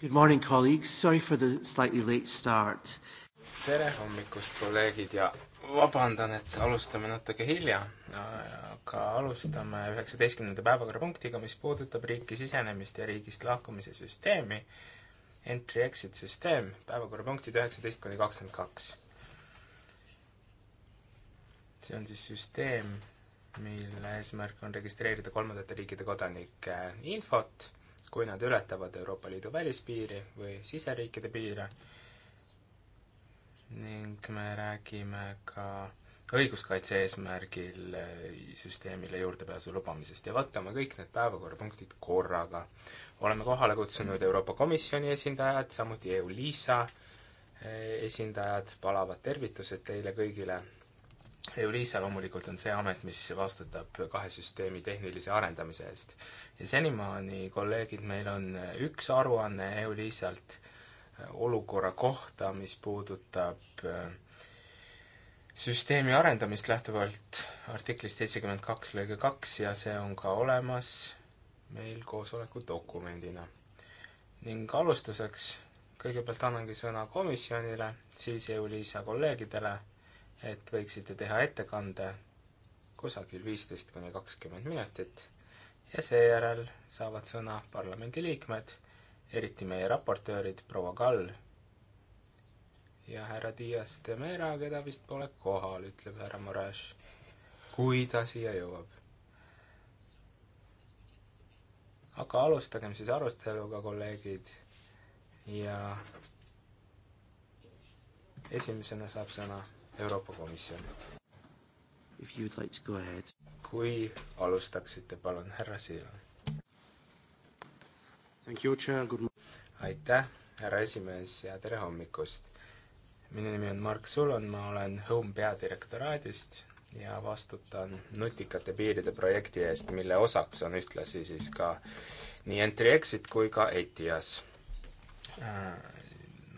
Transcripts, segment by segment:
Good morning, colleagues, sorry for the slightly late start. tere hommikust, kolleegid ja vabandan, et alustame natuke hilja, aga alustame üheksateistkümnenda päevakorrapunktiga, mis puudutab riiki sisenemist ja riigist lahkumise süsteemi, entry-exit süsteem, päevakorrapunktid üheksateist kuni kakskümmend kaks. see on siis süsteem, mille eesmärk on registreerida kolmandate riikide kodanike infot kui nad ületavad Euroopa Liidu välispiiri või siseriikide piire ning me räägime ka õiguskaitse eesmärgil eh, süsteemile juurdepääsu lubamisest ja vaatame kõik need päevakorrapunktid korraga. oleme kohale kutsunud Euroopa Komisjoni esindajad, samuti EU-LISA eh, esindajad, palavad tervitused teile kõigile Euliisa loomulikult on see amet, mis vastutab kahe süsteemi tehnilise arendamise eest. ja senimaani, kolleegid, meil on üks aruanne Euliisalt äh, olukorra kohta, mis puudutab äh, süsteemi arendamist lähtuvalt artiklist seitsekümmend kaks lõige kaks ja see on ka olemas meil koosoleku dokumendina. ning alustuseks kõigepealt annangi sõna komisjonile, siis Euliisa kolleegidele et võiksite teha ettekande kusagil viisteist kuni kakskümmend minutit ja seejärel saavad sõna parlamendiliikmed, eriti meie raportöörid proua Kall ja härra Dias de Mera, keda vist pole kohal, ütleb härra Moraes, kui ta siia jõuab. aga alustagem siis aruteluga, kolleegid, ja esimesena saab sõna Euroopa Komisjon. Like kui alustaksite, palun, härra Siilam. aitäh, härra esimees ja tere hommikust! minu nimi on Mark Sulon, ma olen Home peadirektoraadist ja vastutan Nutikate piiride projekti eest, mille osaks on ühtlasi siis ka nii Entry-Exit kui ka ETIAS. Äh,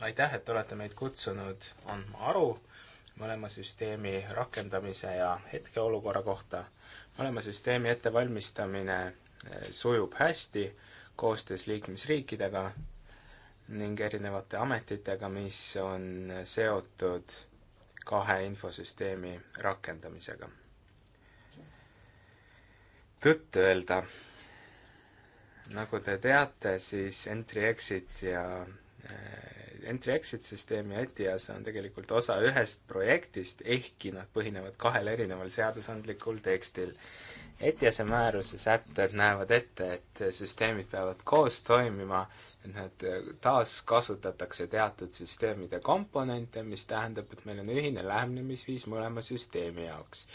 aitäh, et olete meid kutsunud andma aru mõlema süsteemi rakendamise ja hetkeolukorra kohta. mõlema süsteemi ettevalmistamine eh, sujub hästi koostöös liikmesriikidega ning erinevate ametitega, mis on seotud kahe infosüsteemi rakendamisega. tõtt-öelda, nagu te teate, siis Entry-Exit ja eh, entry-exit süsteem ja ETIAS on tegelikult osa ühest projektist, ehkki nad põhinevad kahel erineval seadusandlikul tekstil. ETIAS-e määruse sätted näevad ette, et süsteemid peavad koos toimima, et nad taaskasutatakse teatud süsteemide komponente, mis tähendab, et meil on ühine lähenemisviis mõlema süsteemi jaoks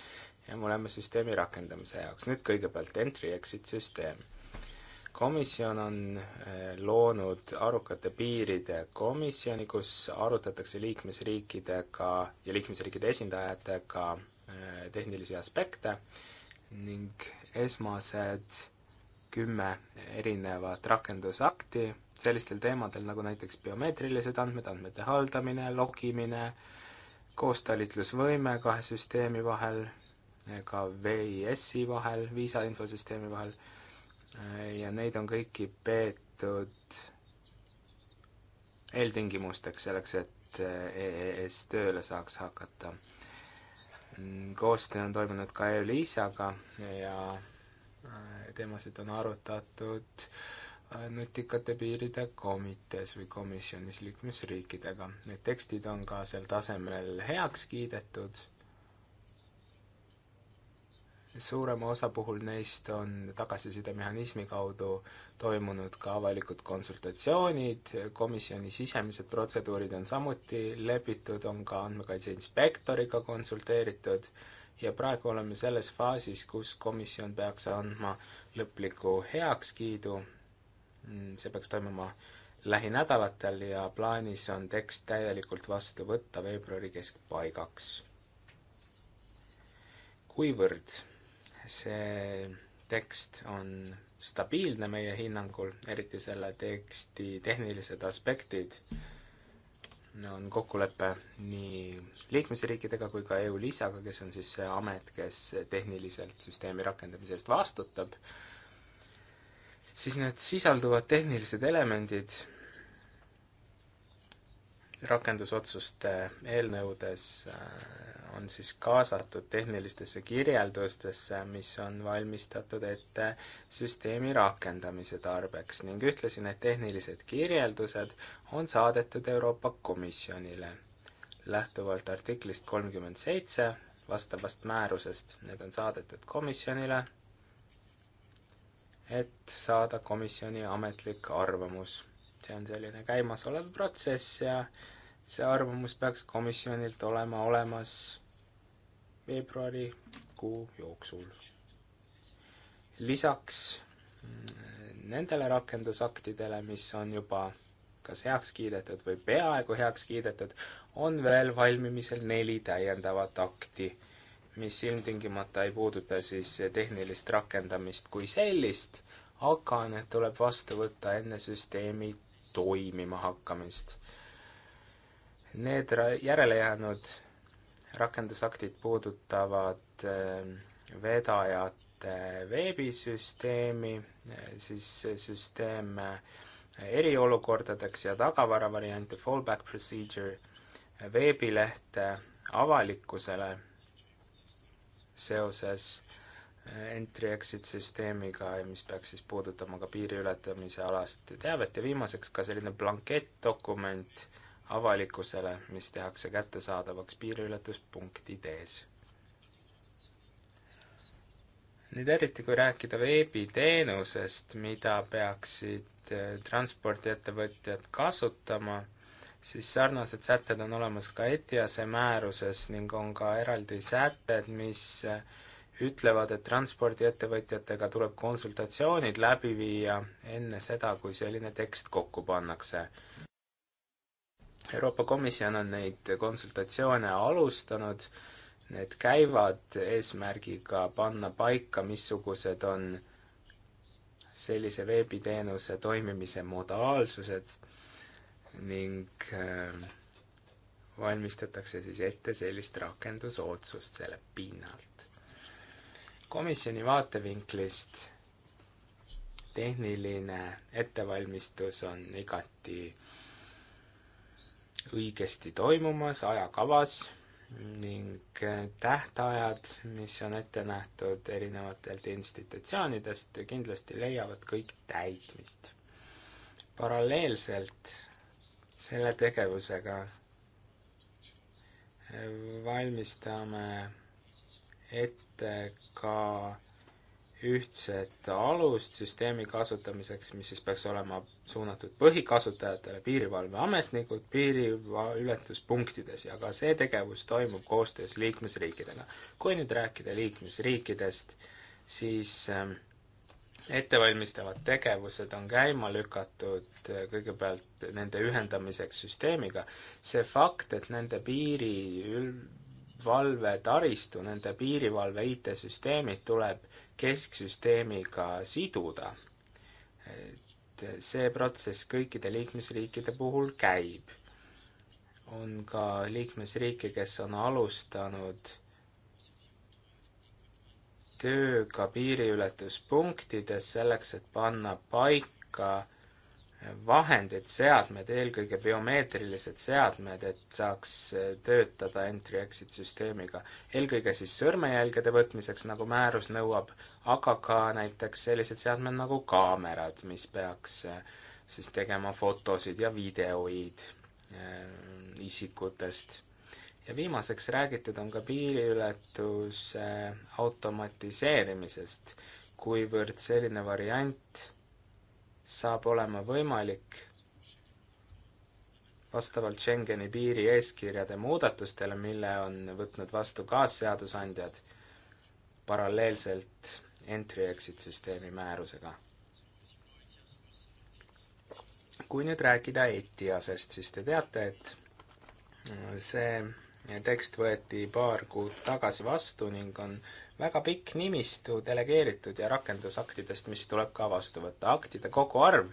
ja mõlema süsteemi rakendamise jaoks. nüüd kõigepealt entry-exit süsteem komisjon on eh, loonud arukate piiride komisjoni, kus arutatakse liikmesriikidega ja liikmesriikide esindajatega eh, tehnilisi aspekte ning esmased kümme erinevat rakendusakti sellistel teemadel nagu näiteks biomeetrilised andmed, andmete haldamine, logimine, koostalitlusvõime kahe süsteemi vahel, eh, ka VIS-i vahel, viisa infosüsteemi vahel ja neid on kõiki peetud eeltingimusteks selleks, et eh, EES tööle saaks hakata. koostöö on toimunud ka EÜLISAga ja eh, teemasid on arutatud eh, nutikate piiride komitees või komisjonis liikmesriikidega. Need tekstid on ka sel tasemel heaks kiidetud suurema osa puhul neist on tagasisidemehhanismi kaudu toimunud ka avalikud konsultatsioonid, komisjoni sisemised protseduurid on samuti lepitud, on ka andmekaitse inspektoriga konsulteeritud ja praegu oleme selles faasis, kus komisjon peaks andma lõpliku heakskiidu, mm, see peaks toimuma lähinädalatel ja plaanis on tekst täielikult vastu võtta veebruari keskpaigaks. kuivõrd see tekst on stabiilne meie hinnangul, eriti selle teksti tehnilised aspektid on kokkulepe nii liikmesriikidega kui ka EU-LISAga, kes on siis see amet, kes tehniliselt süsteemi rakendamise eest vastutab, siis need sisalduvad tehnilised elemendid rakendusotsuste eelnõudes äh, on siis kaasatud tehnilistesse kirjeldustesse, mis on valmistatud ette süsteemi rakendamise tarbeks ning ütlesin, et tehnilised kirjeldused on saadetud Euroopa Komisjonile lähtuvalt artiklist kolmkümmend seitse vastavast määrusest, need on saadetud komisjonile, et saada komisjoni ametlik arvamus. see on selline käimasolev protsess ja see arvamus peaks komisjonilt olema olemas veebruarikuu jooksul. lisaks mm, nendele rakendusaktidele, mis on juba kas heaks kiidetud või peaaegu heaks kiidetud, on veel valmimisel neli täiendavat akti, mis ilmtingimata ei puuduta siis tehnilist rakendamist kui sellist, aga need tuleb vastu võtta enne süsteemi toimima hakkamist. Need järelejäänud rakendusaktid puudutavad eh, vedajate veebisüsteemi, eh, siis süsteeme eh, eriolukordadeks ja tagavaravariante, fallback procedure, veebilehte avalikkusele seoses entry-exit süsteemiga ja mis peaks siis puudutama ka piiri ületamise alast teavet ja viimaseks ka selline blankettdokument avalikkusele, mis tehakse kättesaadavaks piiriületuspunktides. nüüd eriti, kui rääkida veebiteenusest, mida peaksid eh, transpordiettevõtjad kasutama, siis sarnased sätted on olemas ka ETIAS-e määruses ning on ka eraldi sätted, mis eh, ütlevad, et transpordiettevõtjatega tuleb konsultatsioonid läbi viia enne seda, kui selline tekst kokku pannakse. Euroopa Komisjon on neid konsultatsioone alustanud, need käivad eesmärgiga panna paika, missugused on sellise veebiteenuse toimimise modaalsused ning äh, valmistatakse siis ette sellist rakendusotsust selle pinnalt. komisjoni vaatevinklist tehniline ettevalmistus on igati äh, õigesti toimumas, ajakavas ning tähtajad, mis on ette nähtud erinevatelt institutsioonidest, kindlasti leiavad kõik täitmist. paralleelselt selle tegevusega valmistame ette ka ühtset alust süsteemi kasutamiseks, mis siis peaks olema suunatud põhikasutajatele, piirivalveametnikud piiriületuspunktides ja ka see tegevus toimub koostöös liikmesriikidega. kui nüüd rääkida liikmesriikidest, siis ähm, ettevalmistavad tegevused on käima lükatud äh, kõigepealt nende ühendamiseks süsteemiga. see fakt, et nende piiri valvetaristu, nende piirivalve IT-süsteemid tuleb kesksüsteemiga siduda. et see protsess kõikide liikmesriikide puhul käib. on ka liikmesriike, kes on alustanud tööga piiriületuspunktides selleks, et panna paika vahendid, seadmed, eelkõige biomeetrilised seadmed, et saaks äh, töötada entry-exit süsteemiga. eelkõige siis sõrmejälgede võtmiseks, nagu määrus nõuab, aga ka näiteks sellised seadmed nagu kaamerad, mis peaks äh, siis tegema fotosid ja videoid äh, isikutest. ja viimaseks räägitud on ka piiriületuse automatiseerimisest, kuivõrd selline variant saab olema võimalik vastavalt Schengeni piiri eeskirjade muudatustele, mille on võtnud vastu kaasseadusandjad paralleelselt entry-exit süsteemi määrusega. kui nüüd rääkida ETIAS-est, siis te teate, et see tekst võeti paar kuud tagasi vastu ning on väga pikk nimistu delegeeritud ja rakendusaktidest, mis tuleb ka vastu võtta. aktide koguarv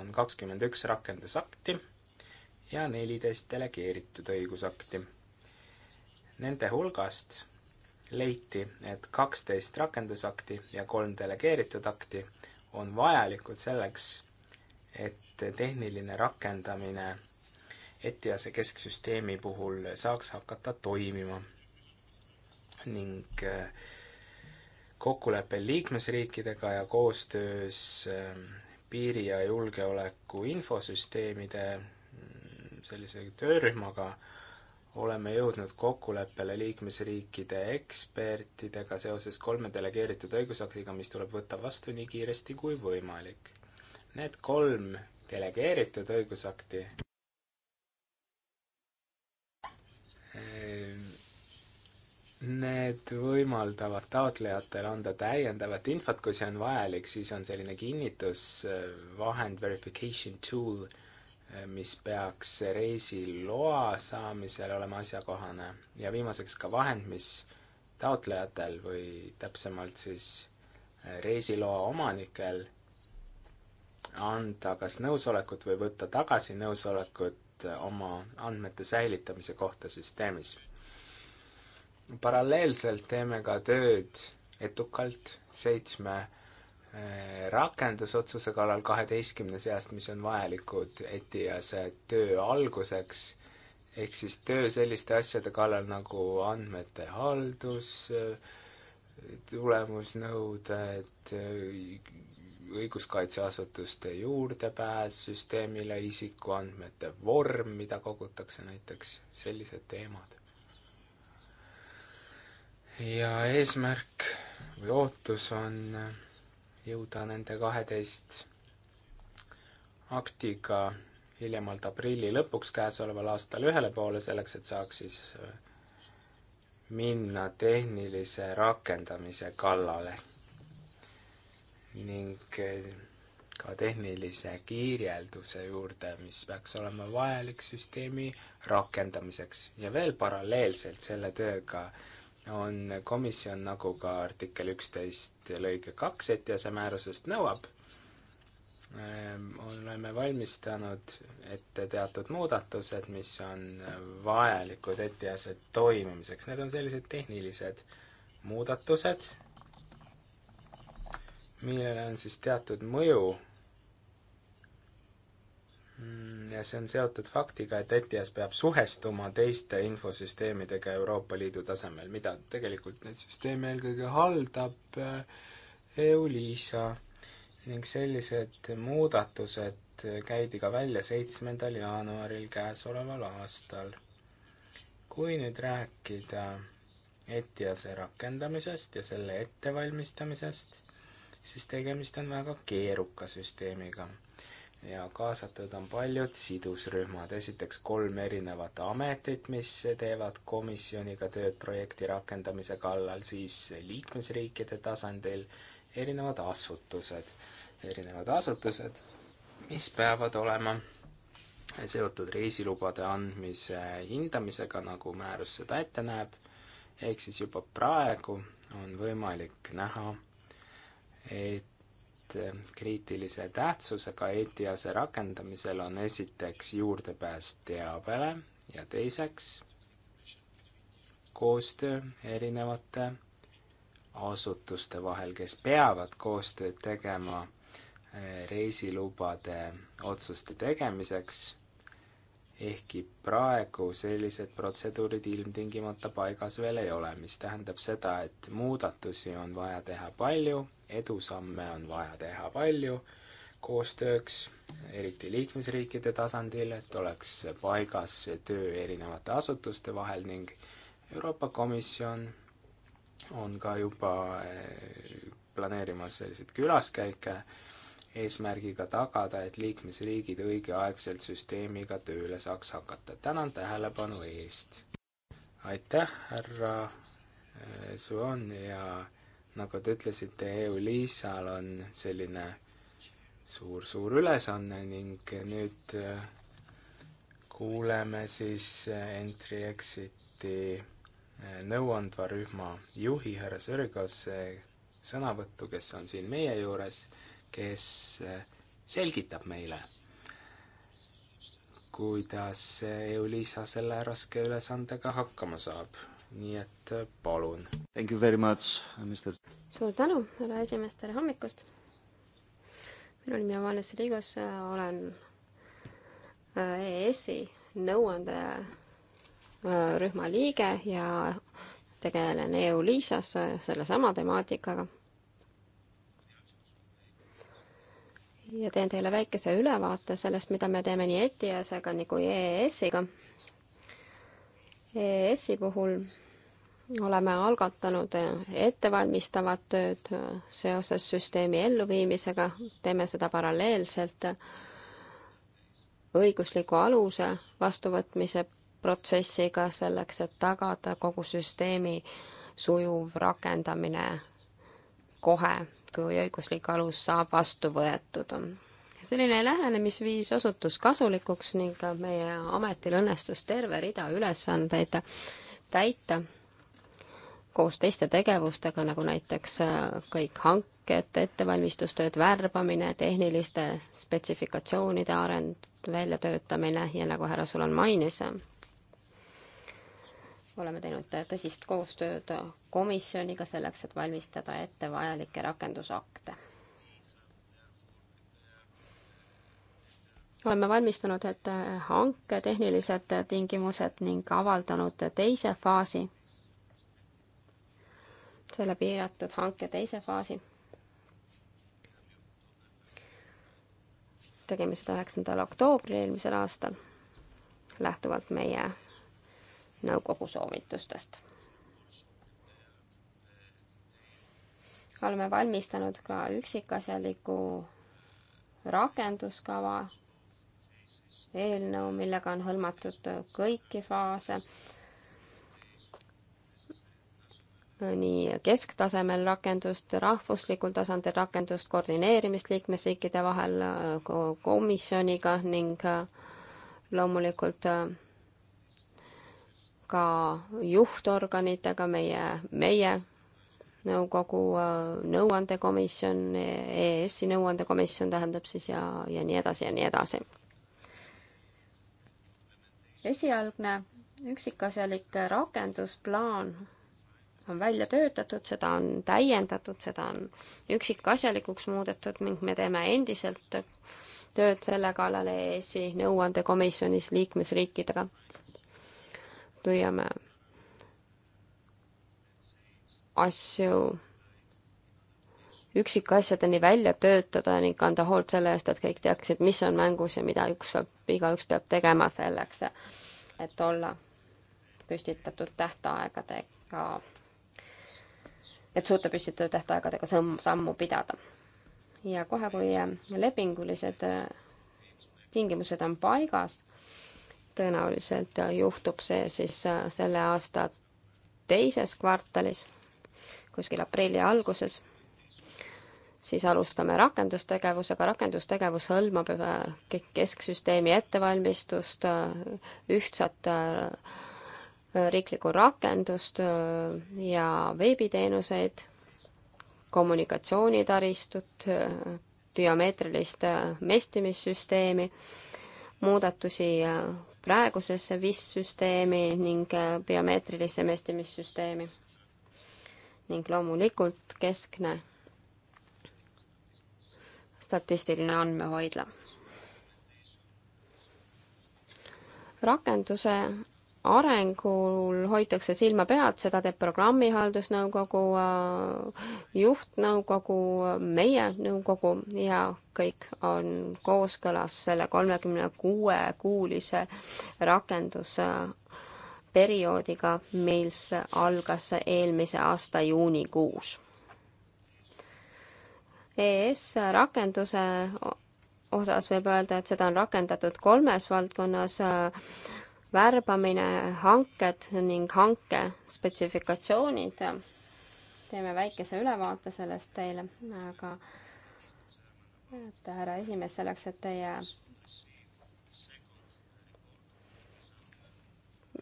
on kakskümmend üks rakendusakti ja neliteist delegeeritud õigusakti. Nende hulgast leiti, et kaksteist rakendusakti ja kolm delegeeritud akti on vajalikud selleks, et tehniline rakendamine ETIAS-e kesksüsteemi puhul saaks hakata toimima ning äh, kokkuleppel liikmesriikidega ja koostöös äh, piiri- ja julgeoleku infosüsteemide mm, sellise töörühmaga oleme jõudnud kokkuleppele liikmesriikide ekspertidega seoses kolme delegeeritud õigusaktiga, mis tuleb võtta vastu nii kiiresti kui võimalik. Need kolm delegeeritud õigusakti Need võimaldavad taotlejatel anda täiendavat infot, kui see on vajalik, siis on selline kinnitusvahend, verification tool, mis peaks reisiloa saamisel olema asjakohane ja viimaseks ka vahend, mis taotlejatel või täpsemalt siis eh, reisiloa omanikel anda kas nõusolekut või võtta tagasi nõusolekut eh, oma andmete säilitamise kohta süsteemis paralleelselt teeme ka tööd edukalt seitsme eh, rakendusotsuse kallal kaheteistkümne seast, mis on vajalikud ETIAS-e töö alguseks, ehk siis töö selliste asjade kallal nagu andmete haldus, tulemusnõuded, õiguskaitseasutuste juurdepääs süsteemile, isikuandmete vorm, mida kogutakse näiteks, sellised teemad ja eesmärk või ootus on jõuda nende kaheteist aktiga hiljemalt aprilli lõpuks käesoleval aastal ühele poole, selleks et saaks siis äh, minna tehnilise rakendamise kallale ning äh, ka tehnilise kirjelduse juurde, mis peaks olema vajalik süsteemi rakendamiseks ja veel paralleelselt selle tööga äh, on komisjon, nagu ka artikkel üksteist lõige kaks ETIAS-e määrusest nõuab, ehm, oleme valmistanud ette teatud muudatused, mis on vajalikud ETIAS-e toimimiseks. Need on sellised tehnilised muudatused, millel on siis teatud mõju Mm, ja see on seotud faktiga, et ETIAS peab suhestuma teiste infosüsteemidega Euroopa Liidu tasemel, mida tegelikult neid süsteeme eelkõige haldab äh, EULISA ning sellised muudatused käidi ka välja seitsmendal jaanuaril käesoleval aastal. kui nüüd rääkida ETIAS-e rakendamisest ja selle ettevalmistamisest, siis tegemist on väga keeruka süsteemiga ja kaasatud on paljud sidusrühmad, esiteks kolm erinevat ametit, mis teevad komisjoniga tööd projekti rakendamise kallal, siis liikmesriikide tasandil erinevad asutused, erinevad asutused, mis peavad olema seotud reisilubade andmise hindamisega, nagu määrus seda ette näeb, ehk siis juba praegu on võimalik näha, et et eh, kriitilise tähtsusega ETIAS-e rakendamisel on esiteks juurdepääs teabele ja teiseks koostöö erinevate asutuste vahel, kes peavad koostööd tegema eh, reisilubade otsuste tegemiseks, ehkki praegu sellised protseduurid ilmtingimata paigas veel ei ole, mis tähendab seda, et muudatusi on vaja teha palju edusamme on vaja teha palju koostööks, eriti liikmesriikide tasandil, et oleks paigas töö erinevate asutuste vahel ning Euroopa Komisjon on ka juba eh, planeerimas selliseid külaskäike eesmärgiga tagada, et liikmesriigid õigeaegselt süsteemiga tööle saaks hakata. tänan tähelepanu eest! aitäh, härra eh, Suon ja nagu te ütlesite, EU-LISAl on selline suur-suur ülesanne ning nüüd äh, kuuleme siis äh, Entry-Exiti äh, nõuandva rühma juhi härra Sõrgose sõnavõttu, kes on siin meie juures, kes selgitab meile, kuidas Euliisa selle raske ülesandega hakkama saab nii et äh, palun. Thank you very much, uh, Mr. suur tänu, härra esimees, tere hommikust! minu nimi on Vanessa Liigus, äh, olen äh, EAS-i nõuanderühma liige ja tegelen EU-Liisas sellesama temaatikaga. ja teen teile väikese ülevaate sellest, mida me teeme nii ETIAS-ega nagu EAS-iga EAS-i puhul oleme algatanud ettevalmistavat tööd seoses süsteemi elluviimisega, teeme seda paralleelselt õigusliku aluse vastuvõtmise protsessiga, selleks et tagada kogu süsteemi sujuv rakendamine kohe, kui õiguslik alus saab vastu võetud selline lähenemisviis osutus kasulikuks ning meie ametil õnnestus terve rida ülesandeid täita koos teiste tegevustega, nagu näiteks äh, kõik hanked, ettevalmistustööd, värbamine, tehniliste spetsifikatsioonide arend, väljatöötamine ja nagu härra Sulan mainis, oleme teinud tõsist koostööd komisjoniga selleks, et valmistada ette vajalikke rakendusakte oleme valmistanud ette hanke tehnilised tingimused ning avaldanud teise faasi, selle piiratud hanke teise faasi. tegime seda üheksandal oktoobril eelmisel aastal, lähtuvalt meie nõukogu soovitustest. oleme valmistanud ka üksikasjaliku rakenduskava eelnõu, millega on hõlmatud kõiki faase, nii kesktasemel rakendust, rahvuslikul tasandil rakendust, koordineerimist liikmesriikide vahel komisjoniga ning loomulikult ka juhtorganitega, meie, meie nõukogu nõuandekomisjon, EAS-i nõuandekomisjon tähendab siis ja, ja nii edasi ja nii edasi esialgne üksikasjalik rakendusplaan on välja töötatud, seda on täiendatud, seda on üksikasjalikuks muudetud ning me teeme endiselt tööd selle kallal EAS-i nõuandekomisjonis liikmesriikidega. püüame asju üksikasjadeni välja töötada ning kanda hoolt selle eest, et kõik teaksid, mis on mängus ja mida üks peab, igaüks peab tegema selleks, et olla püstitatud tähtaegadega, et suuta püstitatud tähtaegadega samm, sammu pidada. ja kohe, kui lepingulised äh, tingimused on paigas, tõenäoliselt äh, juhtub see siis äh, selle aasta teises kvartalis, kuskil aprilli alguses siis alustame rakendustegevusega, rakendustegevus hõlmab äh, kesksüsteemi ettevalmistust, äh, ühtsat äh, riiklikku rakendust ja veebiteenuseid, kommunikatsioonitaristut, biomeetrilist mestimissüsteemi, muudatusi praegusesse VIS-süsteemi ning biomeetrilisse mestimissüsteemi. ning loomulikult keskne statistiline andmehoidla. rakenduse arengul hoitakse silma pead, seda teeb programmihaldusnõukogu, juhtnõukogu, meie nõukogu ja kõik on kooskõlas selle kolmekümne kuue kuulise rakendusperioodiga, mis algas eelmise aasta juunikuus ES rakenduse osas võib öelda, et seda on rakendatud kolmes valdkonnas, värbamine, hanked ning hanke spetsifikatsioonid. teeme väikese ülevaate sellest teile, aga et härra esimees, selleks, et teie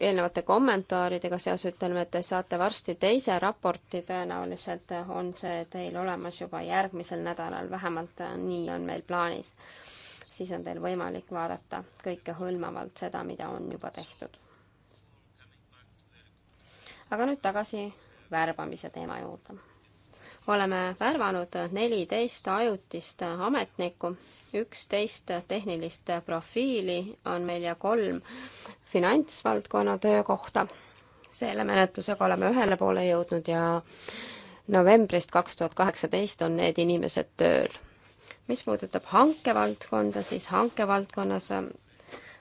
eelnevate kommentaaridega seoses ütleme, et te saate varsti teise raporti, tõenäoliselt on see teil olemas juba järgmisel nädalal, vähemalt nii on meil plaanis. siis on teil võimalik vaadata kõikehõlmavalt seda, mida on juba tehtud. aga nüüd tagasi värbamise teema juurde oleme värvanud neliteist ajutist ametnikku, üksteist tehnilist profiili on meil ja kolm finantsvaldkonna töökohta. selle menetlusega oleme ühele poole jõudnud ja novembrist kaks tuhat kaheksateist on need inimesed tööl. mis puudutab hankevaldkonda, siis hankevaldkonnas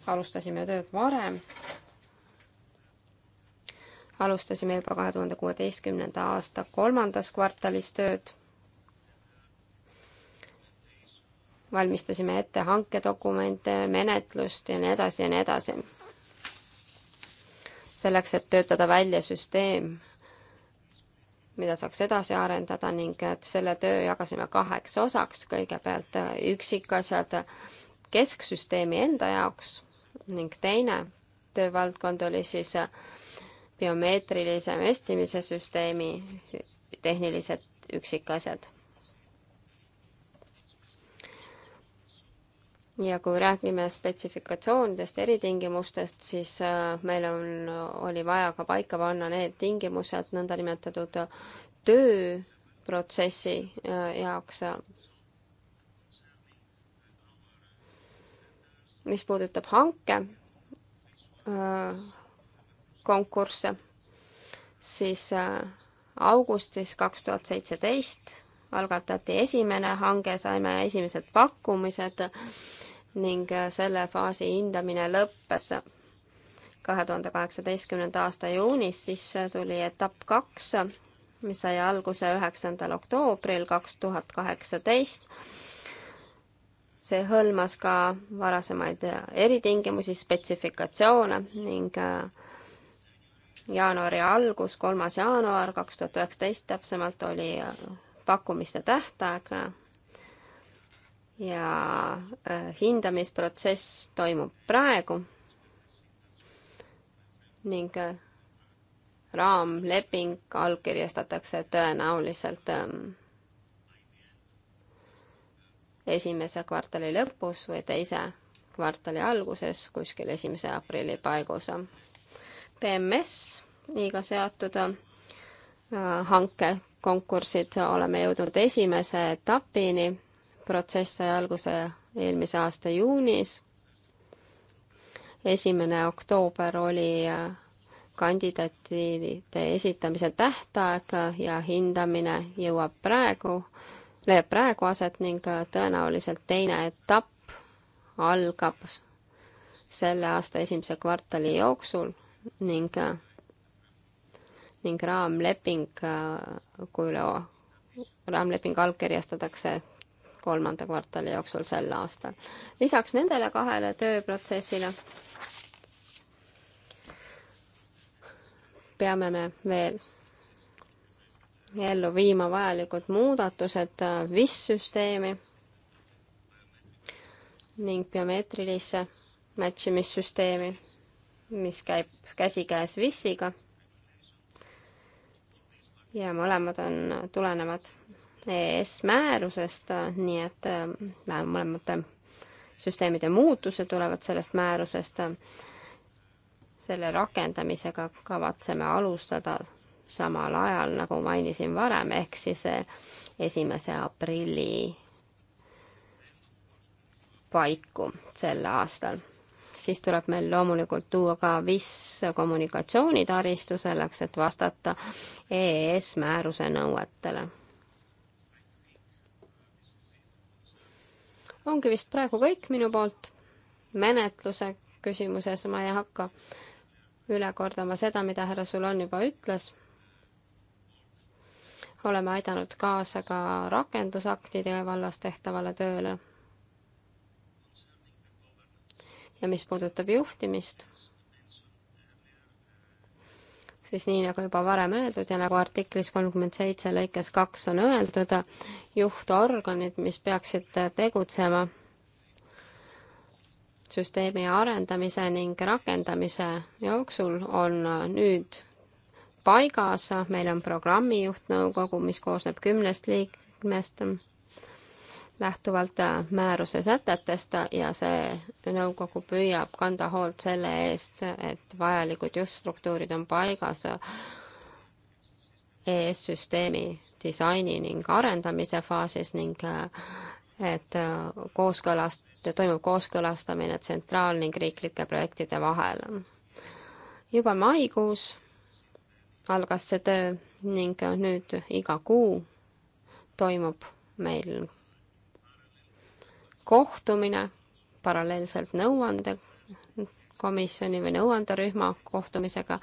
alustasime tööd varem alustasime juba kahe tuhande kuueteistkümnenda aasta kolmandas kvartalis tööd. valmistasime ette hankedokumente, menetlust ja nii edasi ja nii edasi. selleks, et töötada välja süsteem, mida saaks edasi arendada ning et selle töö jagasime kaheks osaks, kõigepealt üksikasjad kesksüsteemi enda jaoks ning teine töövaldkond oli siis äh, biomeetrilise vestimise süsteemi tehnilised üksikasjad. ja kui räägime spetsifikatsioonidest, eritingimustest, siis äh, meil on, oli vaja ka paika panna need tingimused nõndanimetatud tööprotsessi äh, jaoks mis puudutab hanke äh, konkursse, siis äh, augustis kaks tuhat seitseteist algatati esimene hange, saime esimesed pakkumised ning äh, selle faasi hindamine lõppes kahe tuhande kaheksateistkümnenda aasta juunis, siis äh, tuli etapp kaks, mis sai alguse üheksandal oktoobril kaks tuhat kaheksateist. see hõlmas ka varasemaid eritingimusi, spetsifikatsioone ning äh, jaanuari algus, kolmas jaanuar kaks tuhat üheksateist täpsemalt oli äh, pakkumiste tähtaeg ja äh, hindamisprotsess toimub praegu ning äh, raamleping allkirjastatakse tõenäoliselt ähm, esimese kvartali lõpus või teise kvartali alguses, kuskil esimese aprilli paigus PMS-iga seotud äh, hankekonkursid, oleme jõudnud esimese etapini, protsess sai alguse eelmise aasta juunis. esimene oktoober oli äh, kandidaatide esitamise tähtaeg ja hindamine jõuab praegu, leiab praegu aset ning äh, tõenäoliselt teine etapp algab selle aasta esimese kvartali jooksul ning, ning raamleping, kui raamleping allkirjastatakse kolmanda kvartali jooksul sel aastal. lisaks nendele kahele tööprotsessile peame me veel ellu viima vajalikud muudatused äh, VIS-süsteemi ning biomeetrilisse matchimissüsteemi mis käib käsikäes Wissiga. ja mõlemad on, tulenevad ES määrusest, nii et äh, mõlemate süsteemide muutused tulevad sellest määrusest. selle rakendamisega kavatseme alustada samal ajal, nagu mainisin varem, ehk siis äh, esimese aprilli paiku sel aastal siis tuleb meil loomulikult tuua ka viss kommunikatsioonitaristu selleks, et vastata EES määruse nõuetele. ongi vist praegu kõik minu poolt. menetluse küsimuses ma ei hakka üle kordama seda, mida härra Sulon juba ütles. oleme aidanud kaasa ka rakendusaktide vallas tehtavale tööle ja mis puudutab juhtimist, siis nii nagu juba varem öeldud ja nagu artiklis kolmkümmend seitse lõikes kaks on öeldud, juhtorganid, mis peaksid tegutsema süsteemi arendamise ning rakendamise jooksul, on nüüd paigas, meil on programmijuhtnõukogu, mis koosneb kümnest liikmest lähtuvalt äh, määruse sätetest ja see nõukogu püüab kanda hoolt selle eest, et vajalikud juhtstruktuurid on paigas äh, ES-süsteemi disaini ning arendamise faasis ning äh, et kooskõlast-, toimub kooskõlastamine tsentraal- ning riiklike projektide vahel. juba maikuus algas see töö ning nüüd iga kuu toimub meil kohtumine paralleelselt nõuande komisjoni või nõuanderühma kohtumisega.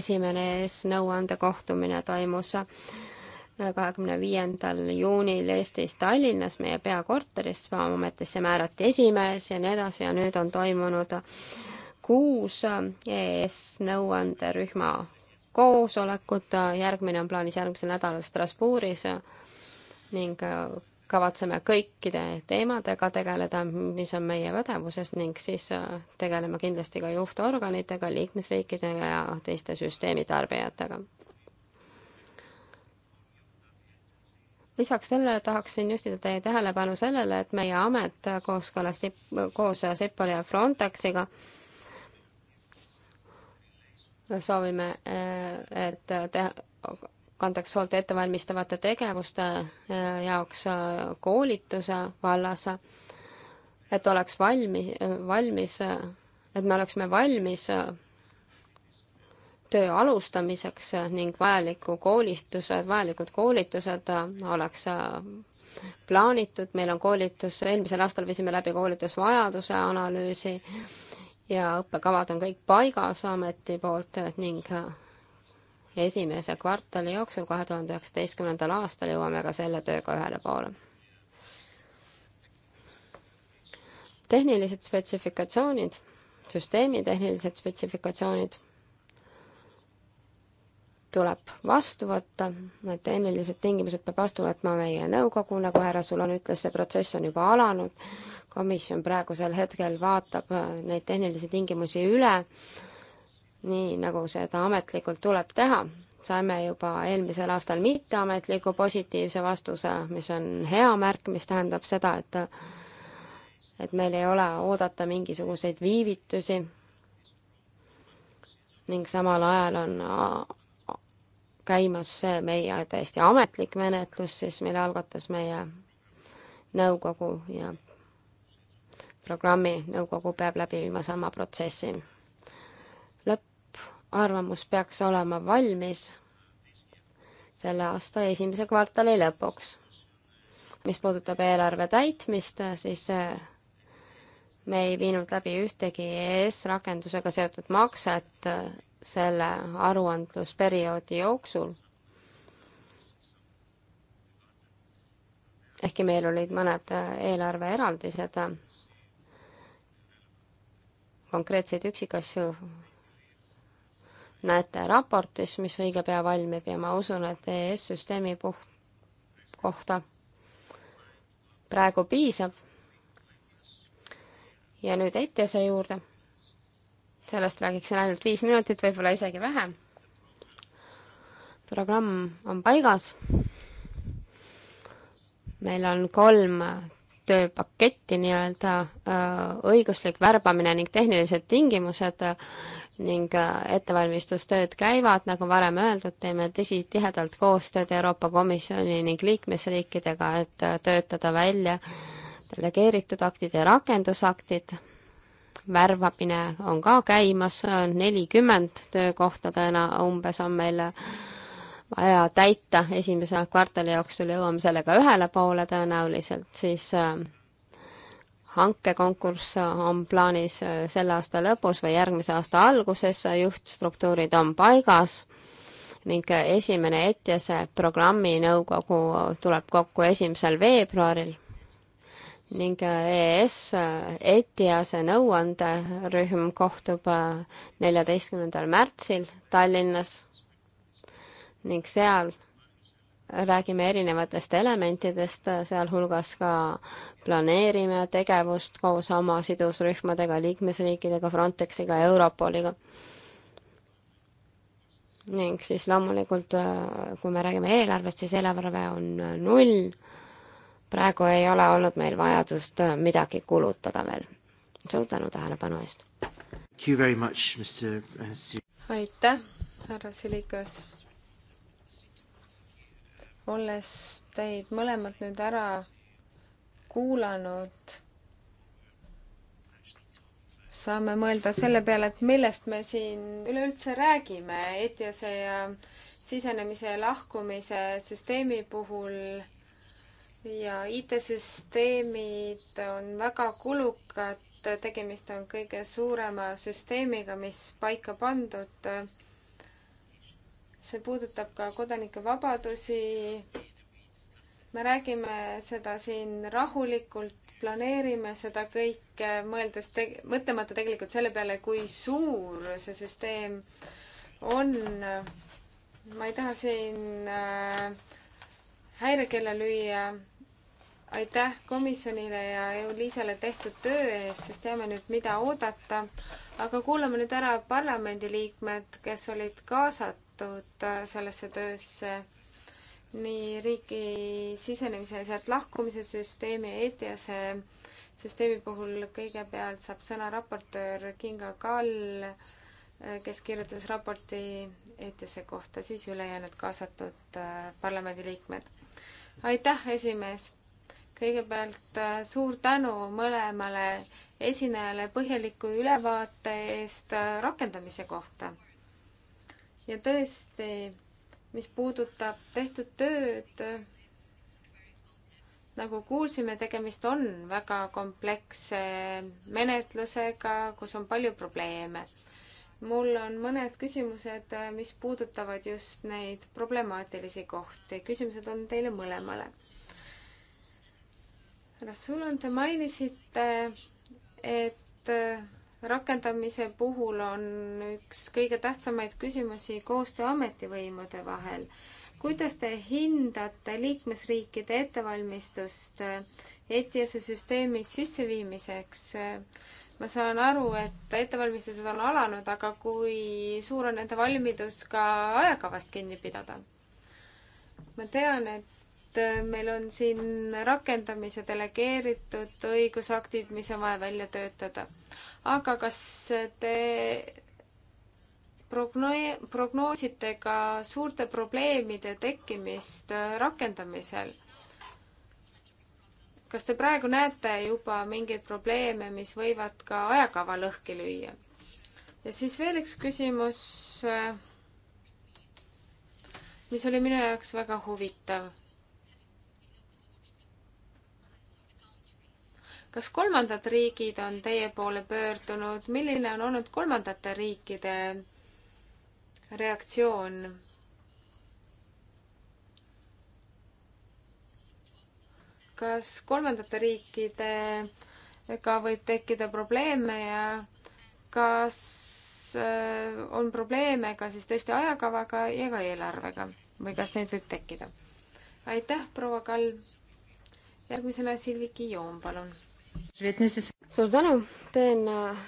esimene eesnõuande kohtumine toimus kahekümne viiendal juunil Eestis Tallinnas meie peakorteris, Vabaametisse määrati esimees ja nii edasi ja nüüd on toimunud kuus eesnõuanderühma koosolekut, järgmine on plaanis järgmisel nädalal Strasbourgis ning kavatseme kõikide teemadega tegeleda, mis on meie pädevuses ning siis äh, tegeleme kindlasti ka juhtorganitega, liikmesriikidega ja teiste süsteemi tarbijatega. lisaks sellele tahaksin juhtida teie tähelepanu sellele, et meie amet kooskõlas, koos Seppoli ja Frontexiga soovime, äh, et teha kandeks hoolt ettevalmistavate tegevuste äh, jaoks äh, koolituse vallas, et oleks valmi-, valmis, et me oleksime valmis töö alustamiseks ning vajaliku koolitused, vajalikud koolitused äh, oleks plaanitud, meil on koolitus, eelmisel aastal viisime läbi koolitusvajaduse analüüsi ja õppekavad on kõik paigas ameti poolt ning esimese kvartali jooksul, kahe tuhande üheksateistkümnendal aastal jõuame ka selle tööga ühele poole. tehnilised spetsifikatsioonid, süsteemi tehnilised spetsifikatsioonid tuleb vastu võtta, need tehnilised tingimused peab vastu võtma meie nõukogu, nagu härra Sulan ütles, see protsess on juba alanud, komisjon praegusel hetkel vaatab äh, neid tehnilisi tingimusi üle nii nagu seda ametlikult tuleb teha. saime juba eelmisel aastal mitteametliku positiivse vastuse, mis on hea märk, mis tähendab seda, et et meil ei ole oodata mingisuguseid viivitusi ning samal ajal on käimas see meie täiesti ametlik menetlus siis, mille algatas meie nõukogu ja programmi nõukogu peab läbi viima sama protsessi. lõpp arvamus peaks olema valmis selle aasta esimese kvartali lõpuks. mis puudutab eelarve täitmist, siis eh, me ei viinud läbi ühtegi ES-rakendusega seotud makset eh, selle aruandlusperioodi jooksul. ehkki meil olid mõned eh, eelarveeraldised, konkreetseid üksikasju näete raportis, mis õige pea valmib ja ma usun, et EES-süsteemi puht-, kohta praegu piisab. ja nüüd ETS-e juurde. sellest räägiksin ainult viis minutit, võib-olla isegi vähem. programm on paigas. meil on kolm tööpaketti nii-öelda, äh, õiguslik värbamine ning tehnilised tingimused ning äh, ettevalmistustööd käivad, nagu varem öeldud, teeme tõsi, tihedalt koostööd Euroopa Komisjoni ning liikmesriikidega, et äh, töötada välja delegeeritud aktid ja rakendusaktid, värvamine on ka käimas, nelikümmend töökohta täna umbes on meil vaja täita esimese kvartali jooksul, jõuame sellega ühele poole tõenäoliselt, siis äh, hankekonkurss on plaanis äh, selle aasta lõpus või järgmise aasta alguses, äh, juhtstruktuurid on paigas ning äh, esimene ETIAS-e programminõukogu tuleb kokku esimesel veebruaril ning EES ETIAS-e nõuanderühm kohtub neljateistkümnendal märtsil Tallinnas ning seal räägime erinevatest elementidest, sealhulgas ka planeerime tegevust koos oma sidusrühmadega, liikmesriikidega, Frontexiga, Europoliga. ning siis loomulikult, kui me räägime eelarvest, siis eelarve on null. praegu ei ole olnud meil vajadust midagi kulutada veel. suur tänu tähelepanu eest! aitäh, härra Silikas! olles teid mõlemad nüüd ära kuulanud, saame mõelda selle peale, et millest me siin üleüldse räägime ETIAS-e ja sisenemise ja lahkumise süsteemi puhul ja IT-süsteemid on väga kulukad, tegemist on kõige suurema süsteemiga, mis paika pandud see puudutab ka kodanike vabadusi. me räägime seda siin rahulikult, planeerime seda kõike, mõeldes, mõtlemata tegelikult selle peale, kui suur see süsteem on. ma ei taha siin äh, häirekella lüüa aitäh komisjonile ja Euliisale tehtud töö eest, sest teame nüüd, mida oodata. aga kuulame nüüd ära parlamendiliikmed, kes olid kaasatud kaasatud äh, sellesse töösse nii riigi sisenemise ja sealt lahkumise süsteemi, ETS-e süsteemi puhul kõigepealt saab sõna raportöör Kinga Kall, äh, kes kirjutas raporti ETS-e kohta, siis ülejäänud kaasatud äh, parlamendiliikmed. aitäh, esimees! kõigepealt suur tänu mõlemale esinejale põhjaliku ülevaate eest rakendamise kohta ja tõesti, mis puudutab tehtud tööd, nagu kuulsime, tegemist on väga kompleksse menetlusega, kus on palju probleeme. mul on mõned küsimused, mis puudutavad just neid problemaatilisi kohti. küsimused on teile mõlemale. Rasul, te mainisite, et rakendamise puhul on üks kõige tähtsamaid küsimusi koostöö ametivõimude vahel. kuidas te hindate liikmesriikide ettevalmistust ETS-e süsteemi sisseviimiseks? ma saan aru, et ettevalmistused on alanud, aga kui suur on nende valmidus ka ajakavast kinni pidada? ma tean, et Äh, meil on siin rakendamise delegeeritud õigusaktid, mis on vaja välja töötada. aga kas te progno-, prognoosite ka suurte probleemide tekkimist äh, rakendamisel? kas te praegu näete juba mingeid probleeme, mis võivad ka ajakava lõhki lüüa? ja siis veel üks küsimus, äh, mis oli minu jaoks väga huvitav kas kolmandad riigid on teie poole pöördunud, milline on olnud kolmandate riikide reaktsioon? kas kolmandate riikidega võib tekkida probleeme ja kas äh, on probleeme ka siis tõesti ajakavaga ja ka eelarvega või kas neid võib tekkida? aitäh, proua Kall. järgmisena Silvi Kiion, palun suur tänu, teen äh,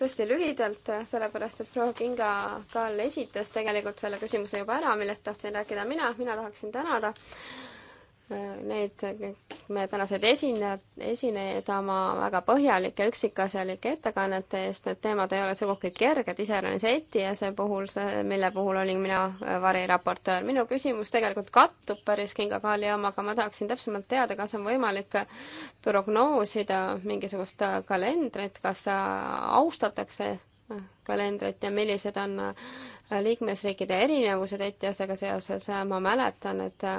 tõesti lühidalt, äh, sellepärast et proua Kinga Kaal esitas tegelikult selle küsimuse juba ära, millest tahtsin rääkida mina, mina tahaksin tänada Need, me tänased esinejad, esinejad oma väga põhjalike üksikasjalike ettekannete eest, need teemad ei ole sugugi kerged, iseäranis ETIAS-e puhul, see, mille puhul olin mina äh, variraportöör. minu küsimus tegelikult kattub päris Kinga Kaali omaga, ma tahaksin täpsemalt teada, kas on võimalik äh, prognoosida mingisugust äh, kalendrit, kas austatakse kalendrit ja millised on äh, liikmesriikide erinevused ETIAS-ega seoses. ma mäletan, et äh,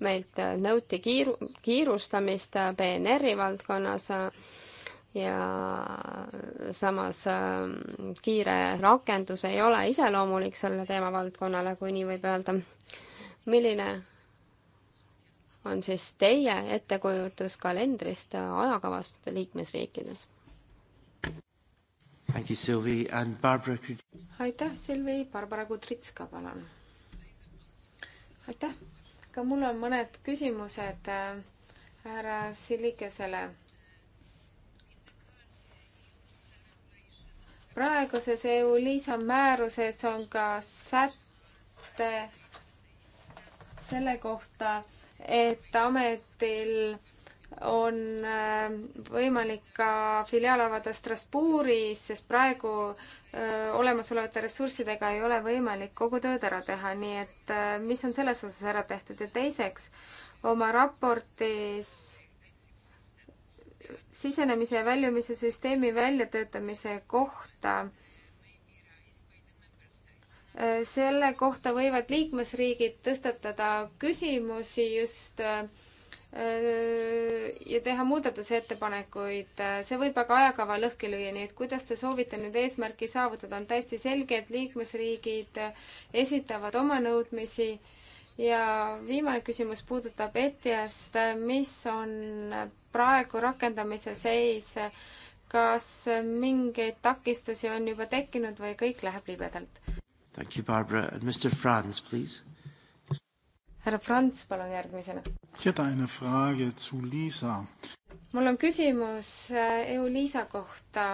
meilt äh, nõuti kiiru, kiirustamist PNR-i valdkonnas ja samas kiire rakendus ei ole iseloomulik sellele teemavaldkonnale, kui nii võib öelda. milline on siis teie ettekujutus kalendrist ajakavast liikmesriikides? aitäh, Silvi, Barbara Kudritska, palun. aitäh, ka mul on mõned küsimused äh, härra Silikesele praeguses EU-LISA määruses on ka säte selle kohta, et ametil on äh, võimalik ka filiaal avada Strasbourgis, sest praegu äh, olemasolevate ressurssidega ei ole võimalik kogu tööd ära teha, nii et äh, mis on selles osas ära tehtud ja teiseks, oma raportis sisenemise ja väljumise süsteemi väljatöötamise kohta selle kohta võivad liikmesriigid tõstatada küsimusi just äh, Äh, ja teha muudatusettepanekuid, äh, see võib aga ajakava lõhki lüüa, nii et kuidas te soovite nüüd eesmärki saavutada, on täiesti selge, et liikmesriigid äh, esitavad oma nõudmisi ja viimane küsimus puudutab ETIAS-t, mis on praegu rakendamise seis, kas mingeid takistusi on juba tekkinud või kõik läheb libedalt? Thank you, Barbara, and Mr Franz, please härra Franz, palun järgmisena. mul on küsimus äh, EU-Liisa kohta.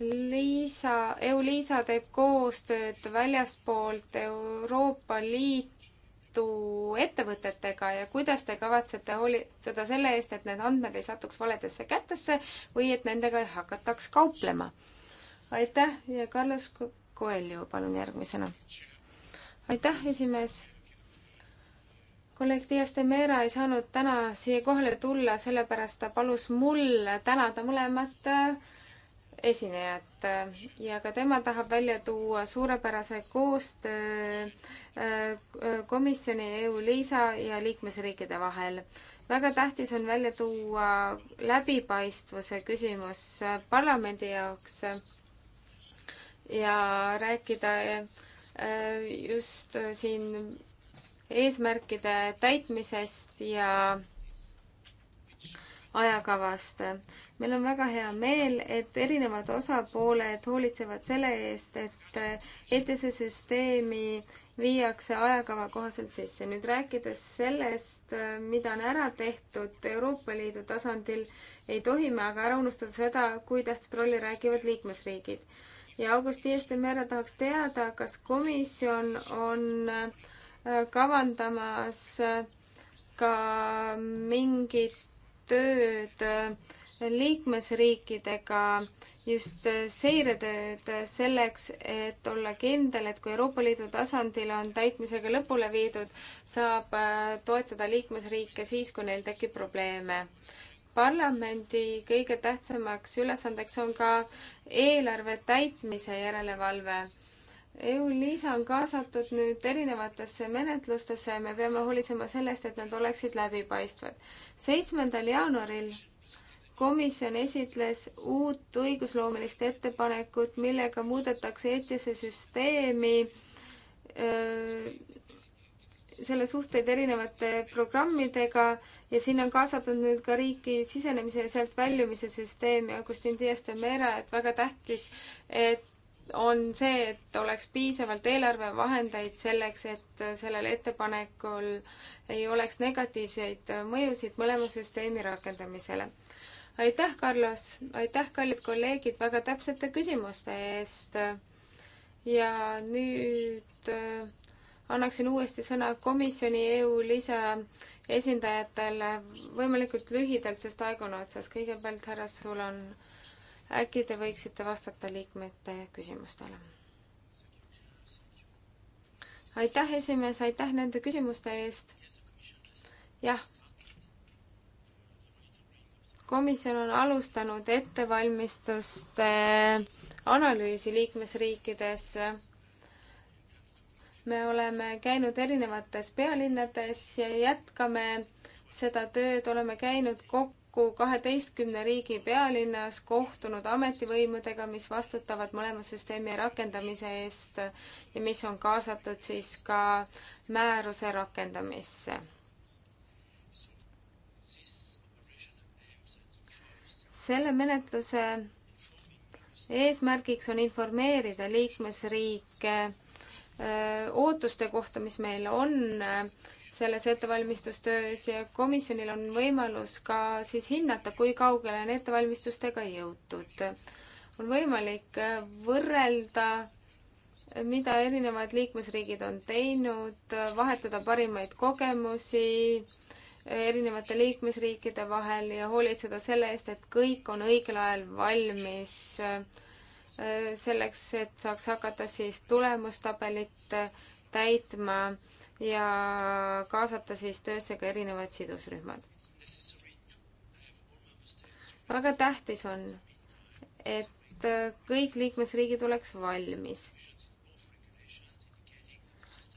Liisa, EU-Liisa teeb koostööd väljaspoolt Euroopa Liitu ettevõtetega ja kuidas te kavatsete hoolitseda selle eest, et need andmed ei satuks valedesse kätesse või et nendega ei hakataks kauplema? aitäh ja Carlos Coelho, palun järgmisena. aitäh, esimees kolleeg Dias de Mera ei saanud täna siia kohale tulla, sellepärast ta palus mul tänada mõlemat äh, esinejat ja ka tema tahab välja tuua suurepärase koostöö äh, komisjoni EU-LISA ja liikmesriikide vahel. väga tähtis on välja tuua läbipaistvuse küsimus parlamendi jaoks ja rääkida äh, just siin eesmärkide täitmisest ja ajakavast. meil on väga hea meel, et erinevad osapooled hoolitsevad selle eest, et ETS-e süsteemi viiakse ajakava kohaselt sisse. nüüd rääkides sellest, mida on ära tehtud Euroopa Liidu tasandil, ei tohi me aga ära unustada seda, kui tähtsat rolli räägivad liikmesriigid. ja Augusti Eestemere tahaks teada, kas komisjon on äh, kavandamas ka mingit tööd liikmesriikidega, just seiretööd selleks, et olla kindel, et kui Euroopa Liidu tasandil on täitmisega lõpule viidud, saab äh, toetada liikmesriike siis, kui neil tekib probleeme. parlamendi kõige tähtsamaks ülesandeks on ka eelarve täitmise järelevalve EU-LISA on kaasatud nüüd erinevatesse menetlustesse ja me peame hoolitsema sellest, et nad oleksid läbipaistvad. seitsmendal jaanuaril komisjon esitles uut õigusloomelist ettepanekut, millega muudetakse ETS-e süsteemi, selle suhteid erinevate programmidega ja sinna on kaasatud nüüd ka riiki sisenemise ja sealt väljumise süsteem ja Agustin Dias de Mera, et väga tähtis, et on see, et oleks piisavalt eelarvevahendeid selleks, et sellel ettepanekul ei oleks negatiivseid mõjusid mõlema süsteemi rakendamisele. aitäh, Carlos, aitäh, kallid kolleegid, väga täpsete küsimuste eest. ja nüüd äh, annaksin uuesti sõna komisjoni EU lisa esindajatele võimalikult lühidalt, sest aeg on otsas. kõigepealt, härra, sul on äkki te võiksite vastata liikmete küsimustele? aitäh, esimees, aitäh nende küsimuste eest. jah. komisjon on alustanud ettevalmistuste analüüsi liikmesriikides. me oleme käinud erinevates pealinnades ja jätkame seda tööd, oleme käinud kokku kokku kaheteistkümne riigi pealinnas kohtunud ametivõimudega, mis vastutavad mõlema süsteemi rakendamise eest ja mis on kaasatud siis ka määruse rakendamisse. selle menetluse eesmärgiks on informeerida liikmesriike öö, äh, ootuste kohta, mis meil on öö, selles ettevalmistustöös ja komisjonil on võimalus ka siis hinnata, kui kaugele on ettevalmistustega jõutud. on võimalik võrrelda, mida erinevad liikmesriigid on teinud, vahetada parimaid kogemusi erinevate liikmesriikide vahel ja hoolitseda selle eest, et kõik on õigel ajal valmis selleks, et saaks hakata siis tulemustabelit täitma ja kaasata siis töösse ka erinevad sidusrühmad. väga tähtis on, et kõik liikmesriigid oleks valmis.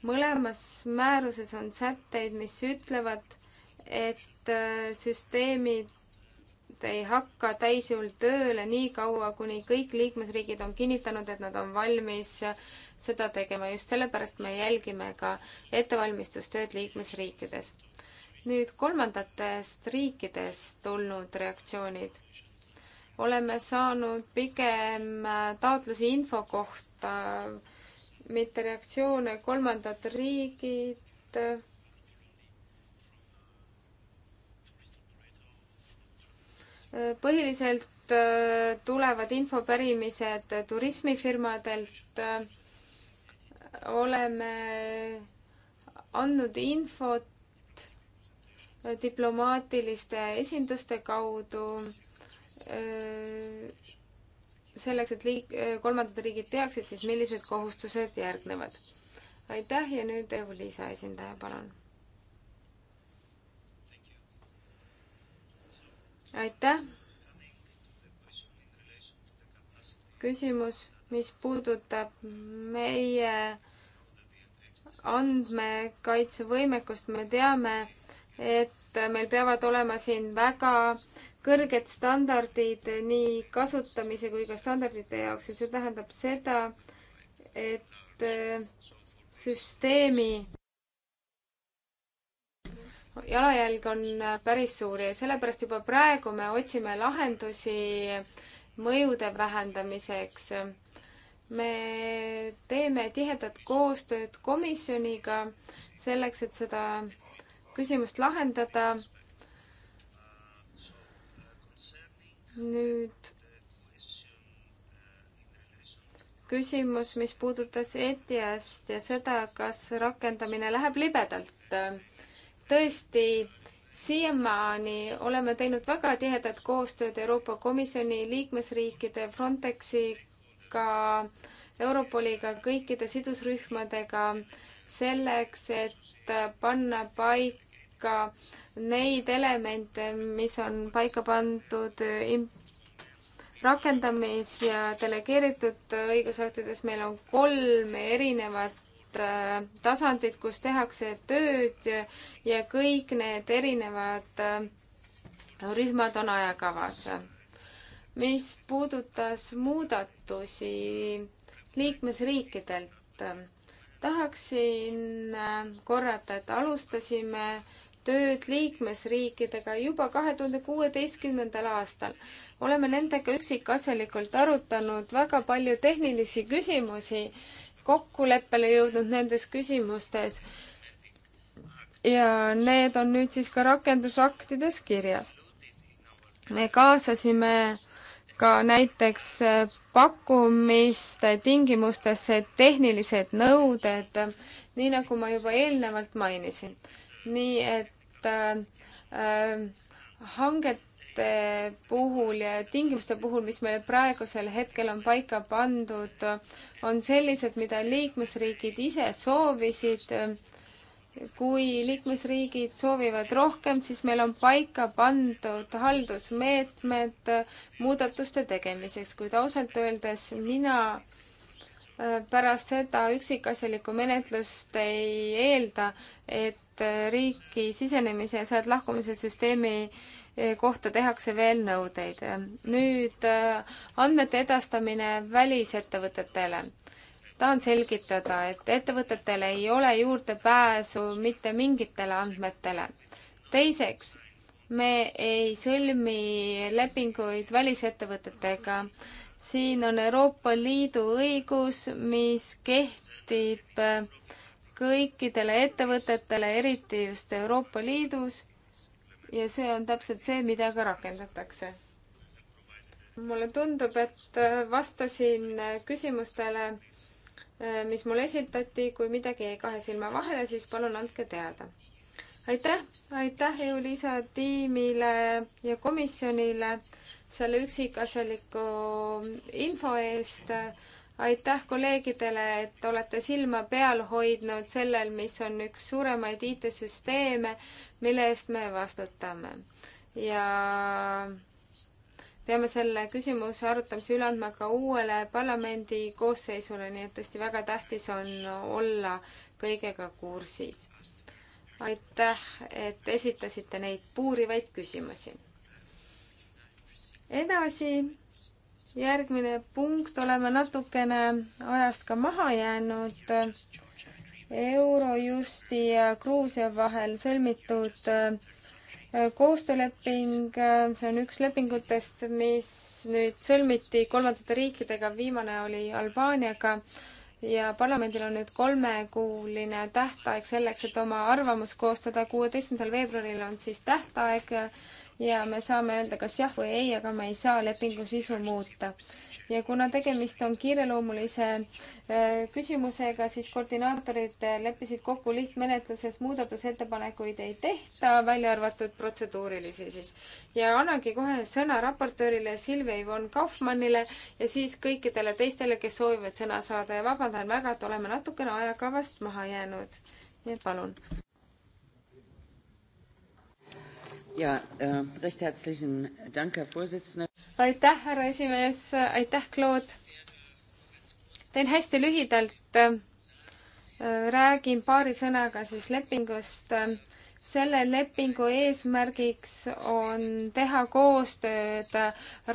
mõlemas määruses on sätteid, mis ütlevad, et süsteemid ei hakka täisjõul tööle nii kaua, kuni kõik liikmesriigid on kinnitanud, et nad on valmis seda tegema. just sellepärast me jälgime ka ettevalmistustööd liikmesriikides. nüüd kolmandatest riikidest tulnud reaktsioonid. oleme saanud pigem taotlusi info kohta, mitte reaktsioone, kolmandad riigid põhiliselt äh, tulevad infopärimised turismifirmadelt. oleme andnud infot diplomaatiliste esinduste kaudu äh, selleks, et liik-, äh, kolmandad riigid teaksid siis, millised kohustused järgnevad. aitäh ja nüüd EU-Liisa esindaja, palun aitäh. küsimus, mis puudutab meie andmekaitsevõimekust, me teame, et meil peavad olema siin väga kõrged standardid nii kasutamise kui ka standardite jaoks ja see tähendab seda, et süsteemi jalajälg on päris suur ja sellepärast juba praegu me otsime lahendusi mõjude vähendamiseks. me teeme tihedat koostööd komisjoniga selleks, et seda küsimust lahendada. nüüd küsimus, mis puudutas ETIAS-t ja seda, kas rakendamine läheb libedalt tõesti, siiamaani oleme teinud väga tihedat koostööd Euroopa Komisjoni liikmesriikide, Frontexiga, Europoliga, kõikide sidusrühmadega selleks, et panna paika neid elemente, mis on paika pandud rakendamis- ja delegeeritud õigusaktides meil on kolm erinevat Äh, tasandit, kus tehakse tööd ja kõik need erinevad äh, rühmad on ajakavas. mis puudutas muudatusi liikmesriikidelt, tahaksin äh, korrata, et alustasime tööd liikmesriikidega juba kahe tuhande kuueteistkümnendal aastal. oleme nendega üksikasjalikult arutanud väga palju tehnilisi küsimusi kokkuleppele jõudnud nendes küsimustes ja need on nüüd siis ka rakendusaktides kirjas. me kaasasime ka näiteks pakkumiste tingimustesse tehnilised nõuded, nii nagu ma juba eelnevalt mainisin. nii et äh, äh, hanget nõuete puhul ja tingimuste puhul, mis meil praegusel hetkel on paika pandud, on sellised, mida liikmesriigid ise soovisid. kui liikmesriigid soovivad rohkem, siis meil on paika pandud haldusmeetmed muudatuste tegemiseks, kuid ausalt öeldes mina äh, pärast seda üksikasjalikku menetlust ei eelda, et riiki sisenemise ja sealt lahkumise süsteemi kohta tehakse veel nõudeid. nüüd äh, andmete edastamine välisettevõtetele. tahan selgitada, et ettevõtetel ei ole juurdepääsu mitte mingitele andmetele. teiseks, me ei sõlmi lepinguid välisettevõtetega. siin on Euroopa Liidu õigus, mis kehtib kõikidele ettevõtetele, eriti just Euroopa Liidus ja see on täpselt see, mida ka rakendatakse. mulle tundub, et äh, vastasin äh, küsimustele, äh, mis mulle esitati, kui midagi jäi kahe silma vahele, siis palun andke teada. aitäh, aitäh Euliisa tiimile ja komisjonile selle üksikasjaliku info eest aitäh kolleegidele, et olete silma peal hoidnud sellel, mis on üks suuremaid IT-süsteeme, mille eest me vastutame. ja peame selle küsimuse arutamise üle andma ka uuele parlamendi koosseisule, nii et tõesti väga tähtis on olla kõigega kursis. aitäh, et esitasite neid puurivaid küsimusi. edasi järgmine punkt, oleme natukene ajast ka maha jäänud. Eurojusti ja Gruusia vahel sõlmitud äh, koostööleping, äh, see on üks lepingutest, mis nüüd sõlmiti kolmandate riikidega, viimane oli Albaaniaga ja parlamendil on nüüd kolmekuuline tähtaeg selleks, et oma arvamus koostada. kuueteistkümnendal veebruaril on siis tähtaeg ja me saame öelda kas jah või ei, aga me ei saa lepingu sisu muuta. ja kuna tegemist on kiireloomulise äh, küsimusega, siis koordinaatorid äh, leppisid kokku lihtmenetluses, muudatusettepanekuid ei tehta, välja arvatud protseduurilisi siis. ja annangi kohe sõna raportöörile Silvia-Yvonne Kaufmannile ja siis kõikidele teistele, kes soovivad sõna saada ja vabandan väga, et oleme natukene ajakavast maha jäänud. nii et palun ja äh, recht herzlichen Dank, Herr Vorsitzende. aitäh, härra esimees, aitäh, Claude. teen hästi lühidalt. Äh, räägin paari sõnaga siis lepingust selle lepingu eesmärgiks on teha koostööd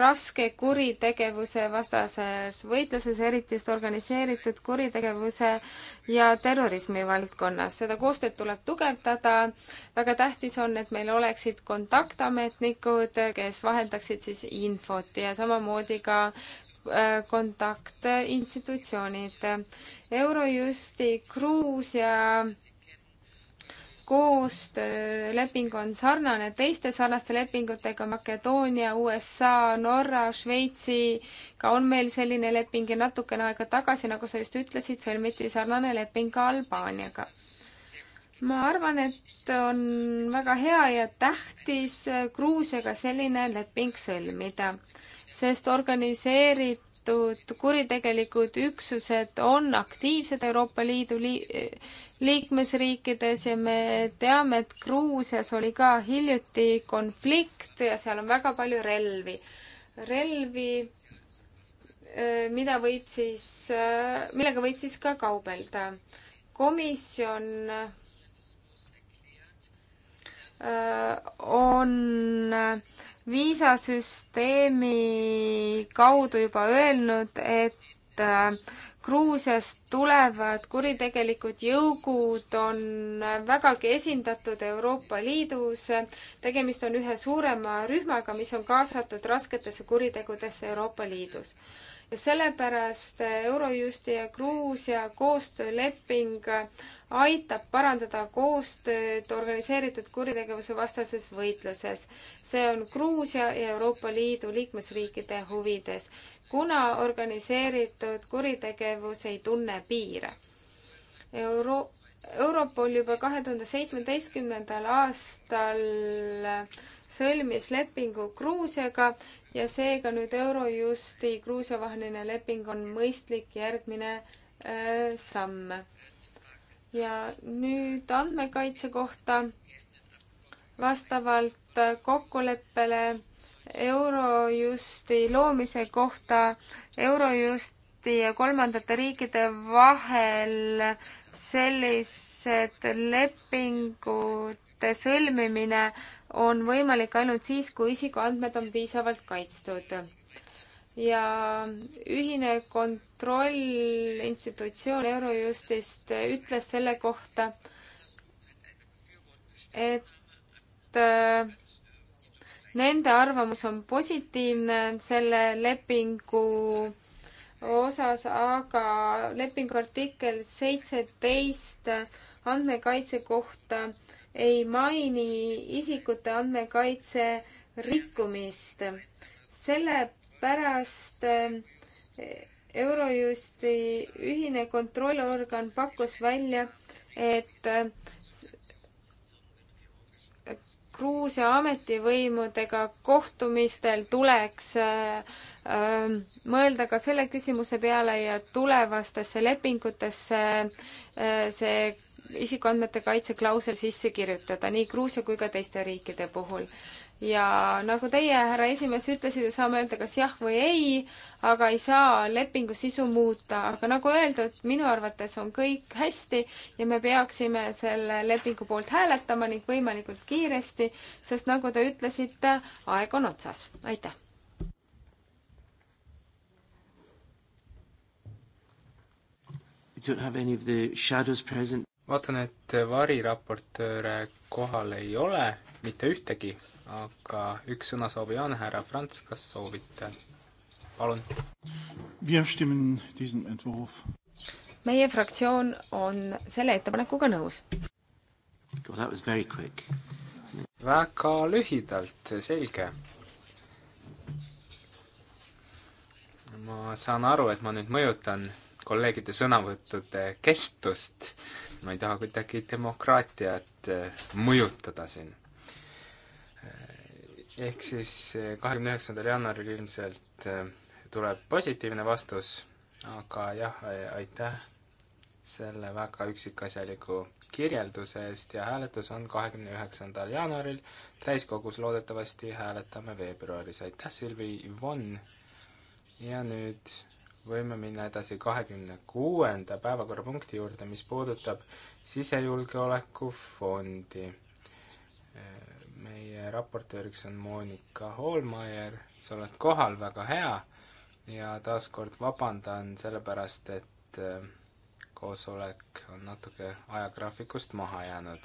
raske kuritegevuse vastases võitluses, eriti just organiseeritud kuritegevuse ja terrorismi valdkonnas. seda koostööd tuleb tugevdada. väga tähtis on, et meil oleksid kontaktametnikud, kes vahendaksid siis infot ja samamoodi ka äh, kontaktinstitutsioonid. Eurojusti Gruusia koostööleping on sarnane teiste sarnaste lepingutega Makedoonia, USA, Norra, Šveitsiga on meil selline leping ja natukene aega tagasi, nagu sa just ütlesid, sõlmiti sarnane leping ka Albaaniaga. ma arvan, et on väga hea ja tähtis Gruusiaga selline leping sõlmida, sest organiseeritud teatud kuritegelikud üksused on aktiivsed Euroopa Liidu li liikmesriikides ja me teame, et Gruusias oli ka hiljuti konflikt ja seal on väga palju relvi. relvi, äh, mida võib siis, äh, millega võib siis ka kaubelda. komisjon on viisasüsteemi kaudu juba öelnud, et Gruusiast tulevad kuritegelikud jõugud on vägagi esindatud Euroopa Liidus. tegemist on ühe suurema rühmaga, mis on kaasatud rasketesse kuritegudesse Euroopa Liidus sellepärast Eurojusti ja Gruusia koostööleping aitab parandada koostööd organiseeritud kuritegevuse vastases võitluses. see on Gruusia ja Euroopa Liidu liikmesriikide huvides, kuna organiseeritud kuritegevus ei tunne piire. Euro-, Europol juba kahe tuhande seitsmeteistkümnendal aastal sõlmis lepingu Gruusiaga ja seega nüüd Eurojusti Gruusia vaheline leping on mõistlik järgmine äh, samm. ja nüüd andmekaitse kohta vastavalt kokkuleppele Eurojusti loomise kohta Eurojusti ja kolmandate riikide vahel äh, sellised lepingute sõlmimine on võimalik ainult siis, kui isikuandmed on piisavalt kaitstud. ja ühine kontrollinstitutsioon Eurojustist ütles selle kohta, et äh, nende arvamus on positiivne selle lepingu osas, aga lepingu artikkel seitseteist andmekaitse kohta ei maini isikute andmekaitse rikkumist. sellepärast eh, Eurojusti ühine kontrollorgan pakkus välja, et eh, Gruusia ametivõimudega kohtumistel tuleks eh, Ähm, mõelda ka selle küsimuse peale ja tulevastesse lepingutesse äh, see isikuandmete kaitse klausel sisse kirjutada nii Gruusia kui ka teiste riikide puhul. ja nagu teie, härra esimees, ütlesite, saame öelda kas jah või ei, aga ei saa lepingu sisu muuta, aga nagu öeldud, minu arvates on kõik hästi ja me peaksime selle lepingu poolt hääletama ning võimalikult kiiresti, sest nagu te ütlesite, aeg on otsas. aitäh! don't have any of the shadows present. vaatan, et variraportööre kohal ei ole, mitte ühtegi, aga üks sõnasoovi on, härra Franz, kas soovite? palun. meie fraktsioon on selle ettepanekuga nõus. väga lühidalt, selge ma saan aru, et ma nüüd mõjutan kolleegide sõnavõttude kestust, ma ei taha kuidagi demokraatiat äh, mõjutada siin. Äh, ehk siis äh, kahekümne üheksandal jaanuaril ilmselt tuleb positiivne vastus, aga jah, aitäh selle väga üksikasjaliku kirjelduse eest ja hääletus on kahekümne üheksandal jaanuaril. täiskogus loodetavasti hääletame veebruaris. aitäh, Silvi, Yvonne! ja nüüd võime minna edasi kahekümne kuuenda päevakorrapunkti juurde, mis puudutab sisejulgeolekufondi. meie raportööriks on Monika Hoolmeier, sa oled kohal, väga hea, ja taaskord vabandan sellepärast, et äh, koosolek on natuke ajagraafikust maha jäänud.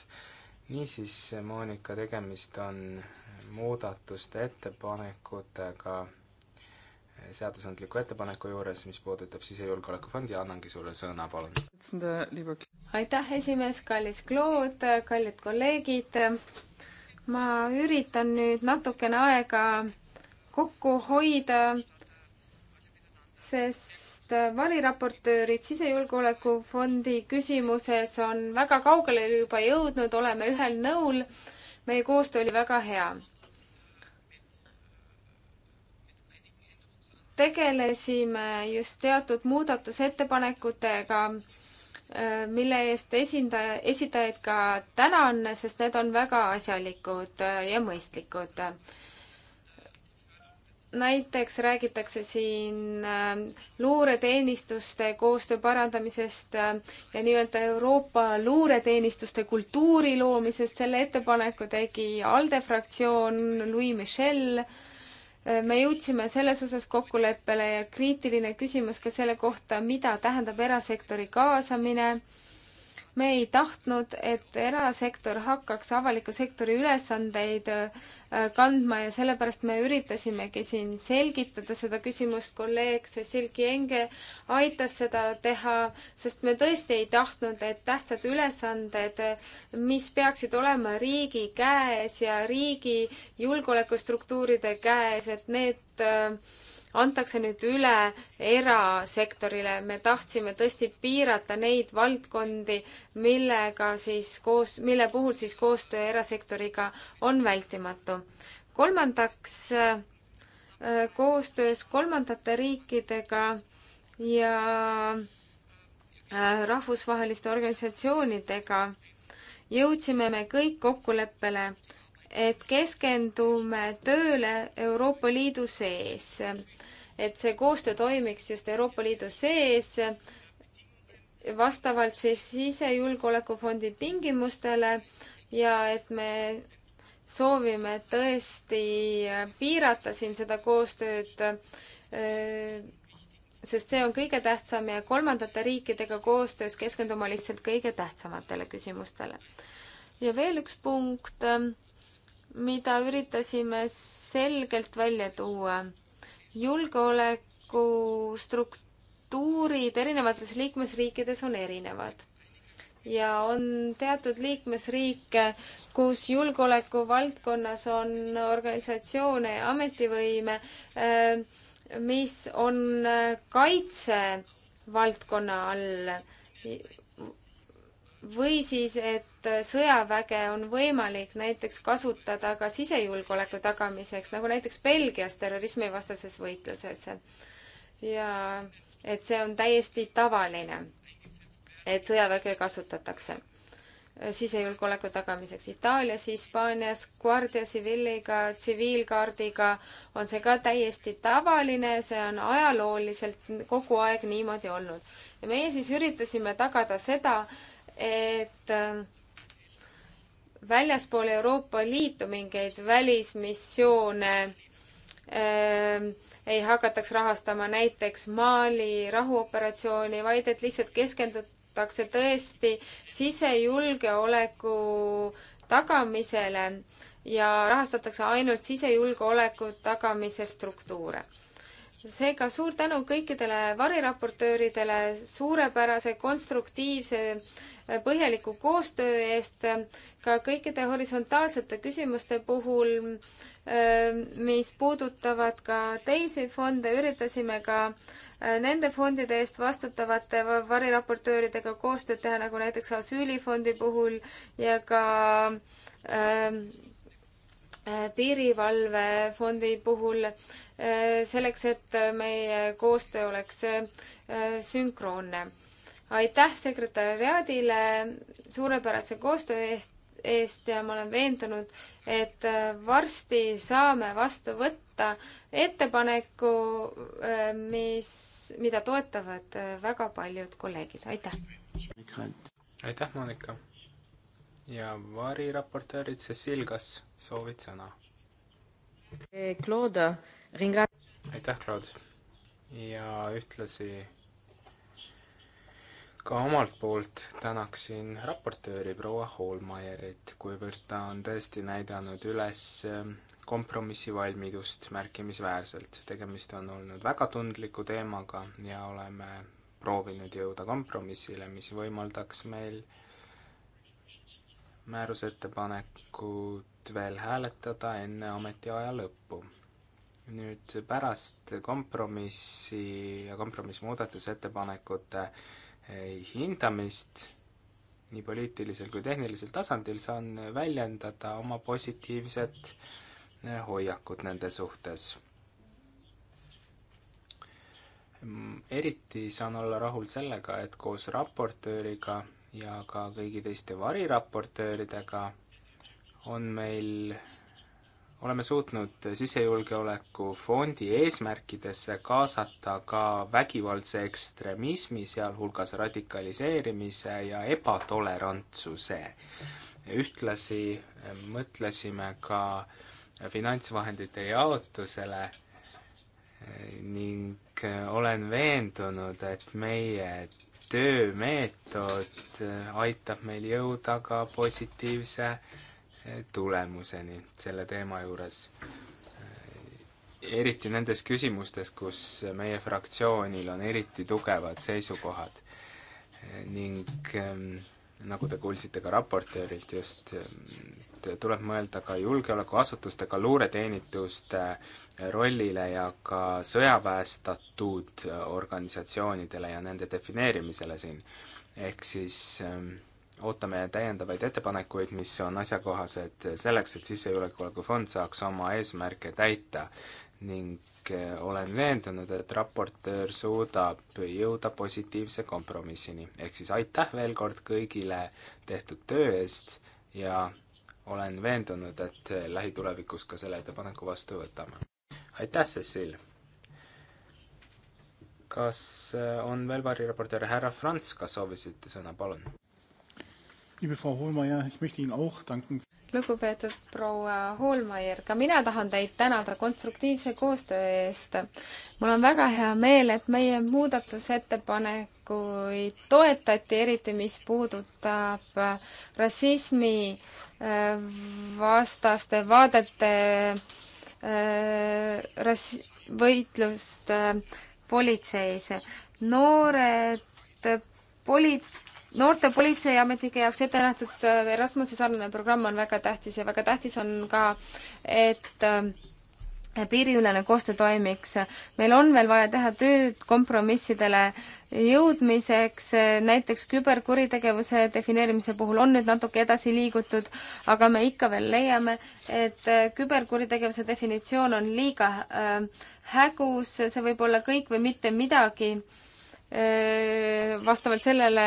niisiis, Monika, tegemist on muudatuste ettepanekutega seadusandliku ettepaneku juures, mis puudutab sisejulgeolekufondi, annangi sulle sõna, palun. aitäh, esimees, kallis Claude, kallid kolleegid. ma üritan nüüd natukene aega kokku hoida, sest variraportöörid sisejulgeolekufondi küsimuses on väga kaugele juba jõudnud, oleme ühel nõul. meie koostöö oli väga hea tegelesime just teatud muudatusettepanekutega, äh, mille eest esindaja, esitajaid ka tänan, sest need on väga asjalikud äh, ja mõistlikud. näiteks räägitakse siin äh, luureteenistuste koostöö parandamisest ja nii-öelda Euroopa luureteenistuste kultuuri loomisest, selle ettepaneku tegi ALDE fraktsioon, Louis Michel, Äh, me jõudsime selles osas kokkuleppele ja kriitiline küsimus ka selle kohta, mida tähendab erasektori kaasamine me ei tahtnud, et erasektor hakkaks avaliku sektori ülesandeid äh, kandma ja sellepärast me üritasimegi siin selgitada seda küsimust. kolleeg Cecil Kienge aitas seda teha, sest me tõesti ei tahtnud, et tähtsad ülesanded, mis peaksid olema riigi käes ja riigi julgeolekustruktuuride käes, et need äh, antakse nüüd üle erasektorile. me tahtsime tõesti piirata neid valdkondi, millega siis koos, mille puhul siis koostöö erasektoriga on vältimatu. kolmandaks, äh, koostöös kolmandate riikidega ja äh, rahvusvaheliste organisatsioonidega jõudsime me kõik kokkuleppele, et keskendume tööle Euroopa Liidu sees, et see koostöö toimiks just Euroopa Liidu sees vastavalt siis sisejulgeolekufondi tingimustele ja et me soovime tõesti piirata siin seda koostööd, sest see on kõige tähtsam ja kolmandate riikidega koostöös keskenduma lihtsalt kõige tähtsamatele küsimustele. ja veel üks punkt mida üritasime selgelt välja tuua. julgeolekustruktuurid erinevates liikmesriikides on erinevad ja on teatud liikmesriike, kus julgeoleku valdkonnas on organisatsioone ja ametivõime, mis on kaitsevaldkonna all või siis, et sõjaväge on võimalik näiteks kasutada ka sisejulgeoleku tagamiseks, nagu näiteks Belgias terrorismivastases võitluses. ja et see on täiesti tavaline, et sõjaväge kasutatakse sisejulgeoleku tagamiseks Itaalias, Hispaanias, Guardia Civiiliga, tsiviilkaardiga on see ka täiesti tavaline, see on ajalooliselt kogu aeg niimoodi olnud. ja meie siis üritasime tagada seda, et ähm, väljaspool Euroopa Liitu mingeid välismissioone äh, ei hakataks rahastama näiteks Mali rahuoperatsiooni, vaid et lihtsalt keskendutakse tõesti sisejulgeoleku tagamisele ja rahastatakse ainult sisejulgeoleku tagamise struktuure seega suur tänu kõikidele variraportööridele suurepärase konstruktiivse põhjaliku koostöö eest ka kõikide horisontaalsete küsimuste puhul, ähm, mis puudutavad ka teisi fonde, üritasime ka äh, nende fondide eest vastutavate variraportööridega koostööd teha, nagu näiteks asüülifondi puhul ja ka ähm, äh, piirivalvefondi puhul äh, selleks, et meie koostöö oleks sünkroonne aitäh sekretäriaadile suurepärase koostöö eest ja ma olen veendunud, et varsti saame vastu võtta ettepaneku, eh, mis, mida toetavad eh, väga paljud kolleegid, aitäh! aitäh, Monika! ja variraportöörid, Cecil, kas soovid sõna? Eh, aitäh, Claude! ja ühtlasi ka omalt poolt tänaksin raportööri proua Hoolmeierit, kuivõrd ta on tõesti näidanud üles ähm, kompromissivalmidust märkimisväärselt. tegemist on olnud väga tundliku teemaga ja oleme proovinud jõuda kompromissile, mis võimaldaks meil määrusettepanekut veel hääletada enne ametiaja lõppu nüüd pärast kompromissi ja kompromissmuudatusettepanekute hindamist nii poliitilisel kui tehnilisel tasandil, saan väljendada oma positiivset eh, hoiakut nende suhtes. Mm, eriti saan olla rahul sellega, et koos raportööriga ja ka kõigi teiste variraportööridega on meil oleme suutnud sisejulgeolekufondi eesmärkidesse kaasata ka vägivaldse ekstremismi, sealhulgas radikaliseerimise ja ebatolerantsuse. ühtlasi eh, mõtlesime ka finantsvahendite jaotusele eh, ning eh, olen veendunud, et meie töömeetod aitab meil jõuda ka positiivse tulemuseni selle teema juures. eriti nendes küsimustes, kus meie fraktsioonil on eriti tugevad seisukohad ning ähm, nagu te kuulsite ka raportöörilt just, ähm, tuleb mõelda ka julgeolekuasutuste, ka luureteenistuste rollile ja ka sõjaväe statuut organisatsioonidele ja nende defineerimisele siin. ehk siis ähm, ootame täiendavaid ettepanekuid, mis on asjakohased selleks, et sisejulgeolekufond saaks oma eesmärke täita ning eh, olen veendunud, et raportöör suudab jõuda positiivse kompromissini. ehk siis aitäh veel kord kõigile tehtud töö eest ja olen veendunud, et lähitulevikus ka selle ettepaneku vastu võtame. aitäh, Cecil! kas eh, on veel variraportöör härra Franz, kas soovisite sõna, palun? lugupeetud proua Hoolmeier, ka mina tahan teid tänada konstruktiivse koostöö eest. mul on väga hea meel, et meie muudatusettepanekuid toetati, eriti mis puudutab rassismi äh, vastaste vaadete äh, rass-, võitlust äh, politseis. noored polit-, noorte politseiametnike jaoks ette nähtud äh, Erasmuse sarnane programm on väga tähtis ja väga tähtis on ka, et äh, piiriülene koostöö toimiks. meil on veel vaja teha tööd kompromissidele jõudmiseks, näiteks küberkuritegevuse defineerimise puhul on nüüd natuke edasi liigutud, aga me ikka veel leiame, et äh, küberkuritegevuse definitsioon on liiga äh, hägus, see võib olla kõik või mitte midagi äh, Äh, vastavalt sellele,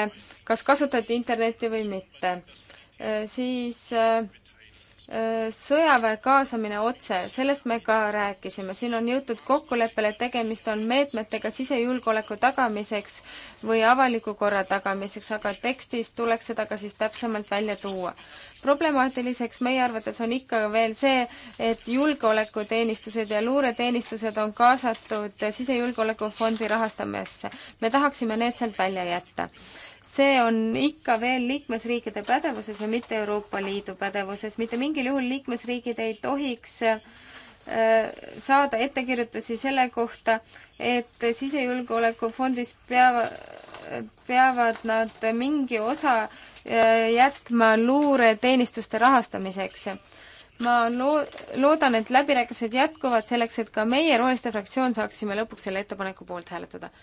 kas kasutati internetti või mitte. Äh, siis äh, Äh, sõjaväe kaasamine otse, sellest me ka rääkisime, siin on jõutud kokkuleppele, et tegemist on meetmetega sisejulgeoleku tagamiseks või avaliku korra tagamiseks, aga tekstis tuleks seda ka siis täpsemalt välja tuua. problemaatiliseks meie arvates on ikka veel see, et julgeolekuteenistused ja luureteenistused on kaasatud sisejulgeolekufondi rahastamisse. me tahaksime need sealt välja jätta see on ikka veel liikmesriikide pädevuses ja mitte Euroopa Liidu pädevuses. mitte mingil juhul liikmesriigid ei tohiks äh, saada ettekirjutusi selle kohta, et sisejulgeolekufondis peava, peavad nad mingi osa äh, jätma luureteenistuste rahastamiseks. ma loo-, loodan, et läbirääkimised jätkuvad selleks, et ka meie Roheliste fraktsioon saaksime lõpuks selle ettepaneku poolt hääletada.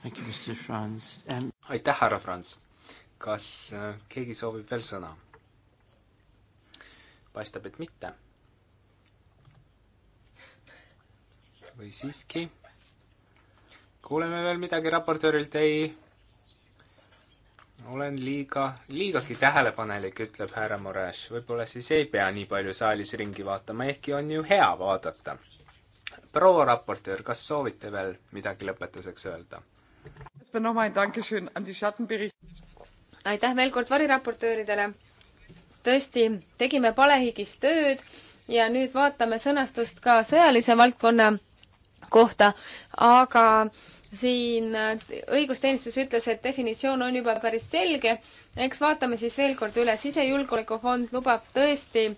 And... Um, aitäh, härra Franz. kas äh, keegi soovib veel sõna? paistab, et mitte. või siiski? kuuleme veel midagi raportöörilt, ei. olen liiga, liigagi tähelepanelik, ütleb härra Moraes. võib-olla siis ei pea nii palju saalis ringi vaatama, ehkki on ju hea vaadata. proua raportöör, kas soovite veel midagi lõpetuseks öelda? aitäh veel kord variraportööridele. tõesti, tegime palehigis tööd ja nüüd vaatame sõnastust ka sõjalise valdkonna kohta, aga siin õigusteenistus ütles, et definitsioon on juba päris selge. eks vaatame siis veel kord üle. sisejulgeolekufond lubab tõesti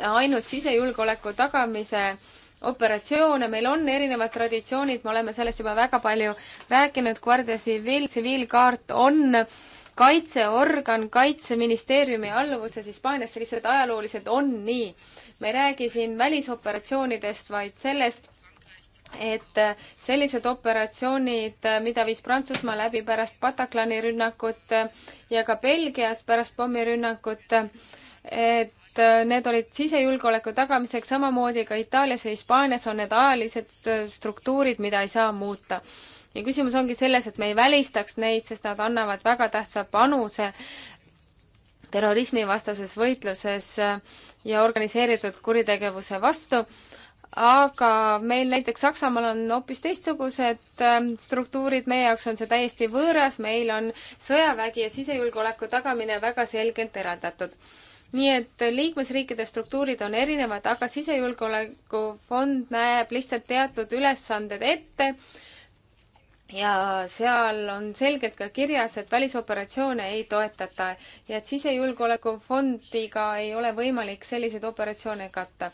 ainult sisejulgeoleku tagamise äh, operatsioone, meil on erinevad traditsioonid, me oleme sellest juba väga palju rääkinud, Guardia Civil, tsiviilkaart on kaitseorgan kaitseministeeriumi alluvuses Hispaanias, see lihtsalt ajalooliselt on nii. me ei räägi siin välisoperatsioonidest, vaid sellest, et sellised operatsioonid, mida viis Prantsusmaa läbi pärast Bataclani rünnakut ja ka Belgias pärast pommirünnakut, et et äh, need olid sisejulgeoleku tagamiseks, samamoodi ka Itaalias ja Hispaanias on need ajalised äh, struktuurid, mida ei saa muuta. ja küsimus ongi selles, et me ei välistaks neid, sest nad annavad väga tähtsa panuse terrorismivastases võitluses äh, ja organiseeritud kuritegevuse vastu, aga meil näiteks Saksamaal on hoopis teistsugused struktuurid, meie jaoks on see täiesti võõras, meil on sõjavägi ja sisejulgeoleku tagamine väga selgelt eraldatud nii et liikmesriikide struktuurid on erinevad, aga sisejulgeolekufond näeb lihtsalt teatud ülesanded ette ja seal on selgelt ka kirjas, et välisoperatsioone ei toetata ja et sisejulgeolekufondiga ei ole võimalik selliseid operatsioone katta.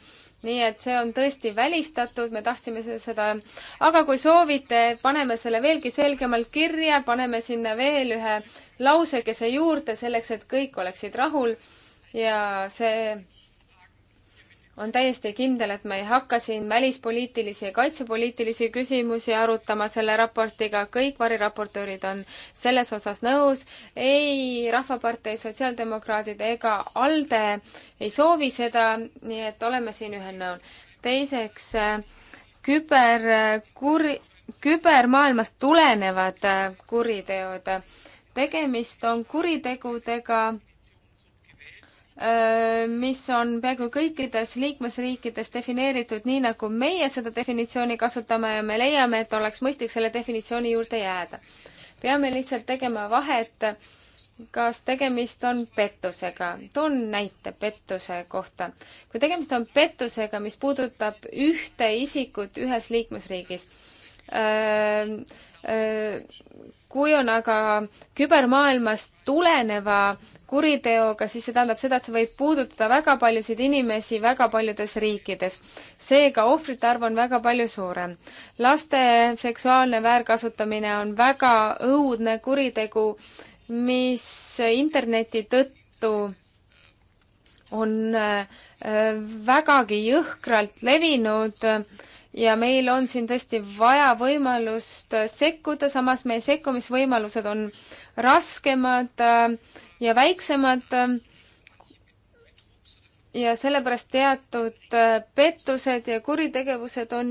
nii et see on tõesti välistatud, me tahtsime seda, aga kui soovite, paneme selle veelgi selgemalt kirja, paneme sinna veel ühe lausekese juurde selleks, et kõik oleksid rahul ja see on täiesti kindel, et ma ei hakka siin välispoliitilisi ja kaitsepoliitilisi küsimusi arutama selle raportiga, kõik variraportöörid on selles osas nõus. ei Rahvapartei, Sotsiaaldemokraadid ega ALDE ei soovi seda, nii et oleme siin ühel nõul. teiseks, küberkuri, kübermaailmast tulenevad kuriteod. tegemist on kuritegudega mis on peaaegu kõikides liikmesriikides defineeritud nii, nagu meie seda definitsiooni kasutame ja me leiame, et oleks mõistlik selle definitsiooni juurde jääda. peame lihtsalt tegema vahet, kas tegemist on pettusega. toon näite pettuse kohta. kui tegemist on pettusega, mis puudutab ühte isikut ühes liikmesriigis, kui on aga kübermaailmast tuleneva kuriteoga, siis see tähendab seda, et see võib puudutada väga paljusid inimesi väga paljudes riikides. seega ohvrite arv on väga palju suurem. laste seksuaalne väärkasutamine on väga õudne kuritegu, mis interneti tõttu on äh, vägagi jõhkralt levinud ja meil on siin tõesti vaja võimalust sekkuda, samas meie sekkumisvõimalused on raskemad äh, ja väiksemad. Äh, ja sellepärast teatud äh, pettused ja kuritegevused on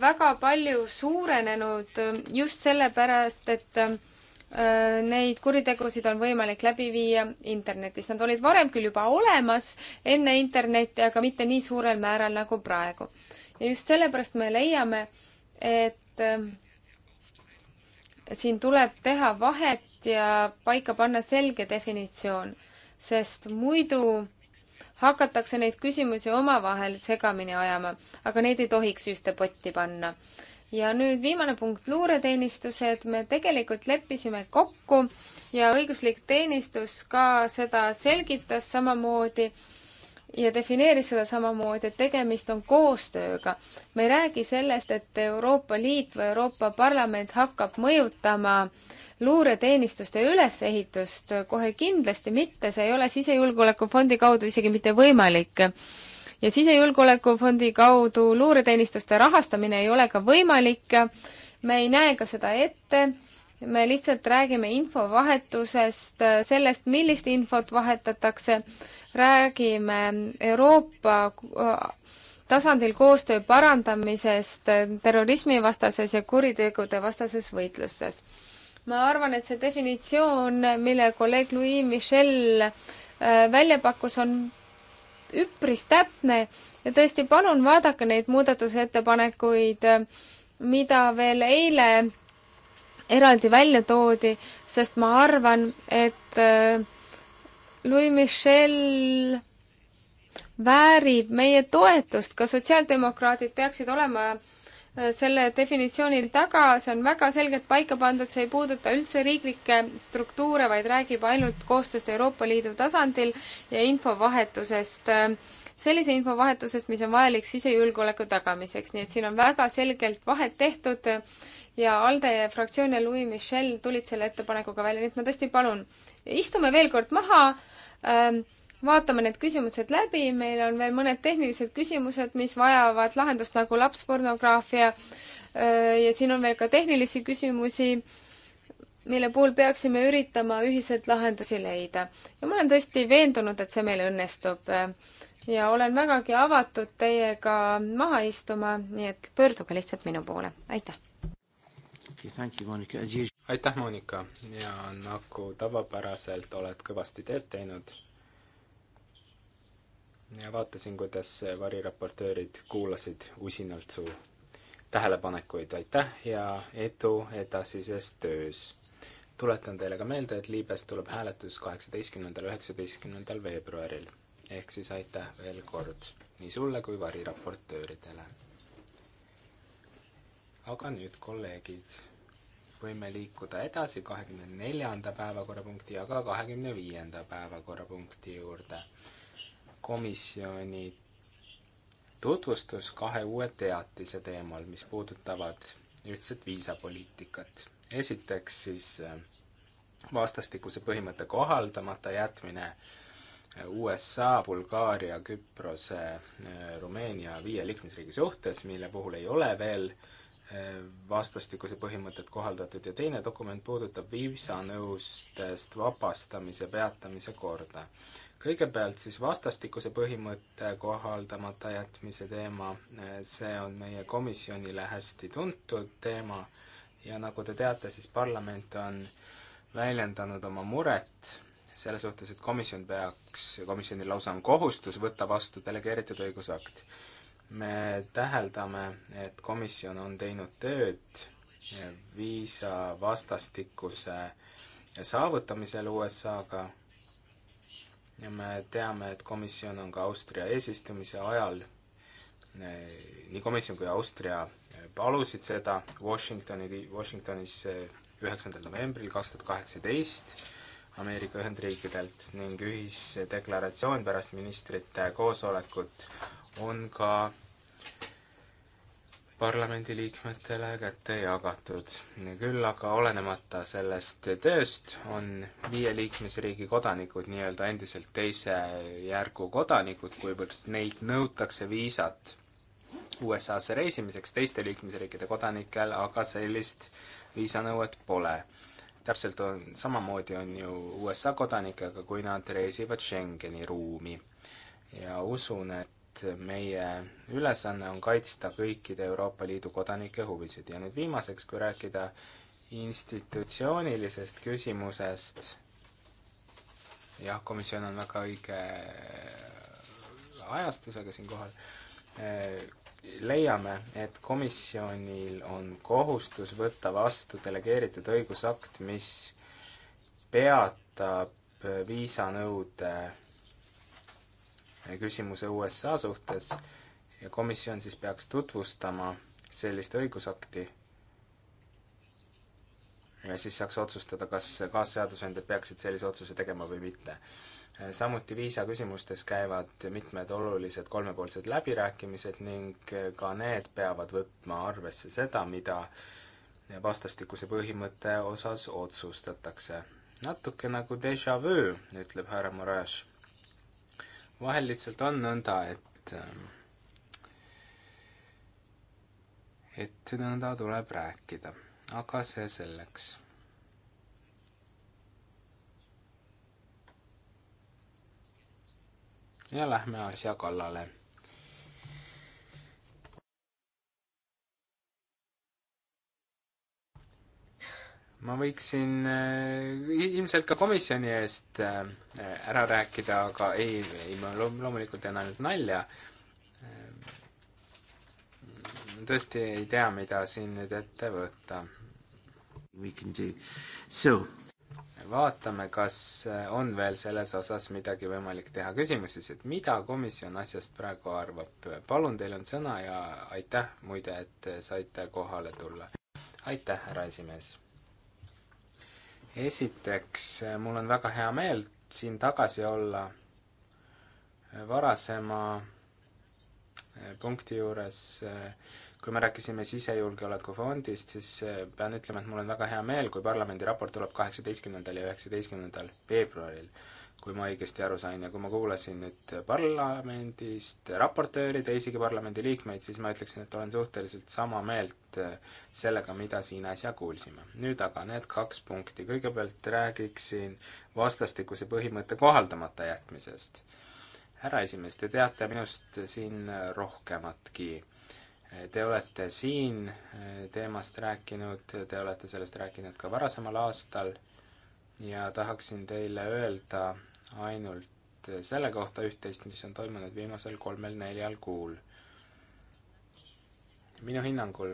väga palju suurenenud just sellepärast, et neid kuritegusid on võimalik läbi viia internetis. Nad olid varem küll juba olemas enne internetti, aga mitte nii suurel määral nagu praegu ja just sellepärast me leiame, et äh, siin tuleb teha vahet ja paika panna selge definitsioon, sest muidu hakatakse neid küsimusi omavahel segamini ajama, aga neid ei tohiks ühte potti panna. ja nüüd viimane punkt, luureteenistused, me tegelikult leppisime kokku ja õiguslik teenistus ka seda selgitas samamoodi ja defineeris seda samamoodi, et tegemist on koostööga. me ei räägi sellest, et Euroopa Liit või Euroopa Parlament hakkab mõjutama luureteenistuste ülesehitust, kohe kindlasti mitte, see ei ole Sisejulgeolekufondi kaudu isegi mitte võimalik. ja Sisejulgeolekufondi kaudu luureteenistuste rahastamine ei ole ka võimalik, me ei näe ka seda ette me lihtsalt räägime infovahetusest, sellest, millist infot vahetatakse, räägime Euroopa äh, tasandil koostöö parandamisest äh, terrorismivastases ja kuritegude vastases võitluses. ma arvan, et see definitsioon, mille kolleeg Louis Michel äh, välja pakkus, on üpris täpne ja tõesti, palun vaadake neid muudatusettepanekuid, mida veel eile eraldi välja toodi, sest ma arvan, et äh, Louis Michel väärib meie toetust, ka sotsiaaldemokraadid peaksid olema äh, selle definitsiooni taga, see on väga selgelt paika pandud, see ei puuduta üldse riiklikke struktuure, vaid räägib ainult koostööst Euroopa Liidu tasandil ja infovahetusest, äh, sellise infovahetusest, mis on vajalik sisejulgeoleku tagamiseks, nii et siin on väga selgelt vahet tehtud ja ALDE fraktsioon ja Louis Michel tulid selle ettepanekuga välja, nii et ma tõesti palun, istume veel kord maha ähm,, vaatame need küsimused läbi, meil on veel mõned tehnilised küsimused, mis vajavad lahendust, nagu lapspornograafia äh, ja siin on veel ka tehnilisi küsimusi, mille puhul peaksime üritama ühiselt lahendusi leida. ja ma olen tõesti veendunud, et see meil õnnestub äh, ja olen vägagi avatud teiega maha istuma, nii et pöörduge lihtsalt minu poole, aitäh! aitäh, Monika, ja nagu tavapäraselt oled kõvasti tööd teinud ja vaatasin, kuidas variraportöörid kuulasid usinalt su tähelepanekuid, aitäh ja edu edasises töös! tuletan teile ka meelde, et Liibes tuleb hääletus kaheksateistkümnendal, üheksateistkümnendal veebruaril. ehk siis aitäh veel kord nii sulle kui variraportööridele. aga nüüd kolleegid võime liikuda edasi kahekümne neljanda päevakorrapunkti ja ka kahekümne viienda päevakorrapunkti juurde. komisjoni tutvustus kahe uue teatise teemal, mis puudutavad ühtset viisapoliitikat. esiteks siis äh, vastastikuse põhimõtte kohaldamata jätmine äh, USA, Bulgaaria, Küprose, äh, Rumeenia viie liikmesriigi suhtes, mille puhul ei ole veel äh, vastastikuse põhimõtet kohaldatud ja teine dokument puudutab viisanõustest vabastamise peatamise korda. kõigepealt siis vastastikuse põhimõtte kohaldamata jätmise teema, see on meie komisjonile hästi tuntud teema ja nagu te teate, siis parlament on väljendanud oma muret selle suhtes, et komisjon peaks, komisjonil lausa on kohustus võtta vastu delegeeritud õigusakt me täheldame, et komisjon on teinud tööd viisa vastastikuse saavutamisel USA-ga ja me teame, et komisjon on ka Austria eesistumise ajal, nii komisjon kui Austria palusid seda Washingtoni, Washingtonis eh, üheksandal novembril kaks tuhat kaheksateist Ameerika Ühendriikidelt ning ühisdeklaratsioon pärast ministrite koosolekut on ka parlamendiliikmetele kätte jagatud. küll aga olenemata sellest tööst on viie liikmesriigi kodanikud nii-öelda endiselt teise järgu kodanikud, kuivõrd neilt nõutakse viisat USA-sse reisimiseks, teiste liikmesriikide kodanikel aga sellist viisanõuet pole. täpselt on, samamoodi on ju USA kodanikega, kui nad reisivad Schengeni ruumi. ja usun, et meie ülesanne on kaitsta kõikide Euroopa Liidu kodanike huvisid ja nüüd viimaseks, kui rääkida institutsioonilisest küsimusest, jah, komisjon on väga õige ajastusega siinkohal, leiame, et komisjonil on kohustus võtta vastu delegeeritud õigusakt, mis peatab viisanõude küsimuse USA suhtes ja komisjon siis peaks tutvustama sellist õigusakti ja siis saaks otsustada, kas kaasseadusandjad peaksid sellise otsuse tegema või mitte. samuti viisaküsimustes käivad mitmed olulised kolmepoolsed läbirääkimised ning ka need peavad võtma arvesse seda, mida vastastikuse põhimõtte osas otsustatakse. natuke nagu déjà vu, ütleb härra Moraes vahel lihtsalt on nõnda, et ähm, et nõnda tuleb rääkida, aga see selleks. ja lähme asja kallale ma võiksin äh, ilmselt ka komisjoni eest äh, ära rääkida, aga ei, ei ma loomulikult teen ainult nalja. Äh, tõesti ei tea, mida siin nüüd ette võtta. vaatame, kas on veel selles osas midagi võimalik teha. küsimus siis, et mida komisjon asjast praegu arvab? palun, teil on sõna ja aitäh muide, et saite kohale tulla. aitäh, härra esimees esiteks, mul on väga hea meel siin tagasi olla eh, varasema eh, punkti juures, eh, kui me rääkisime sisejulgeolekufondist, siis pean ütlema, et mul on väga hea meel, kui parlamendi raport tuleb kaheksateistkümnendal ja üheksateistkümnendal veebruaril kui ma õigesti aru sain ja kui ma kuulasin nüüd parlamendist raportööri, teisigi parlamendiliikmeid, siis ma ütleksin, et olen suhteliselt sama meelt sellega, mida siin äsja kuulsime. nüüd aga need kaks punkti, kõigepealt räägiksin vastastikuse põhimõtte kohaldamata jätmisest. härra esimees, te teate minust siin rohkematki. Te olete siin teemast rääkinud, te olete sellest rääkinud ka varasemal aastal ja tahaksin teile öelda, ainult selle kohta üht-teist, mis on toimunud viimasel kolmel-neljal kuul. minu hinnangul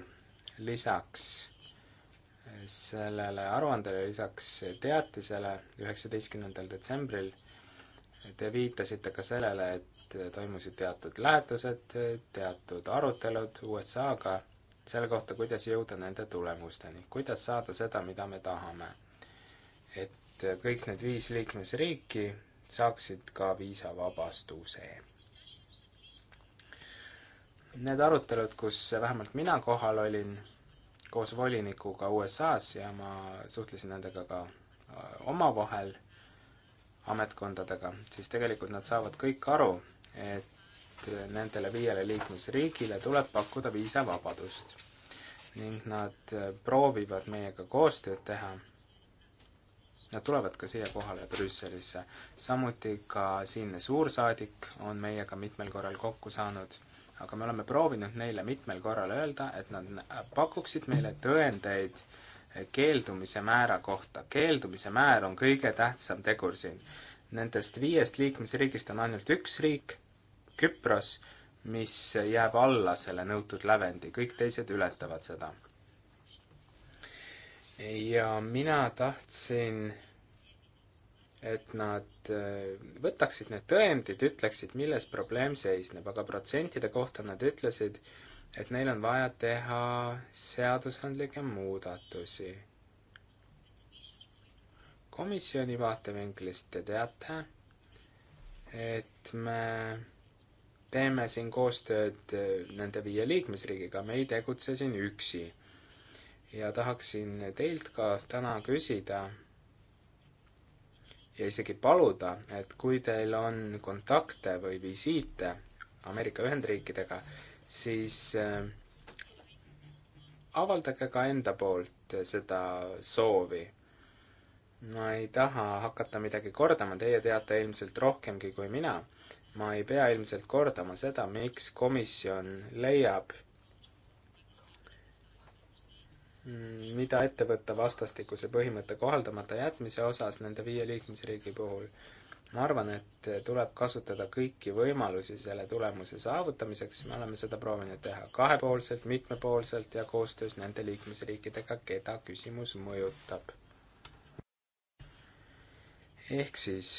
lisaks sellele aruandele, lisaks teatisele üheksateistkümnendal detsembril te viitasite ka sellele, et toimusid teatud lähetused, teatud arutelud USA-ga selle kohta, kuidas jõuda nende tulemusteni, kuidas saada seda, mida me tahame. et kõik need viis liikmesriiki saaksid ka viisavabastuse. Need arutelud, kus vähemalt mina kohal olin koos volinikuga USA-s ja ma suhtlesin nendega ka äh, omavahel, ametkondadega, siis tegelikult nad saavad kõik aru, et nendele viiele liikmesriigile tuleb pakkuda viisavabadust ning nad äh, proovivad meiega koostööd teha Nad tulevad ka siia kohale Brüsselisse. samuti ka siinne suursaadik on meiega mitmel korral kokku saanud, aga me oleme proovinud neile mitmel korral öelda, et nad pakuksid meile tõendeid keeldumise määra kohta. keeldumise määr on kõige tähtsam tegur siin. Nendest viiest liikmesriigist on ainult üks riik, Küpros, mis jääb alla selle nõutud lävendi, kõik teised ületavad seda ja mina tahtsin, et nad äh, võtaksid need tõendid, ütleksid, milles probleem seisneb, aga protsentide kohta nad ütlesid, et neil on vaja teha seadusandlikke muudatusi. komisjoni vaatevinklist te teate, et me teeme siin koostööd äh, nende viie liikmesriigiga, me ei tegutse siin üksi ja tahaksin teilt ka täna küsida ja isegi paluda, et kui teil on kontakte või visiite Ameerika Ühendriikidega, siis äh, avaldage ka enda poolt seda soovi. ma ei taha hakata midagi kordama, teie teate ilmselt rohkemgi kui mina. ma ei pea ilmselt kordama seda, miks komisjon leiab, Mm, mida ette võtta vastastikuse põhimõtte kohaldamata jätmise osas nende viie liikmesriigi puhul? ma arvan, et tuleb kasutada kõiki võimalusi selle tulemuse saavutamiseks, me oleme seda proovinud teha kahepoolselt, mitmepoolselt ja koostöös nende liikmesriikidega, keda küsimus mõjutab. ehk siis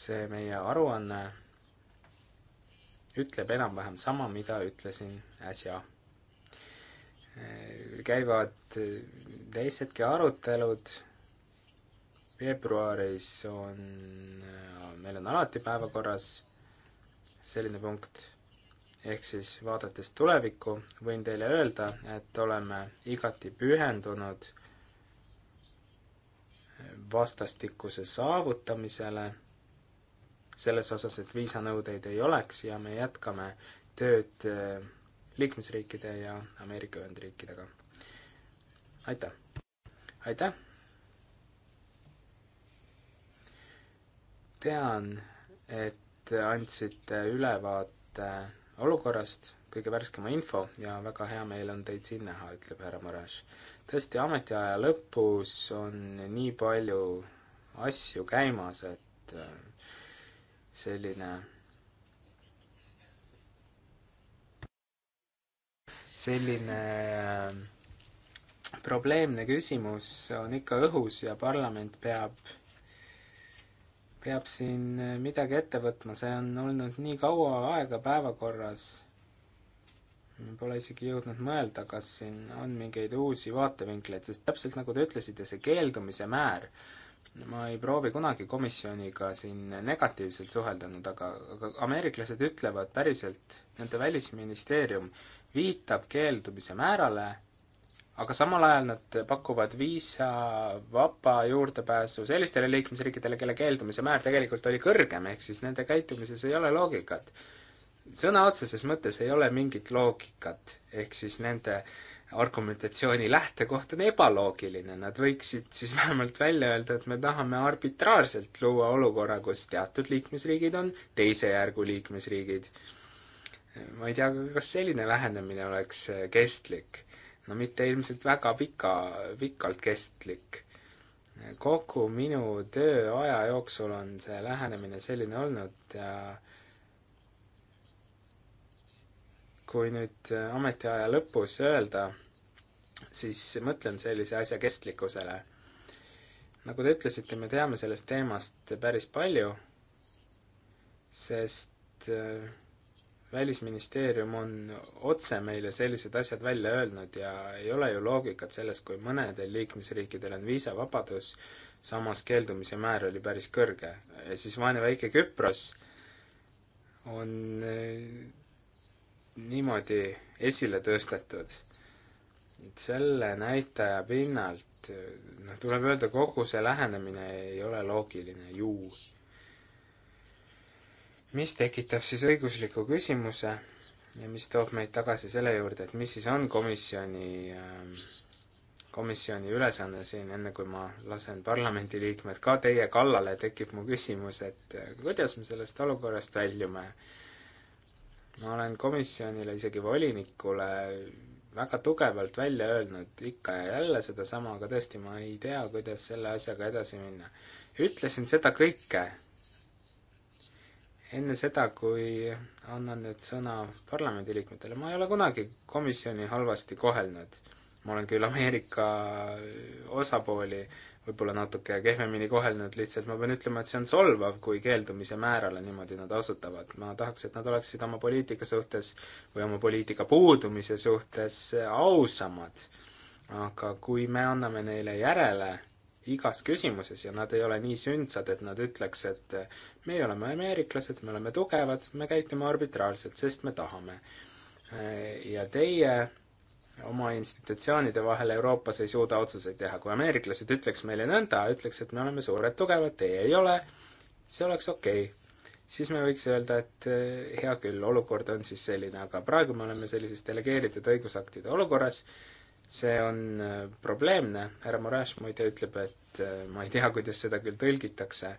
see meie aruanne ütleb enam-vähem sama, mida ütlesin äsja käivad teisedki arutelud, veebruaris on, meil on alati päevakorras selline punkt, ehk siis vaadates tulevikku, võin teile öelda, et oleme igati pühendunud vastastikuse saavutamisele, selles osas, et viisanõudeid ei oleks ja me jätkame tööd liikmesriikide ja Ameerika Ühendriikidega. aitäh! aitäh! tean, et andsite ülevaate olukorrast, kõige värskema info ja väga hea meel on teid siin näha, ütleb härra Moraš. tõesti, ametiaja lõpus on nii palju asju käimas, et äh, selline selline äh, probleemne küsimus on ikka õhus ja parlament peab, peab siin äh, midagi ette võtma, see on olnud nii kaua aega päevakorras. Pole isegi jõudnud mõelda, kas siin on mingeid uusi vaatevinkleid, sest täpselt nagu te ütlesite, see keeldumise määr, ma ei proovi kunagi komisjoniga siin negatiivselt suheldanud, aga, aga ameeriklased ütlevad päriselt, nende välisministeerium viitab keeldumise määrale, aga samal ajal nad pakuvad viisavaba juurdepääsu sellistele liikmesriikidele, kelle keeldumise määr tegelikult oli kõrgem, ehk siis nende käitumises ei ole loogikat. sõna otseses mõttes ei ole mingit loogikat, ehk siis nende argumentatsiooni lähtekoht on ebaloogiline, nad võiksid siis vähemalt välja öelda, et me tahame arbitraarselt luua olukorra, kus teatud liikmesriigid on teise järgu liikmesriigid ma ei tea, kas selline lähenemine oleks äh, kestlik. no mitte ilmselt väga pika, pikalt kestlik. kogu minu tööaja jooksul on see lähenemine selline olnud ja kui nüüd äh, ametiaja lõpus öelda, siis mõtlen sellise asja kestlikkusele. nagu te ütlesite, me teame sellest teemast päris palju, sest äh, välisministeerium on otse meile sellised asjad välja öelnud ja ei ole ju loogikat selles, kui mõnedel liikmesriikidel on viisavabadus, samas keeldumise määr oli päris kõrge. ja siis vaene väike Küpros on eh, niimoodi esile tõstetud. et selle näitaja pinnalt, eh, noh, tuleb öelda, kogu see lähenemine ei ole loogiline ju mis tekitab siis õigusliku küsimuse ja mis toob meid tagasi selle juurde, et mis siis on komisjoni, ähm, komisjoni ülesanne siin, enne kui ma lasen parlamendiliikmed ka teie kallale, tekib mu küsimus, et äh, kuidas me sellest olukorrast väljume? ma olen komisjonile, isegi volinikule väga tugevalt välja öelnud ikka ja jälle sedasama, aga tõesti, ma ei tea, kuidas selle asjaga edasi minna. ütlesin seda kõike enne seda, kui annan nüüd sõna parlamendiliikmetele, ma ei ole kunagi komisjoni halvasti kohelnud. ma olen küll Ameerika osapooli võib-olla natuke kehvemini kohelnud, lihtsalt ma pean ütlema, et see on solvav, kui keeldumise määrale niimoodi nad asutavad. ma tahaks, et nad oleksid oma poliitika suhtes või oma poliitika puudumise suhtes ausamad. aga kui me anname neile järele igas küsimuses ja nad ei ole nii sündsad, et nad ütleks, et eh, meie oleme ameeriklased, me oleme tugevad, me käitume arbitraarselt, sest me tahame. Eh, ja teie oma institutsioonide vahel Euroopas ei suuda otsuseid teha, kui ameeriklased ütleks meile nõnda, ütleks, et me oleme suured, tugevad, teie ei ole, see oleks okei okay. siis me võiks öelda, et eh, hea küll, olukord on siis selline, aga praegu me oleme sellises delegeeritud õigusaktide olukorras, see on äh, probleemne, härra Moraes muide ütleb, et äh, ma ei tea, kuidas seda küll tõlgitakse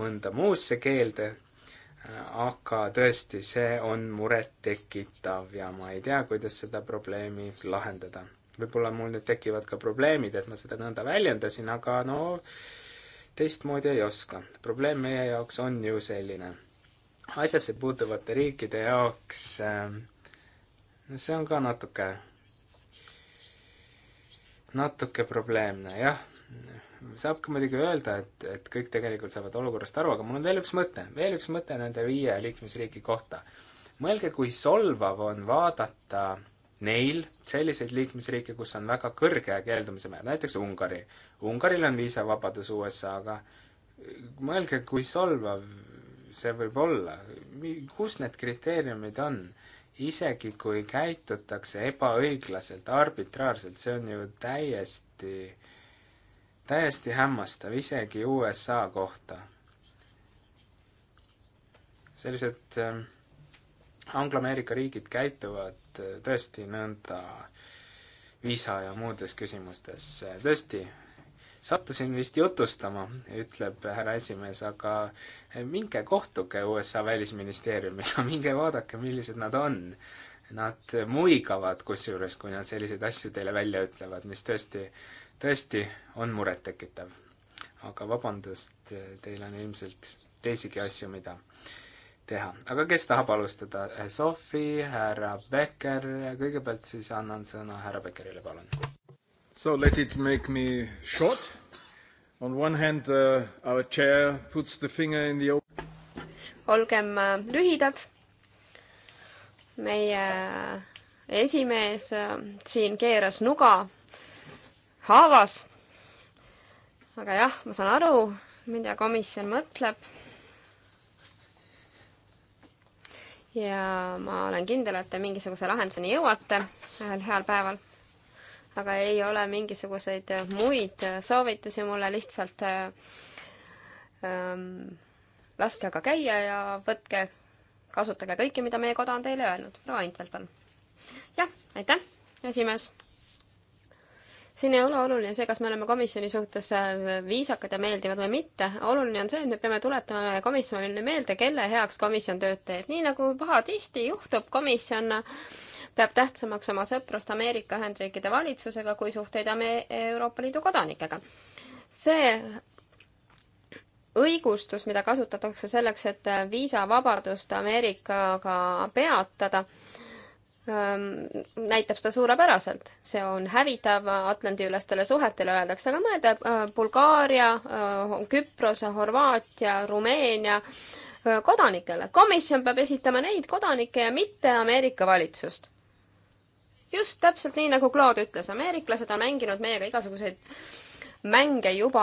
mõnda muusse keelde, äh, aga tõesti, see on murettekitav ja ma ei tea, kuidas seda probleemi lahendada. võib-olla mul nüüd tekivad ka probleemid, et ma seda nõnda väljendasin, aga no teistmoodi ei oska. probleem meie jaoks on ju selline. asjasse puutuvate riikide jaoks see on ka natuke natuke probleemne, jah. saab ka muidugi öelda, et, et kõik tegelikult saavad olukorrast aru, aga mul on veel üks mõte, veel üks mõte nende viie liikmesriigi kohta. mõelge, kui solvav on vaadata neil selliseid liikmesriike, kus on väga kõrge keeldumise määr, näiteks Ungari. Ungaril on viisavabadus USA-ga. mõelge, kui solvav see võib olla, kus need kriteeriumid on isegi kui käitutakse ebaõiglaselt, arbitraarselt, see on ju täiesti, täiesti hämmastav, isegi USA kohta. sellised äh, Angloameerika riigid käituvad äh, tõesti nõnda visa ja muudes küsimustes, äh, tõesti sattusin vist jutustama, ütleb härra esimees, aga minge kohtuge USA välisministeeriumiga, minge vaadake, millised nad on. Nad muigavad kusjuures, kui nad selliseid asju teile välja ütlevad, mis tõesti, tõesti on murettekitav. aga vabandust, teil on ilmselt teisigi asju, mida teha. aga kes tahab alustada? Sofi, härra Becker, kõigepealt siis annan sõna härra Beckerile, palun So let it make me short. On one hand uh, our chair puts the finger in the open. olgem uh, lühidad. meie uh, esimees uh, siin keeras nuga haavas. aga jah, ma saan aru, mida komisjon mõtleb. ja ma olen kindel, et te mingisuguse lahenduseni jõuate ühel heal päeval aga ei ole mingisuguseid äh, muid äh, soovitusi mulle, lihtsalt äh, ähm, laske aga käia ja võtke, kasutage kõike, mida meie koda on teile öelnud. proua Intvelt, palun. jah, aitäh, esimees. siin ei ole oluline see, kas me oleme komisjoni suhtes viisakad ja meeldivad või mitte. oluline on see, et me peame tuletama komisjonile meelde, kelle heaks komisjon tööd teeb. nii nagu pahatihti juhtub, komisjon äh, peab tähtsamaks oma sõprust Ameerika Ühendriikide valitsusega kui suhteid Ame-, Euroopa Liidu kodanikega. see õigustus, mida kasutatakse selleks, et viisavabadust Ameerikaga peatada, ähm, näitab seda suurepäraselt. see on hävitav Atlandi-ülestele suhetele, öeldakse, aga mõelda äh, Bulgaaria, äh, Küprose, Horvaatia, Rumeenia äh, kodanikele. komisjon peab esitama neid kodanikke ja mitte Ameerika valitsust just täpselt nii, nagu Claude ütles, ameeriklased on mänginud meiega igasuguseid mänge juba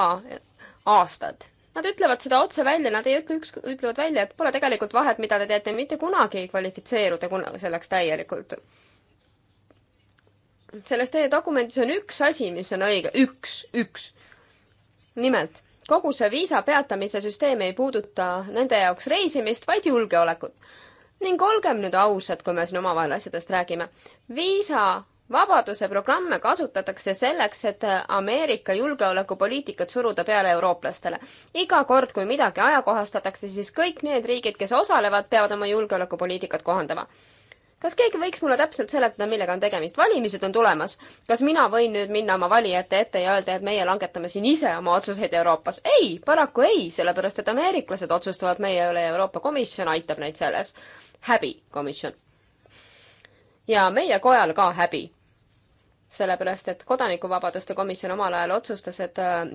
aastad. Nad ütlevad seda otse välja, nad ei ütle, üks, ütlevad välja, et pole tegelikult vahet, mida te teete, mitte kunagi ei kvalifitseeru te kunagi selleks täielikult. selles teie dokumendis on üks asi, mis on õige, üks, üks. nimelt, kogu see viisa peatamise süsteem ei puuduta nende jaoks reisimist, vaid julgeolekut ning olgem nüüd ausad, kui me siin omavahel asjadest räägime, viisa vabaduse programme kasutatakse selleks, et Ameerika julgeolekupoliitikat suruda peale eurooplastele. iga kord, kui midagi ajakohastatakse, siis kõik need riigid, kes osalevad, peavad oma julgeolekupoliitikat kohandama. kas keegi võiks mulle täpselt seletada, millega on tegemist? valimised on tulemas. kas mina võin nüüd minna oma valijate ette ja öelda, et meie langetame siin ise oma otsuseid Euroopas? ei, paraku ei, sellepärast et ameeriklased otsustavad meie üle ja Euroopa Komisjon aitab neid selles häbi, komisjon. ja meie kojal ka häbi. sellepärast, et Kodanikuvabaduste komisjon omal ajal otsustas, et äh,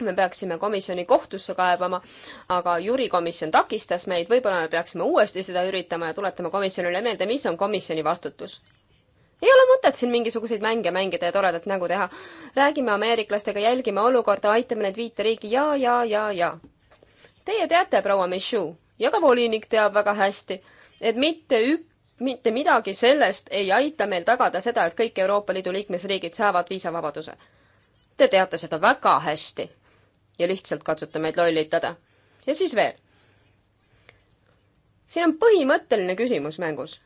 me peaksime komisjoni kohtusse kaebama, aga jurikomisjon takistas meid, võib-olla me peaksime uuesti seda üritama ja tuletama komisjonile meelde, mis on komisjoni vastutus. ei ole mõtet siin mingisuguseid mänge mängida ja toredat nägu teha. räägime ameeriklastega, jälgime olukorda, aitame need viite riiki ja, ja, ja, ja. Teie teate, proua Michu ja ka volinik teab väga hästi, et mitte ük-, mitte midagi sellest ei aita meil tagada seda, et kõik Euroopa Liidu liikmesriigid saavad viisavabaduse. Te teate seda väga hästi ja lihtsalt katsute meid lollitada. ja siis veel. siin on põhimõtteline küsimus mängus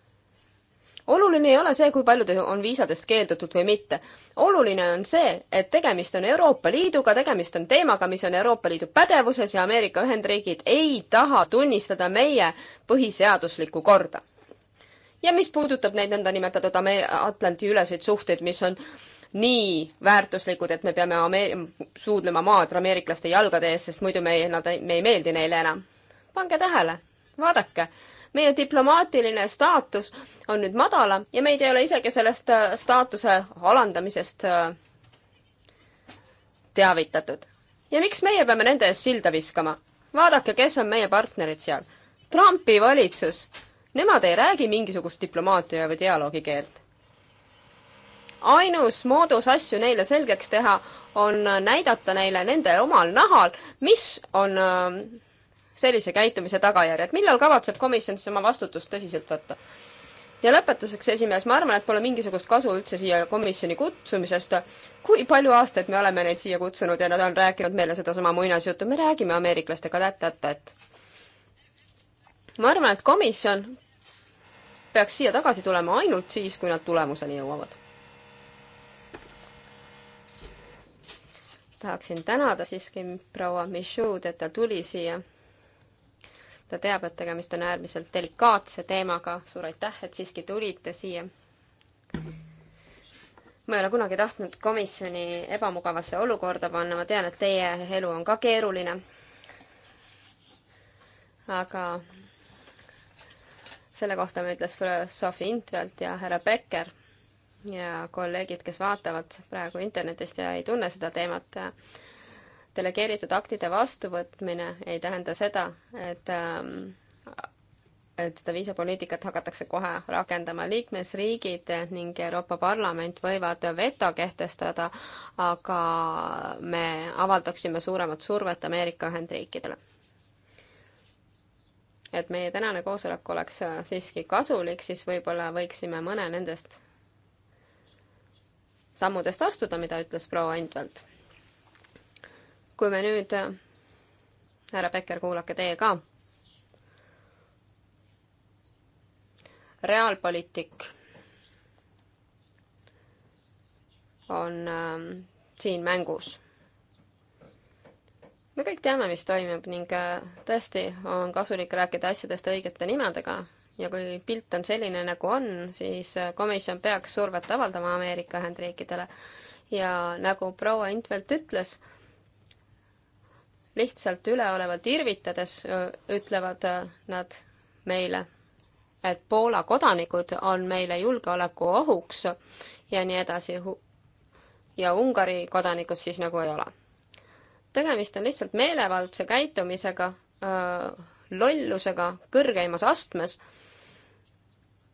oluline ei ole see, kui paljud on viisadest keeldutud või mitte. oluline on see, et tegemist on Euroopa Liiduga, tegemist on teemaga, mis on Euroopa Liidu pädevuses ja Ameerika Ühendriigid ei taha tunnistada meie põhiseaduslikku korda. ja mis puudutab neid nõndanimetatud Atlandi üleseid suhteid, mis on nii väärtuslikud, et me peame Ameer-, suudlema maad ameeriklaste jalgade ees, sest muidu me ei, nad ei, me ei meeldi neile enam. pange tähele, vaadake meie diplomaatiline staatus on nüüd madalam ja meid ei ole isegi sellest äh, staatuse alandamisest äh, teavitatud. ja miks meie peame nende eest silda viskama? vaadake, kes on meie partnerid seal. Trumpi valitsus, nemad ei räägi mingisugust diplomaatia või dialoogi keelt. ainus moodus asju neile selgeks teha on äh, näidata neile nende omal nahal, mis on äh, sellise käitumise tagajärjed. millal kavatseb komisjon siis oma vastutust tõsiselt võtta? ja lõpetuseks, esimees, ma arvan, et pole mingisugust kasu üldse siia komisjoni kutsumisest. kui palju aastaid me oleme neid siia kutsunud ja nad on rääkinud meile sedasama muinasjuttu, me räägime ameeriklastega tätt-tätt-tätt. ma arvan, et komisjon peaks siia tagasi tulema ainult siis, kui nad tulemuseni jõuavad. tahaksin tänada siiski proua Michaud, et ta tuli siia ta teab, et tegemist on äärmiselt delikaatse teemaga, suur aitäh, et siiski tulite siia. ma ei ole kunagi tahtnud komisjoni ebamugavasse olukorda panna, ma tean, et teie elu on ka keeruline. aga selle kohta me ütles Sofi Intvelt ja härra Becker ja kolleegid, kes vaatavad praegu internetist ja ei tunne seda teemat delegeeritud aktide vastuvõtmine ei tähenda seda, et ähm, et seda viisapoliitikat hakatakse kohe rakendama. liikmesriigid ning Euroopa Parlament võivad veto kehtestada, aga me avaldaksime suuremat survet Ameerika Ühendriikidele. et meie tänane koosolek oleks siiski kasulik, siis võib-olla võiksime mõne nendest sammudest astuda, mida ütles proua Endvelt kui me nüüd, härra Becker, kuulake teie ka. reaalpoliitik on äh, siin mängus. me kõik teame, mis toimub ning äh, tõesti on kasulik rääkida asjadest õigete nimedega ja kui pilt on selline, nagu on, siis äh, komisjon peaks survet avaldama Ameerika Ühendriikidele. ja nagu proua Intvelt ütles äh,, lihtsalt üleolevalt irvitades ütlevad nad meile, et Poola kodanikud on meile julgeolekuohuks ja nii edasi. ja Ungari kodanikud siis nagu ei ole. tegemist on lihtsalt meelevaldse käitumisega, lollusega kõrgeimas astmes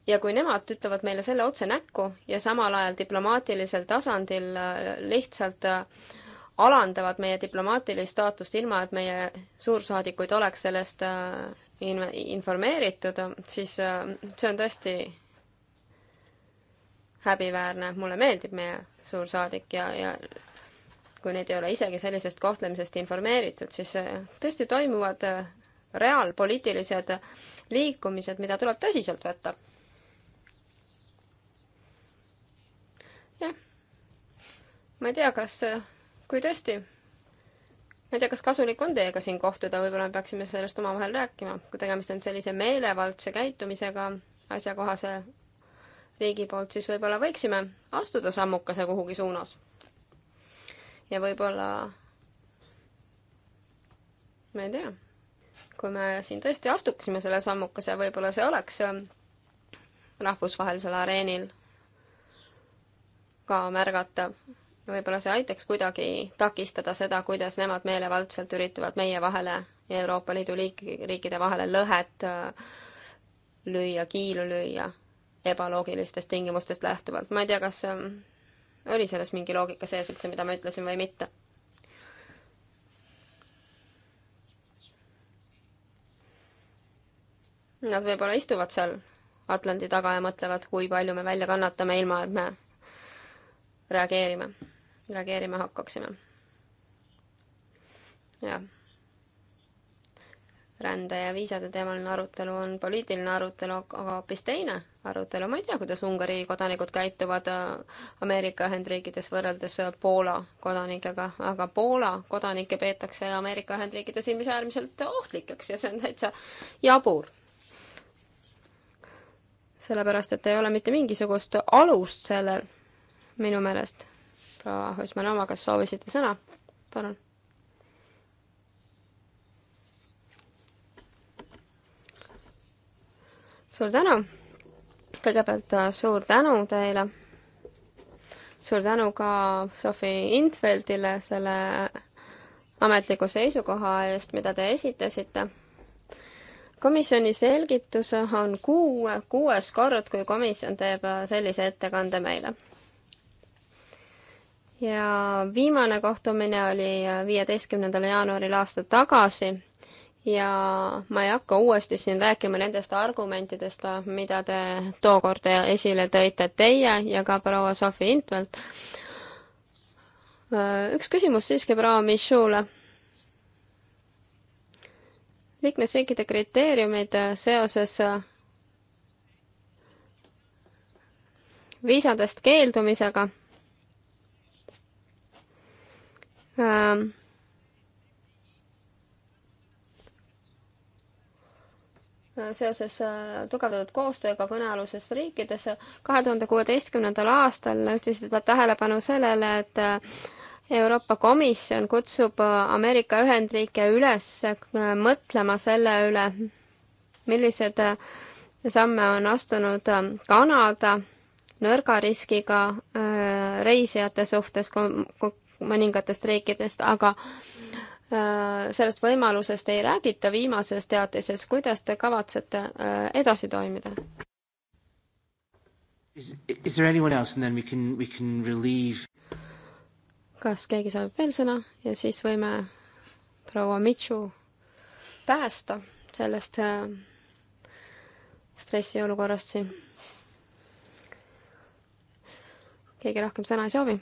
ja kui nemad ütlevad meile selle otse näkku ja samal ajal diplomaatilisel tasandil lihtsalt alandavad meie diplomaatilist staatust, ilma et meie suursaadikuid oleks sellest äh, in-, informeeritud, siis äh, see on tõesti häbiväärne, mulle meeldib meie suursaadik ja, ja kui neid ei ole isegi sellisest kohtlemisest informeeritud, siis äh, tõesti toimuvad reaalpoliitilised liikumised, mida tuleb tõsiselt võtta. jah, ma ei tea, kas kui tõesti, ma ei tea, kas kasulik on teiega siin kohtuda, võib-olla me peaksime sellest omavahel rääkima, kui tegemist on sellise meelevaldse käitumisega asjakohase riigi poolt, siis võib-olla võiksime astuda sammukese kuhugi suunas. ja võib-olla, ma ei tea, kui me siin tõesti astuksime selle sammukese, võib-olla see oleks ähm, rahvusvahelisel areenil ka märgatav võib-olla see aitaks kuidagi takistada seda, kuidas nemad meelevaldselt üritavad meie vahele ja Euroopa Liidu liik-, riikide vahele lõhet äh, lüüa, kiilu lüüa ebaloogilistest tingimustest lähtuvalt. ma ei tea, kas ähm, oli selles mingi loogika sees üldse, mida ma ütlesin või mitte. Nad võib-olla istuvad seal Atlandi taga ja mõtlevad, kui palju me välja kannatame, ilma et me reageerime reageerima hakkaksime. jah. rände ja viisade teemaline arutelu on poliitiline arutelu, aga hoopis teine arutelu, ma ei tea, kuidas Ungari kodanikud käituvad äh, Ameerika Ühendriikides võrreldes äh, Poola kodanikega, aga Poola kodanikke peetakse Ameerika Ühendriikides ilmselt äärmiselt ohtlikeks ja see on täitsa jabur sellepärast et ei ole mitte mingisugust alust sellel minu meelest proua Hõismanova, kas soovisite sõna? palun. suur tänu. kõigepealt äh, suur tänu teile. suur tänu ka Sofi Intveldile selle ametliku seisukoha eest, mida te esitasite komisjoni selgitus on kuu, kuues kord, kui komisjon teeb äh, sellise ettekande meile ja viimane kohtumine oli äh, viieteistkümnendal jaanuaril aasta tagasi ja ma ei hakka uuesti siin rääkima nendest argumentidest, äh, mida te tookord esile tõite teie ja ka proua Sofi Intvelt. Äh, üks küsimus siiski proua Michule. liikmesriikide kriteeriumid seoses viisadest keeldumisega ähm, seoses äh, tugevdatud koostööga kõnealuses riikides. kahe tuhande kuueteistkümnendal aastal juhtisid nad tähelepanu sellele, et äh, Euroopa Komisjon kutsub äh, Ameerika Ühendriike üles mõtlema selle üle, millised samme on astunud Kanada nõrga riskiga reisijate suhtes mõningatest riikidest, aga äh, sellest võimalusest ei räägita viimases teatises, kuidas te kavatsete äh, edasi toimida? kas keegi soovib veel sõna ja siis võime proua Mitchu päästa sellest äh, stressiolukorrast siin? keegi rohkem sõna ei soovi?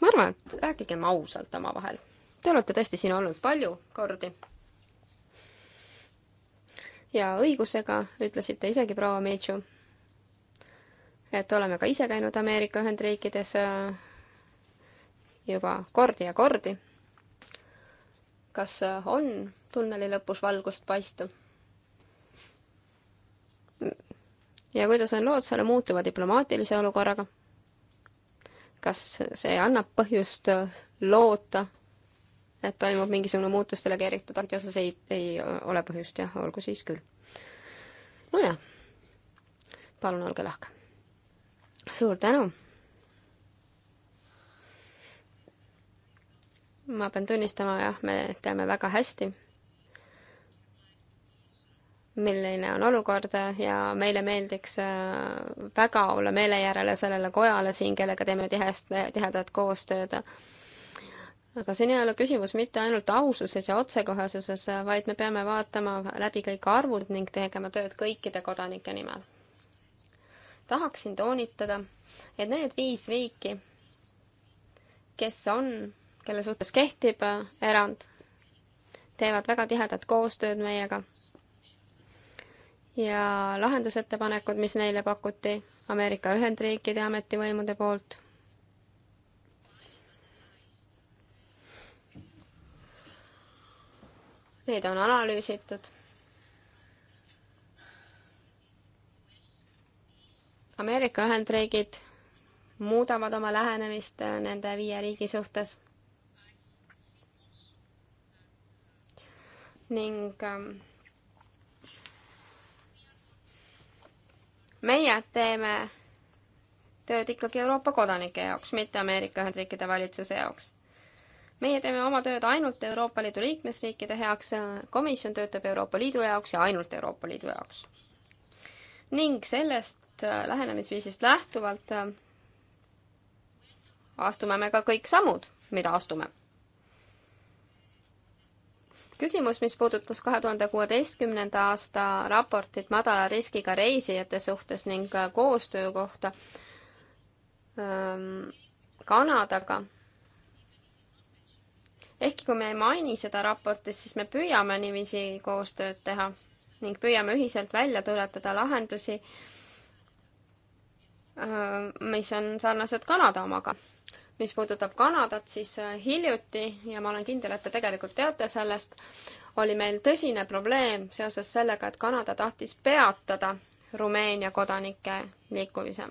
ma arvan, et rääkigem ausalt omavahel. Te olete tõesti siin olnud palju kordi. ja õigusega ütlesite isegi, proua Meitšu, et oleme ka ise käinud Ameerika Ühendriikides äh, juba kordi ja kordi. kas äh, on tunneli lõpus valgust paista? ja kuidas on lood selle muutuva diplomaatilise olukorraga? kas see annab põhjust loota, et toimub mingisugune muutus delegeeritud akti osas, ei, ei ole põhjust jah, olgu siis küll. nojah, palun olge lahke. suur tänu. ma pean tunnistama, jah, me teame väga hästi milline on olukord ja meile meeldiks äh, väga olla meele järele sellele kojale siin, kellega teeme tihest, tihedat koostööd. aga siin ei ole küsimus mitte ainult aususes ja otsekohesuses, vaid me peame vaatama läbi kõik arvud ning tegema tööd kõikide kodanike nimel. tahaksin toonitada, et need viis riiki, kes on, kelle suhtes kehtib äh, erand, teevad väga tihedat koostööd meiega ja lahendusettepanekud, mis neile pakuti Ameerika Ühendriikide ametivõimude poolt. Need on analüüsitud. Ameerika Ühendriigid muudavad oma lähenemist nende viie riigi suhtes. ning ähm, meie teeme tööd ikkagi Euroopa kodanike jaoks, mitte Ameerika Ühendriikide valitsuse jaoks. meie teeme oma tööd ainult Euroopa Liidu liikmesriikide heaks, komisjon töötab Euroopa Liidu jaoks ja ainult Euroopa Liidu jaoks. ning sellest äh, lähenemisviisist lähtuvalt äh, astume me ka kõik sammud, mida astume küsimus, mis puudutas kahe tuhande kuueteistkümnenda aasta raportit madala riskiga reisijate suhtes ning äh, koostöö kohta ähm, Kanadaga. ehkki kui me ei maini seda raportis, siis me püüame niiviisi koostööd teha ning püüame ühiselt välja tuletada lahendusi, äh, mis on sarnased Kanada omaga mis puudutab Kanadat, siis äh, hiljuti, ja ma olen kindel, et te tegelikult teate sellest, oli meil tõsine probleem seoses sellega, et Kanada tahtis peatada Rumeenia kodanike liikumise.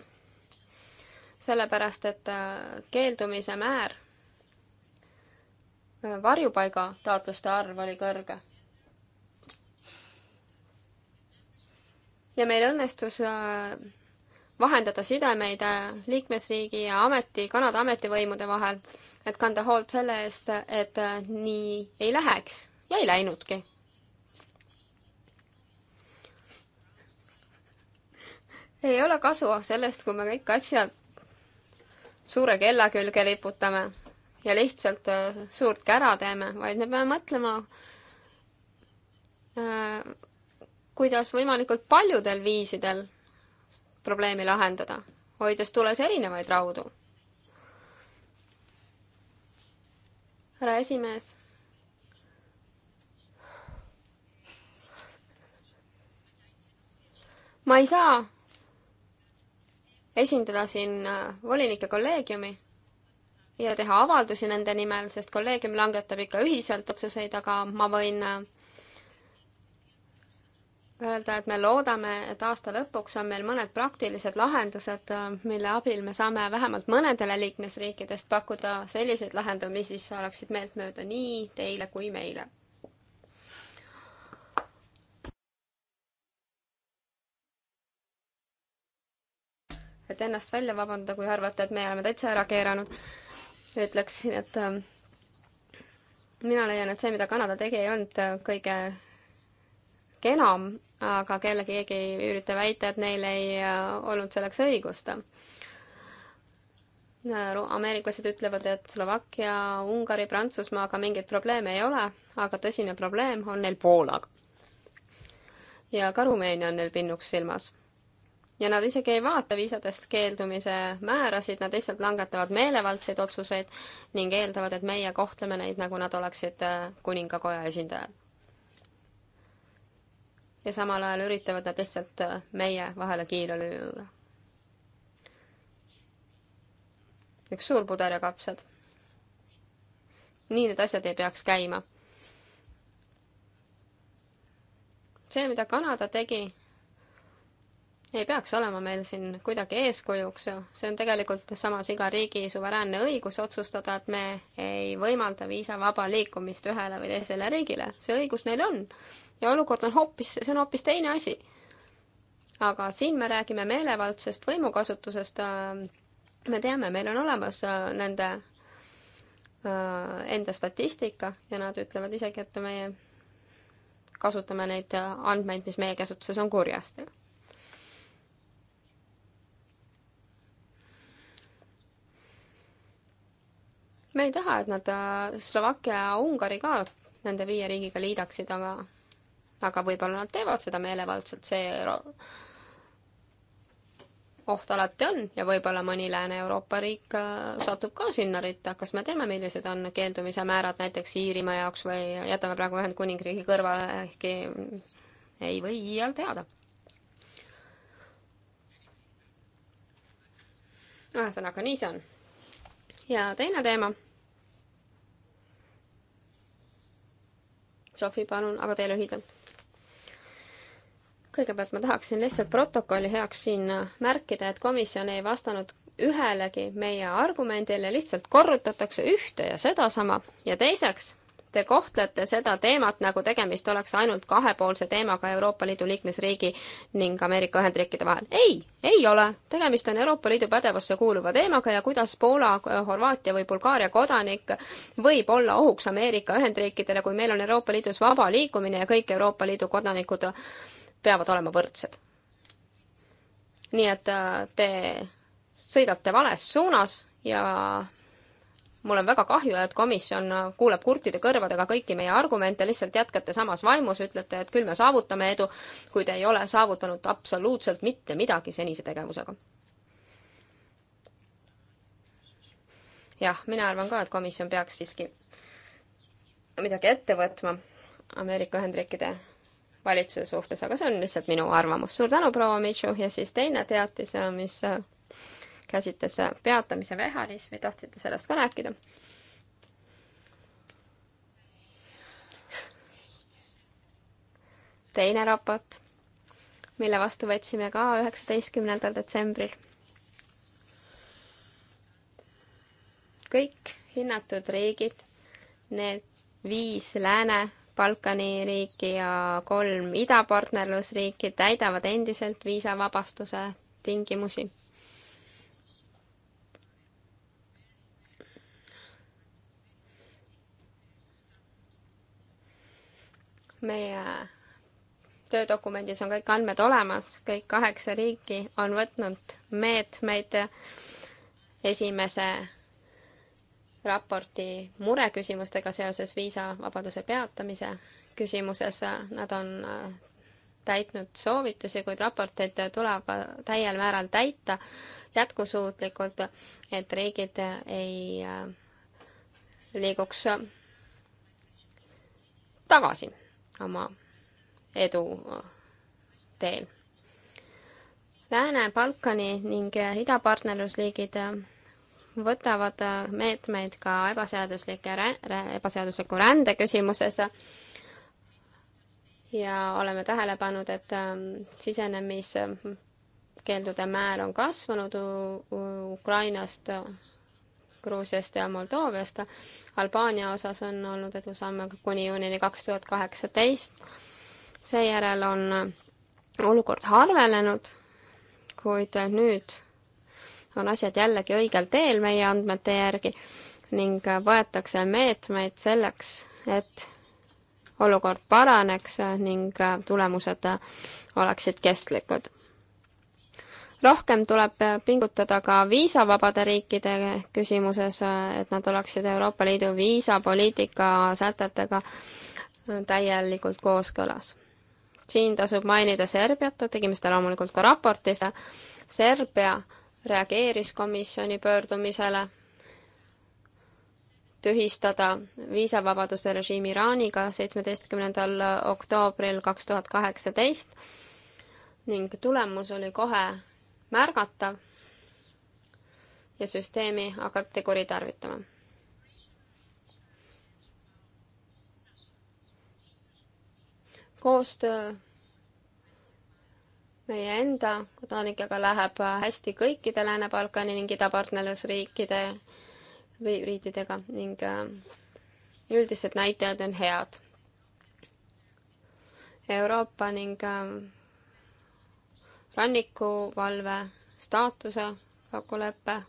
sellepärast, et äh, keeldumise määr, äh, varjupaiga taotluste arv oli kõrge. ja meil õnnestus vahendada sidemeid äh, liikmesriigi ja ameti, Kanada ametivõimude vahel, et kanda hoolt selle eest, et äh, nii ei läheks ja ei läinudki. ei ole kasu sellest, kui me kõik asjad suure kella külge liputame ja lihtsalt äh, suurt kära teeme, vaid me peame mõtlema, kuidas võimalikult paljudel viisidel probleemi lahendada, hoides tules erinevaid raudu. härra esimees. ma ei saa esindada siin äh, volinike kolleegiumi ja teha avaldusi nende nimel, sest kolleegium langetab ikka ühiselt otsuseid, aga ma võin äh, öelda, et me loodame, et aasta lõpuks on meil mõned praktilised lahendused, mille abil me saame vähemalt mõnedele liikmesriikidest pakkuda selliseid lahendusi, mis oleksid meeltmööda nii teile kui meile. et ennast välja vabandada, kui arvate, et me oleme täitsa ära keeranud, ütleksin, et ähm, mina leian, et see, mida Kanada tegi, ei olnud äh, kõige kenam, aga kellegi, keegi ei ürita väita, et neil ei äh, olnud selleks õigust. ameeriklased ütlevad, et Slovakkia, Ungari, Prantsusmaaga mingeid probleeme ei ole, aga tõsine probleem on neil Poolaga. ja ka Rumeenia on neil pinnuks silmas ja nad isegi ei vaata viisadest keeldumise määrasid, nad lihtsalt langetavad meelevaldseid otsuseid ning eeldavad, et meie kohtleme neid, nagu nad oleksid äh, kuningakoja esindajad ja samal ajal üritavad nad lihtsalt äh, meie vahele kiilu lüüa. üks suur puder ja kapsad. nii need asjad ei peaks käima. see, mida Kanada tegi, ei peaks olema meil siin kuidagi eeskujuks, see on tegelikult samas iga riigi suveräänne õigus otsustada, et me ei võimalda viisavaba liikumist ühele või teisele riigile, see õigus neil on ja olukord on hoopis, see on hoopis teine asi. aga siin me räägime meelevaldsest võimukasutusest. Äh, me teame, meil on olemas äh, nende äh, enda statistika ja nad ütlevad isegi, et meie kasutame neid andmeid, mis meie käsutuses on kurjasti. me ei taha, et nad Slovakkia ja Ungari ka nende viie riigiga liidaksid, aga aga võib-olla nad teevad seda meelevaldselt, see oht alati on ja võib-olla mõni Lääne-Euroopa riik äh, satub ka sinna ritta. kas me teame, millised on keeldumise määrad näiteks Iirimaa jaoks või jätame praegu Ühendkuningriigi kõrvale, ehkki ei või iial teada. ühesõnaga, nii see on. ja teine teema. Sofi, palun, aga tee lühidalt kõigepealt ma tahaksin lihtsalt protokolli heaks siin märkida, et komisjon ei vastanud ühelegi meie argumendile, lihtsalt korrutatakse ühte ja sedasama ja teiseks, te kohtlete seda teemat, nagu tegemist oleks ainult kahepoolse teemaga Euroopa Liidu liikmesriigi ning Ameerika Ühendriikide vahel. ei, ei ole, tegemist on Euroopa Liidu pädevusse kuuluva teemaga ja kuidas Poola, Horvaatia või Bulgaaria kodanik võib olla ohuks Ameerika Ühendriikidele, kui meil on Euroopa Liidus vaba liikumine ja kõik Euroopa Liidu kodanikud peavad olema võrdsed. nii et äh, te sõidate vales suunas ja mul on väga kahju, et komisjon äh, kuulab kurtide kõrvadega kõiki meie argumente, lihtsalt jätkate samas vaimus, ütlete, et küll me saavutame edu, kuid ei ole saavutanud absoluutselt mitte midagi senise tegevusega. jah, mina arvan ka, et komisjon peaks siiski midagi ette võtma Ameerika Ühendriikide valitsuse suhtes, aga see on lihtsalt minu arvamus. suur tänu, proua Mitsu, ja siis teine teatis, äh, mis äh, käsitles äh, peatamise mehhanismi, tahtsite sellest ka rääkida? teine raport, mille vastu võtsime ka üheksateistkümnendal detsembril. kõik hinnatud riigid, need viis lääne Balkani riiki ja kolm idapartnerlusriiki täidavad endiselt viisavabastuse tingimusi. meie töödokumendis on kõik andmed olemas, kõik kaheksa riiki on võtnud meetmeid esimese raporti mureküsimustega seoses viisavabaduse peatamise küsimuses. Nad on äh, täitnud soovitusi, kuid raporteid tuleb täiel määral täita jätkusuutlikult, et riigid ei äh, liiguks tagasi oma edu äh, teel. Lääne, Balkani ning idapartnerlusliigid võtavad äh, meetmeid ka ebaseaduslike, ebaseadusliku rände küsimuses ja oleme tähele pannud, et ähm, sisenemiskeeldude määr on kasvanud Ukrainast, Gruusiast ja Moldooviast. Albaania osas on olnud edusamme kuni juunini kaks tuhat kaheksateist. seejärel on olukord halvenenud, kuid nüüd on asjad jällegi õigel teel meie andmete järgi ning äh, võetakse meetmeid selleks, et olukord paraneks äh, ning äh, tulemused oleksid kestlikud. rohkem tuleb pingutada ka viisavabade riikide küsimuses, et nad oleksid Euroopa Liidu viisapoliitika sätetega täielikult kooskõlas. siin tasub mainida Serbiat, tegime seda loomulikult ka raportis, Serbia reageeris komisjoni pöördumisele tühistada viisavabaduse režiim Iraaniga seitsmeteistkümnendal oktoobril kaks tuhat kaheksateist ning tulemus oli kohe märgatav ja süsteemi hakati kuritarvitama. koostöö meie enda kodanikega läheb hästi kõikide Lääne-Balkani ning idapartnerlusriikide või riikidega ning äh, üldised näitajad on head. Euroopa ning äh, rannikuvalve staatuse kokkulepe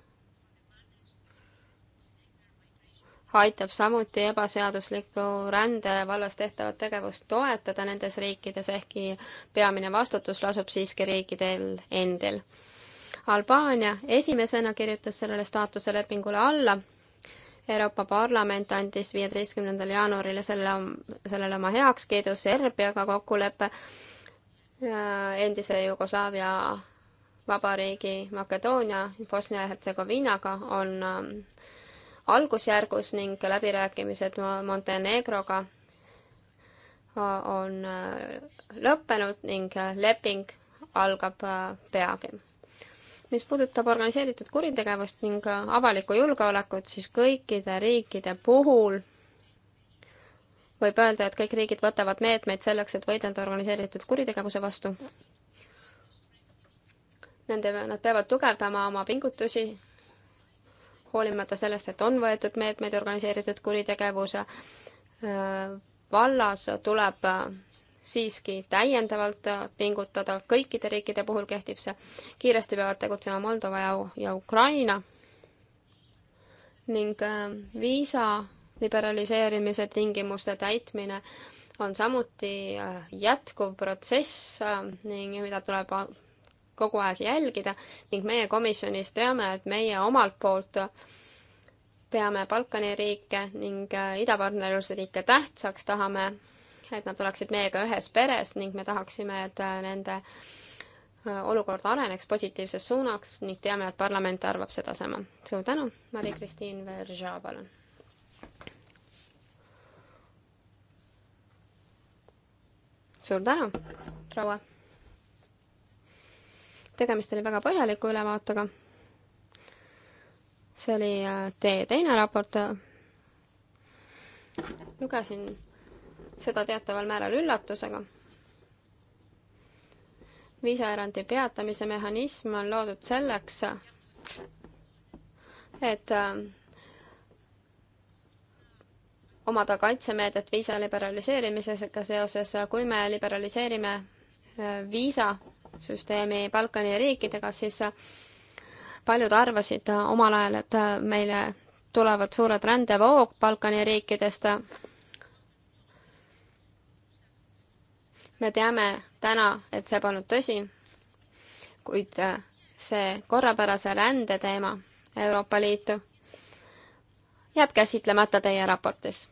aitab samuti ebaseadusliku rände vallas tehtavat tegevust toetada nendes riikides, ehkki peamine vastutus lasub siiski riikidel endil. Albaania esimesena kirjutas sellele staatuse lepingule alla. Euroopa Parlament andis viieteistkümnendal jaanuaril selle, sellele oma heakskiidu Serbiaga kokkulepe endise Jugoslaavia vabariigi Makedoonia, Bosnia ja Hertsegoviinaga on äh, algusjärgus ning läbirääkimised Montenegroga äh, on äh, lõppenud ning äh, leping algab peagi. mis puudutab organiseeritud kuritegevust ning avalikku julgeolekut, siis kõikide riikide puhul võib öelda, et kõik riigid võtavad meetmeid selleks, et võidelda organiseeritud kuritegevuse vastu. Nende, nad peavad tugevdama oma pingutusi hoolimata sellest, et on võetud meetmeid organiseeritud kuritegevuse äh, vallas, tuleb äh, siiski täiendavalt äh, pingutada, kõikide riikide puhul kehtib see, kiiresti peavad tegutsema Moldova ja, ja Ukraina ning viisa liberaliseerimise tingimuste täitmine on samuti jätkuv protsess ning mida tuleb kogu aeg jälgida ning meie komisjonis teame, et meie omalt poolt peame Balkani riike ning äh, idapartnerluse riike tähtsaks, tahame, et nad oleksid meiega ühes peres ning me tahaksime, et äh, nende äh, olukord areneks positiivses suunas ning teame, et parlament arvab sedasama. suur tänu, Mari-Kristiin Verža, palun. suur tänu, proua tegemist oli väga põhjaliku ülevaatega. see oli äh, teie teine raport. lugesin seda teataval määral üllatusega. viisaerandi peatamise mehhanism on loodud selleks, et äh, omada kaitsemeedet viisa liberaliseerimisega seoses, kui me liberaliseerime äh, viisa süsteemi Balkani riikidega, siis äh, paljud arvasid äh, omal ajal, et äh, meile tulevad suured rändevoog Balkani riikidest. me teame täna, et see polnud tõsi, kuid see korrapärase rände teema Euroopa Liitu jääb käsitlemata teie raportis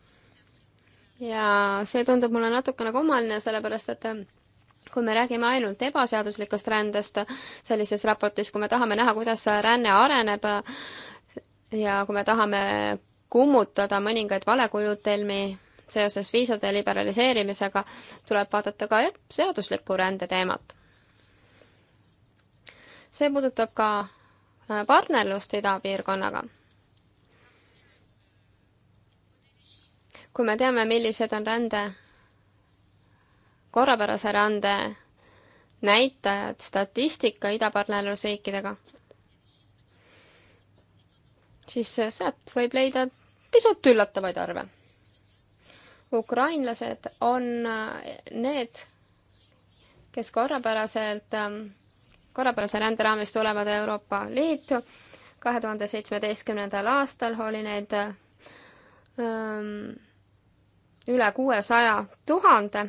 ja see tundub mulle natukene kummaline, sellepärast et kui me räägime ainult ebaseaduslikust rändest sellises raportis, kui me tahame näha, kuidas ränne areneb ja kui me tahame kummutada mõningaid valekujutelmi seoses viisade liberaliseerimisega, tuleb vaadata ka seadusliku rände teemat. see puudutab ka äh, partnerlust idapiirkonnaga kui me teame, millised on rände korrapärase rände näitajad, statistika idapartnerlusriikidega, siis sealt võib leida pisut üllatavaid arve. ukrainlased on need, kes korrapäraselt, korrapärase rände raames tulevad Euroopa Liitu. kahe tuhande seitsmeteistkümnendal aastal oli neid ähm, üle kuuesaja tuhande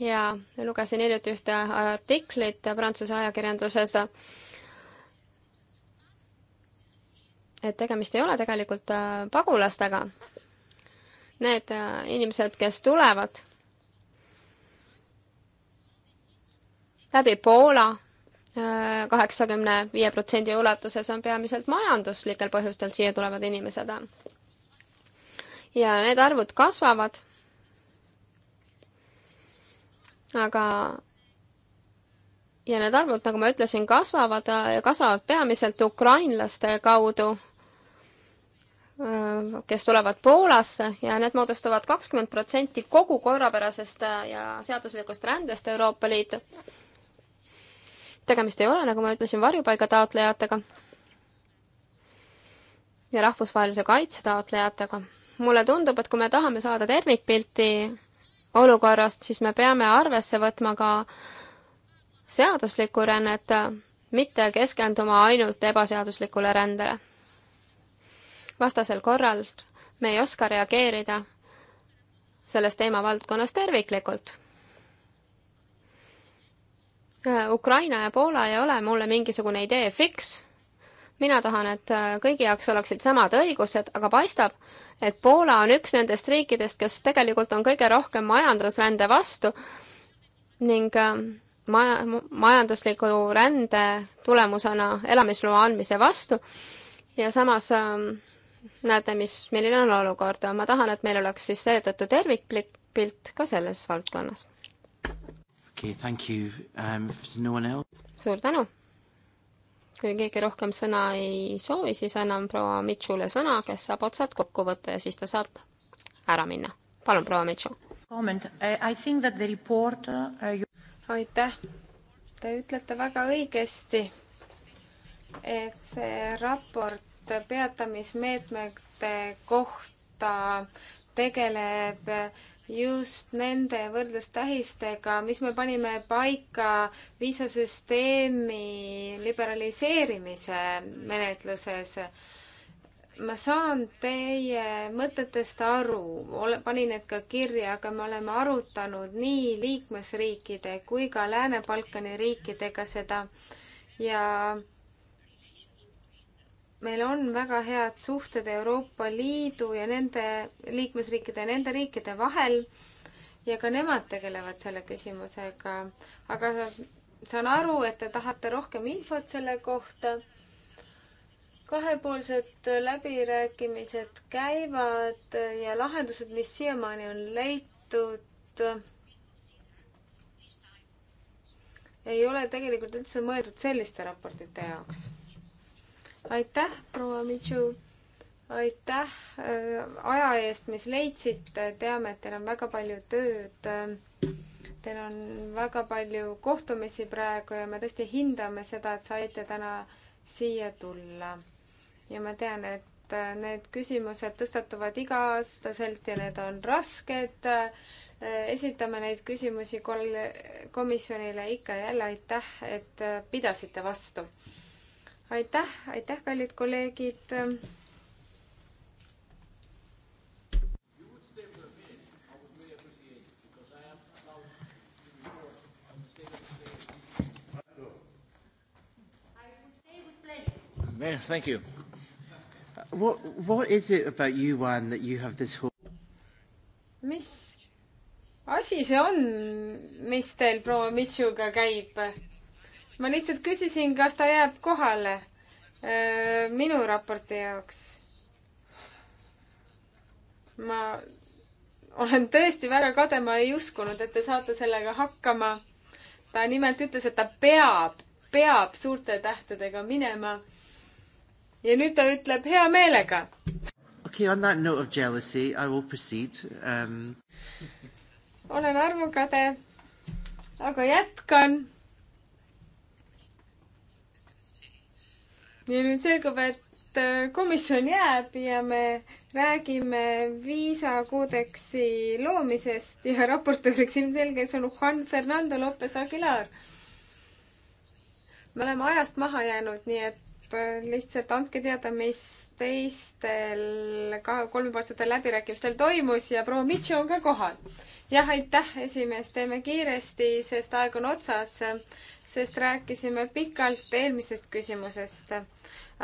ja lugesin hiljuti ühte artiklit Prantsuse ajakirjanduses, et tegemist ei ole tegelikult äh, pagulastega. Need äh, inimesed, kes tulevad läbi Poola äh, kaheksakümne viie protsendi ulatuses on peamiselt majanduslikel põhjustel siia tulevad inimesed. ja need arvud kasvavad aga ja need arvud, nagu ma ütlesin, kasvavad ja kasvavad peamiselt ukrainlaste kaudu, kes tulevad Poolasse ja need moodustavad kakskümmend protsenti kogu korrapärasest ja seaduslikust rändest Euroopa Liitu. tegemist ei ole, nagu ma ütlesin, varjupaiga taotlejatega ja rahvusvahelise kaitse taotlejatega. mulle tundub, et kui me tahame saada tervikpilti olukorrast, siis me peame arvesse võtma ka seaduslikku rännet, mitte keskenduma ainult ebaseaduslikule rändele. vastasel korral me ei oska reageerida selles teemavaldkonnas terviklikult. Ukraina ja Poola ei ole mulle mingisugune idee fiks mina tahan, et äh, kõigi jaoks oleksid samad õigused, aga paistab, et Poola on üks nendest riikidest, kes tegelikult on kõige rohkem majandusrände vastu ning äh, maja, majandusliku rände tulemusena elamisloa andmise vastu ja samas ähm, näete, mis, milline on olukord. ma tahan, et meil oleks siis seetõttu tervikpilt ka selles valdkonnas. Okay, thank you um,. No suur tänu kui keegi rohkem sõna ei soovi, siis annan proua Mitchule sõna, kes saab otsad kokku võtta ja siis ta saab ära minna. palun, proua Mitchu. Uh, aitäh, te ütlete väga õigesti, et see raport peatamismeetmete kohta tegeleb just nende võrdlustähistega, mis me panime paika viisasüsteemi liberaliseerimise menetluses. ma saan teie mõtetest aru, ole, panin need ka kirja, aga me oleme arutanud nii liikmesriikide kui ka Lääne-Balkani riikidega seda ja meil on väga head suhted Euroopa Liidu ja nende liikmesriikide ja nende riikide vahel ja ka nemad tegelevad selle küsimusega. aga saan aru, et te tahate rohkem infot selle kohta kahepoolsed läbirääkimised käivad ja lahendused, mis siiamaani on leitud, ei ole tegelikult üldse mõeldud selliste raportite jaoks aitäh, proua Mitsu, aitäh äh, aja eest, mis leidsite, teame, et teil on väga palju tööd. Teil on väga palju kohtumisi praegu ja me tõesti hindame seda, et saite täna siia tulla. ja ma tean, et äh, need küsimused tõstatuvad iga-aastaselt ja need on rasked. Äh, esitame neid küsimusi kol-, komisjonile ikka ja jälle, aitäh, et pidasite vastu aitäh, aitäh, kallid kolleegid. Thank you. What What is it about you, Juan, that you have this whole? mis asi see on, mis teil proua Mitsuga käib? ma lihtsalt küsisin, kas ta jääb kohale äh, minu raporti jaoks. ma olen tõesti väga kade, ma ei uskunud, et te saate sellega hakkama. ta nimelt ütles, et ta peab, peab suurte tähtedega minema. ja nüüd ta ütleb hea meelega. Okay, on that note of jealousy, I will proceed um.... olen armukade, aga jätkan ja nüüd selgub, et äh, komisjon jääb ja me räägime viisakoodeksi loomisest ja raportööriks ilmselge on Juan Fernando Lopez Aguilar. me oleme ajast maha jäänud, nii et äh, lihtsalt andke teada, mis teistel ka kolmepoolsetel läbirääkimistel toimus ja proua Mitcho on ka kohal. jah, aitäh, esimees, teeme kiiresti, sest aeg on otsas sest rääkisime pikalt eelmisest küsimusest.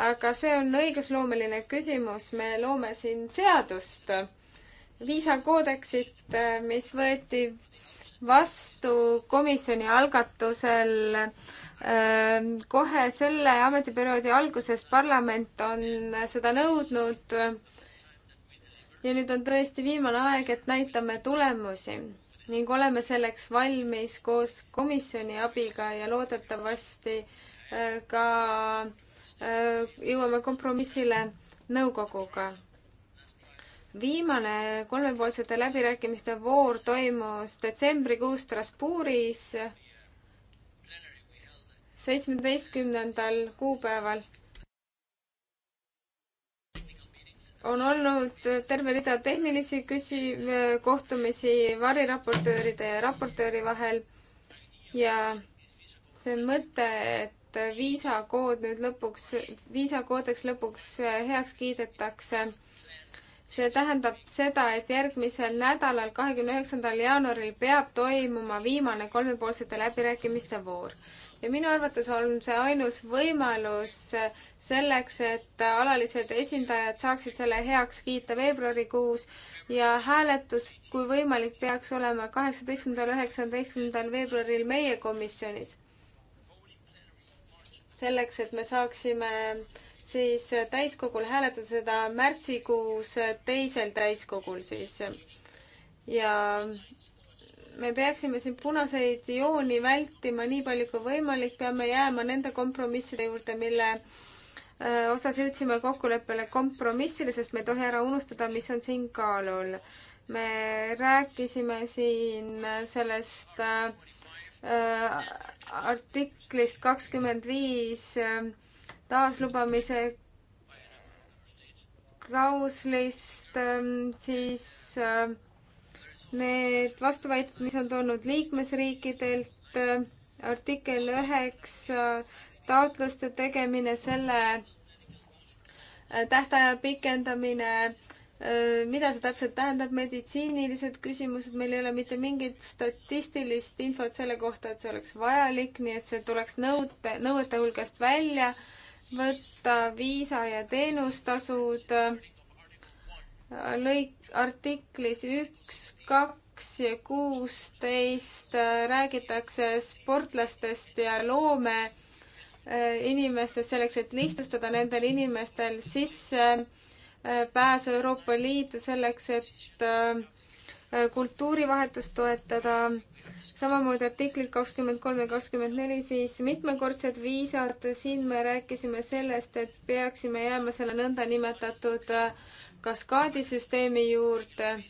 aga see on õigusloomeline küsimus, me loome siin seadust, viisakoodeksit, mis võeti vastu komisjoni algatusel ähm, kohe selle ametiperioodi alguses parlament on seda nõudnud. ja nüüd on tõesti viimane aeg, et näitame tulemusi ning oleme selleks valmis koos komisjoni abiga ja loodetavasti äh, ka äh, jõuame kompromissile nõukoguga. viimane kolmepoolsete läbirääkimiste voor toimus detsembrikuus Strasbourgis seitsmeteistkümnendal kuupäeval on olnud terve rida tehnilisi küsi-, kohtumisi variraportööride ja raportööri vahel ja see mõte, et viisakood nüüd lõpuks, viisakoodeks lõpuks heaks kiidetakse, see tähendab seda, et järgmisel nädalal, kahekümne üheksandal jaanuaril peab toimuma viimane kolmepoolsete läbirääkimiste voor ja minu arvates on see ainus võimalus selleks, et alalised esindajad saaksid selle heaks kiita veebruarikuus ja hääletus, kui võimalik, peaks olema kaheksateistkümnendal, üheksateistkümnendal veebruaril meie komisjonis. selleks, et me saaksime siis täiskogul hääletada seda märtsikuus teisel täiskogul siis ja me peaksime siin punaseid jooni vältima nii palju kui võimalik, peame jääma nende kompromisside juurde, mille äh, osas jõudsime kokkuleppele kompromissile, sest me ei tohi ära unustada, mis on siin kaalul. me rääkisime siin sellest äh, äh artiklist kakskümmend viis äh, taaslubamise klauslist, siis äh, need vastuväited, mis on tulnud liikmesriikidelt, artikkel üheksa, taotluste tegemine, selle äh, tähtaja pikendamine, äh, mida see täpselt tähendab, meditsiinilised küsimused, meil ei ole mitte mingit statistilist infot selle kohta, et see oleks vajalik, nii et see tuleks nõute, nõuete hulgast välja võtta, viisa ja teenustasud lõik, artiklis üks, kaks ja kuusteist äh, räägitakse sportlastest ja loome äh, inimestest selleks, et lihtsustada nendel inimestel sisse äh, pääsu Euroopa Liitu selleks, et kultuurivahetust toetada. samamoodi artiklid kakskümmend kolm ja kakskümmend neli, siis mitmekordsed viisad, siin me rääkisime sellest, et peaksime jääma selle nõndanimetatud äh, kaskaadisüsteemi juurde.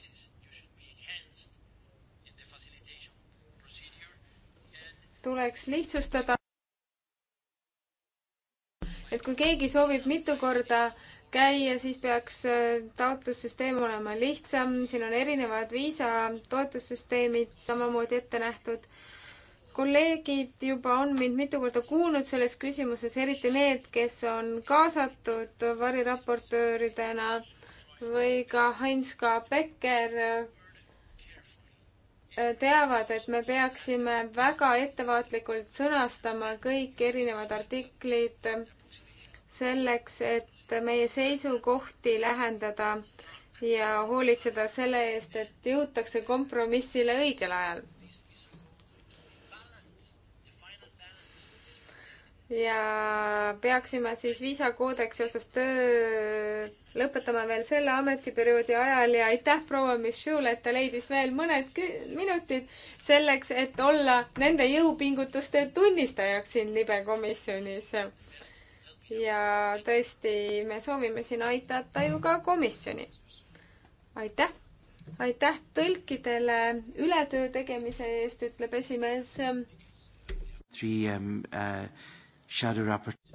tuleks lihtsustada, et kui keegi soovib mitu korda käia, siis peaks äh, taotlussüsteem olema lihtsam, siin on erinevad viisatoetussüsteemid samamoodi ette nähtud. kolleegid juba on mind mitu korda kuulnud selles küsimuses, eriti need, kes on kaasatud variraportööridena või ka Heinz K. Becker äh, teavad, et me peaksime väga ettevaatlikult sõnastama kõik erinevad artiklid selleks, et meie seisukohti lähendada ja hoolitseda selle eest, et jõutakse kompromissile õigel ajal. ja peaksime siis viisakoodeksi osas töö lõpetama veel selle ametiperioodi ajal ja aitäh proua Michule, et ta leidis veel mõned minutid selleks, et olla nende jõupingutuste tunnistajaks siin libe komisjonis. ja tõesti, me soovime siin aidata ju ka komisjoni. aitäh, aitäh tõlkidele ületöö tegemise eest, ütleb esimees. Three um, uh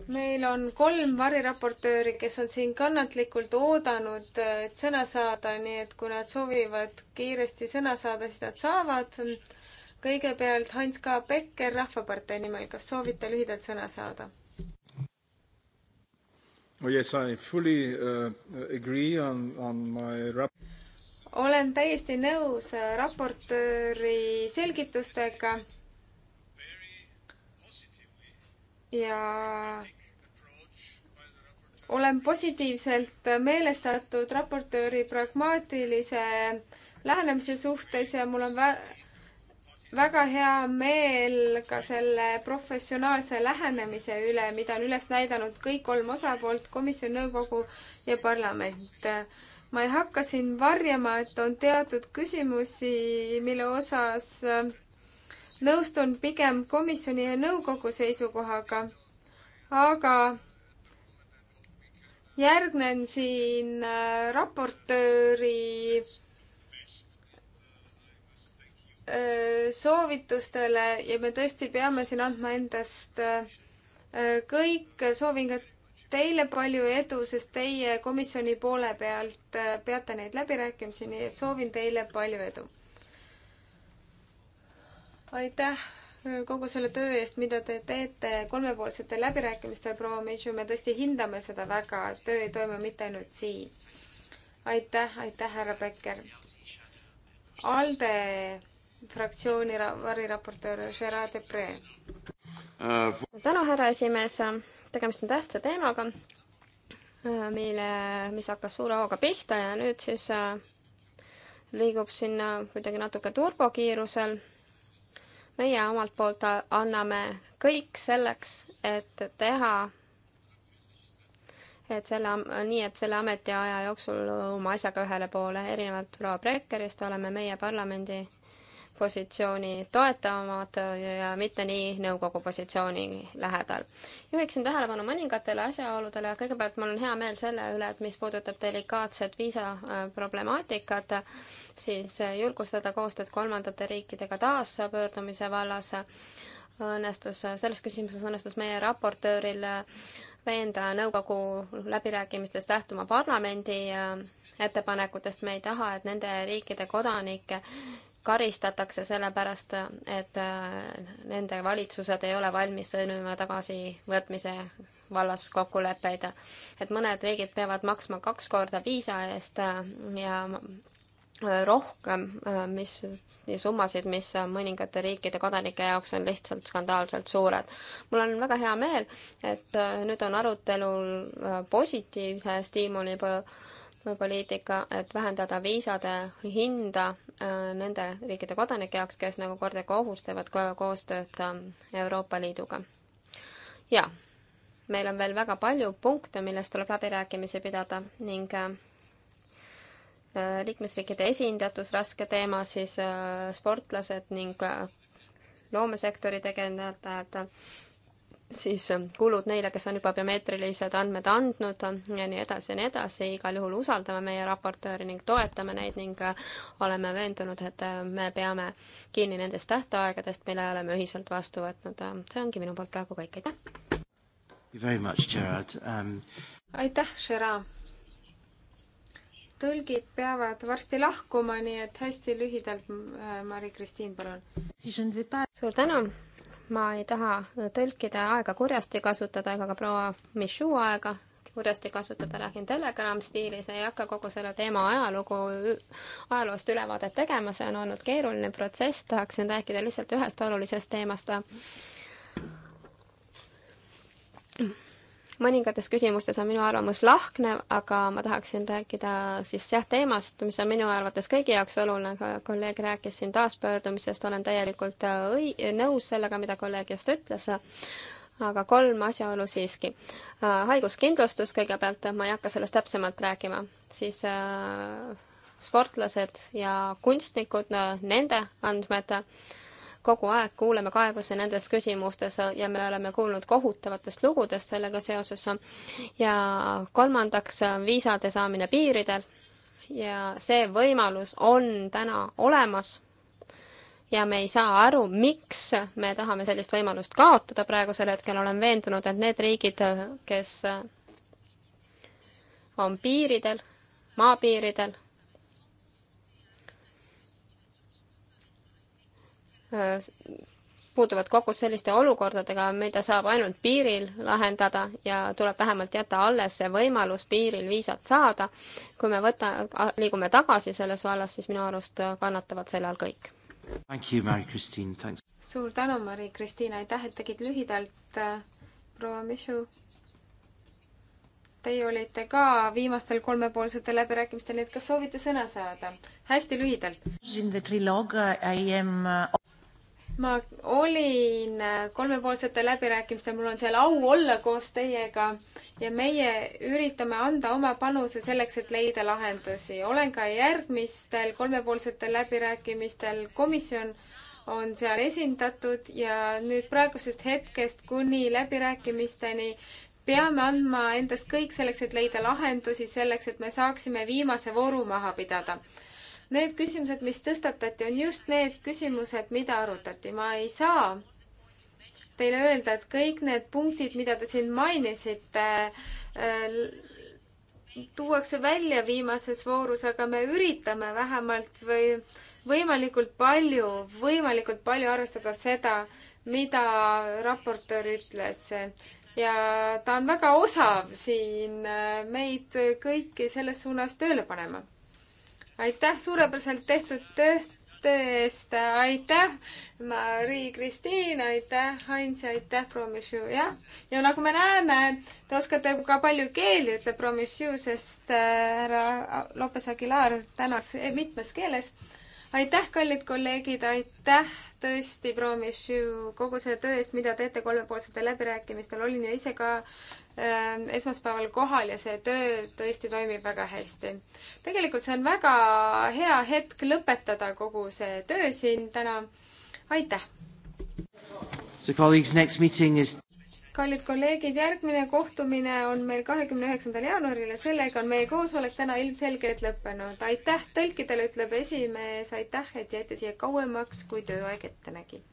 meil on kolm variraportööri, kes on siin kannatlikult oodanud, äh, et sõna saada, nii et kui nad soovivad kiiresti sõna saada, siis nad saavad. kõigepealt Hans K. Becker Rahvapartei nimel, kas soovite lühidalt sõna saada? Oh yes, I fully uh, agree on, on my rap-. olen täiesti nõus äh, raportööri selgitustega ja olen positiivselt meelestatud raportööri pragmaatilise lähenemise suhtes ja mul on vä-, väga hea meel ka selle professionaalse lähenemise üle, mida on üles näidanud kõik kolm osapoolt, komisjon, nõukogu ja parlament. ma ei hakka siin varjama, et on teatud küsimusi, mille osas äh, nõustun pigem komisjoni ja nõukogu seisukohaga, aga järgnen siin äh, raportööri äh, soovitustele ja me tõesti peame siin andma endast äh, kõik. soovin ka teile palju edu, sest teie komisjoni poole pealt peate neid läbirääkimisi, nii et soovin teile palju edu aitäh kogu selle töö eest, mida te teete kolmepoolsetel läbirääkimistel, proua Meishu, me tõesti hindame seda väga, et töö ei toimu mitte ainult siin. aitäh, aitäh, härra Becker. ALDE fraktsiooni variraportöör Gerard Depree äh,. tänu, härra esimees. tegemist on tähtsa teemaga, mille, mis hakkas suure hooga pihta ja nüüd siis äh, liigub sinna kuidagi natuke turbokiirusel meie omalt poolt anname kõik selleks, et teha, et selle, nii et selle ametiaja jooksul oma asjaga ühele poole, erinevalt proua Brekkerist oleme meie parlamendi positsiooni toetavamad ja mitte nii nõukogu positsiooni lähedal. juhiksin tähelepanu mõningatele asjaoludele, kõigepealt mul on hea meel selle üle, et mis puudutab delikaatset viisaproblemaatikat, äh, siis julgustada koostööd kolmandate riikidega taaspöördumise vallas õnnestus, selles küsimuses õnnestus meie raportööril äh, veenda nõukogu läbirääkimistest lähtuma parlamendi äh, ettepanekutest, me ei taha, et nende riikide kodanike karistatakse sellepärast, et äh, nende valitsused ei ole valmis sõlmima tagasivõtmise vallas kokkuleppeid. et mõned riigid peavad maksma kaks korda viisa eest äh, ja äh, rohkem, mis ja summasid, mis mõningate riikide kodanike jaoks on lihtsalt skandaalselt suured. mul on väga hea meel, et nüüd on arutelul positiivse stiimuli poliitika, et vähendada viisade hinda äh, nende riikide kodanike jaoks, kes nagu kord ja kohus teevad koostööd äh, Euroopa Liiduga. ja meil on veel väga palju punkte, millest tuleb läbirääkimisi pidada ning äh, liikmesriikide esindatus, raske teema siis sportlased ning loomesektori tegelejad siis ähm, kulud neile, kes on juba biomeetrilised andmed andnud äh, ja nii edasi ja nii edasi, igal juhul usaldame meie raportööri ning toetame neid ning äh, oleme veendunud, et äh, me peame kinni nendest tähtaegadest, mille oleme ühiselt vastu võtnud. see ongi minu poolt praegu kõik, aitäh! Um, aitäh, Gerard! tõlgid peavad varsti lahkuma, nii et hästi lühidalt, Mari-Kristiin, palun. suur tänu! ma ei taha tõlkida aega kurjasti kasutada ega ka proua Michu aega kurjasti kasutada, räägin Telegram stiilis, ei hakka kogu selle teema ajalugu, ajaloost ülevaadet tegema, see on olnud keeruline protsess, tahaksin rääkida lihtsalt ühest olulisest teemast mõningates küsimustes on minu arvamus lahknev, aga ma tahaksin rääkida siis jah, teemast, mis on minu arvates kõigi jaoks oluline, kolleeg rääkis siin taaspöördumisest, olen täielikult äh, õi-, nõus sellega, mida kolleeg just ütles, aga kolm asjaolu siiski. Äh, haiguskindlustus kõigepealt, ma ei hakka sellest täpsemalt rääkima, siis äh, sportlased ja kunstnikud, nende andmed, kogu aeg kuuleme kaebusi nendes küsimustes ja me oleme kuulnud kohutavatest lugudest sellega seoses. ja kolmandaks, viisade saamine piiridel. ja see võimalus on täna olemas. ja me ei saa aru, miks me tahame sellist võimalust kaotada praegusel hetkel, olen veendunud, et need riigid, kes on piiridel, maapiiridel puutuvad kokku selliste olukordadega, mida saab ainult piiril lahendada ja tuleb vähemalt jätta alles see võimalus piiril viisat saada. kui me võta, liigume tagasi selles vallas, siis minu arust kannatavad selle all kõik. suur tänu, Mari-Kristiin, aitäh, et tegid lühidalt. Äh, proua Mišu teie olite ka viimastel kolmepoolsetel läbirääkimistel, nii et kas soovite sõna saada? hästi lühidalt. Am ma olin kolmepoolsetel läbirääkimistel, mul on seal au olla koos teiega ja meie üritame anda oma panuse selleks, et leida lahendusi. olen ka järgmistel kolmepoolsetel läbirääkimistel, komisjon on seal esindatud ja nüüd praegusest hetkest kuni läbirääkimisteni peame andma endast kõik selleks, et leida lahendusi, selleks, et me saaksime viimase vooru maha pidada Need küsimused, mis tõstatati, on just need küsimused, mida arutati. ma ei saa teile öelda, et kõik need punktid, mida te siin mainisite, äh, tuuakse välja viimases voorus, aga me üritame vähemalt või võimalikult palju, võimalikult palju arvestada seda, mida raportöör ütles. ja ta on väga osav siin äh, meid kõiki selles suunas tööle panema aitäh suurepäraselt tehtud tööde eest, aitäh, Marii-Kristiin, aitäh, Heinz, aitäh, Promissu, jah. ja nagu me näeme, te oskate ka palju keeli, ütleb Promissu, sest äh, härra Lopes Aguilar tänas mitmes keeles aitäh, kallid kolleegid, aitäh tõesti, proua Michu, kogu selle töö eest, mida teete kolmepoolsetel läbirääkimistel, olin ju ise ka äh, esmaspäeval kohal ja see töö tõesti toimib väga hästi. tegelikult see on väga hea hetk lõpetada kogu see töö siin täna. aitäh! So colleagues, next meeting is kallid kolleegid, järgmine kohtumine on meil kahekümne üheksandal jaanuaril ja sellega on meie koosolek täna ilmselgelt lõppenud. aitäh tõlkidele, ütleb esimees, aitäh, et jäite siia kauemaks, kui tööaeg ette nägi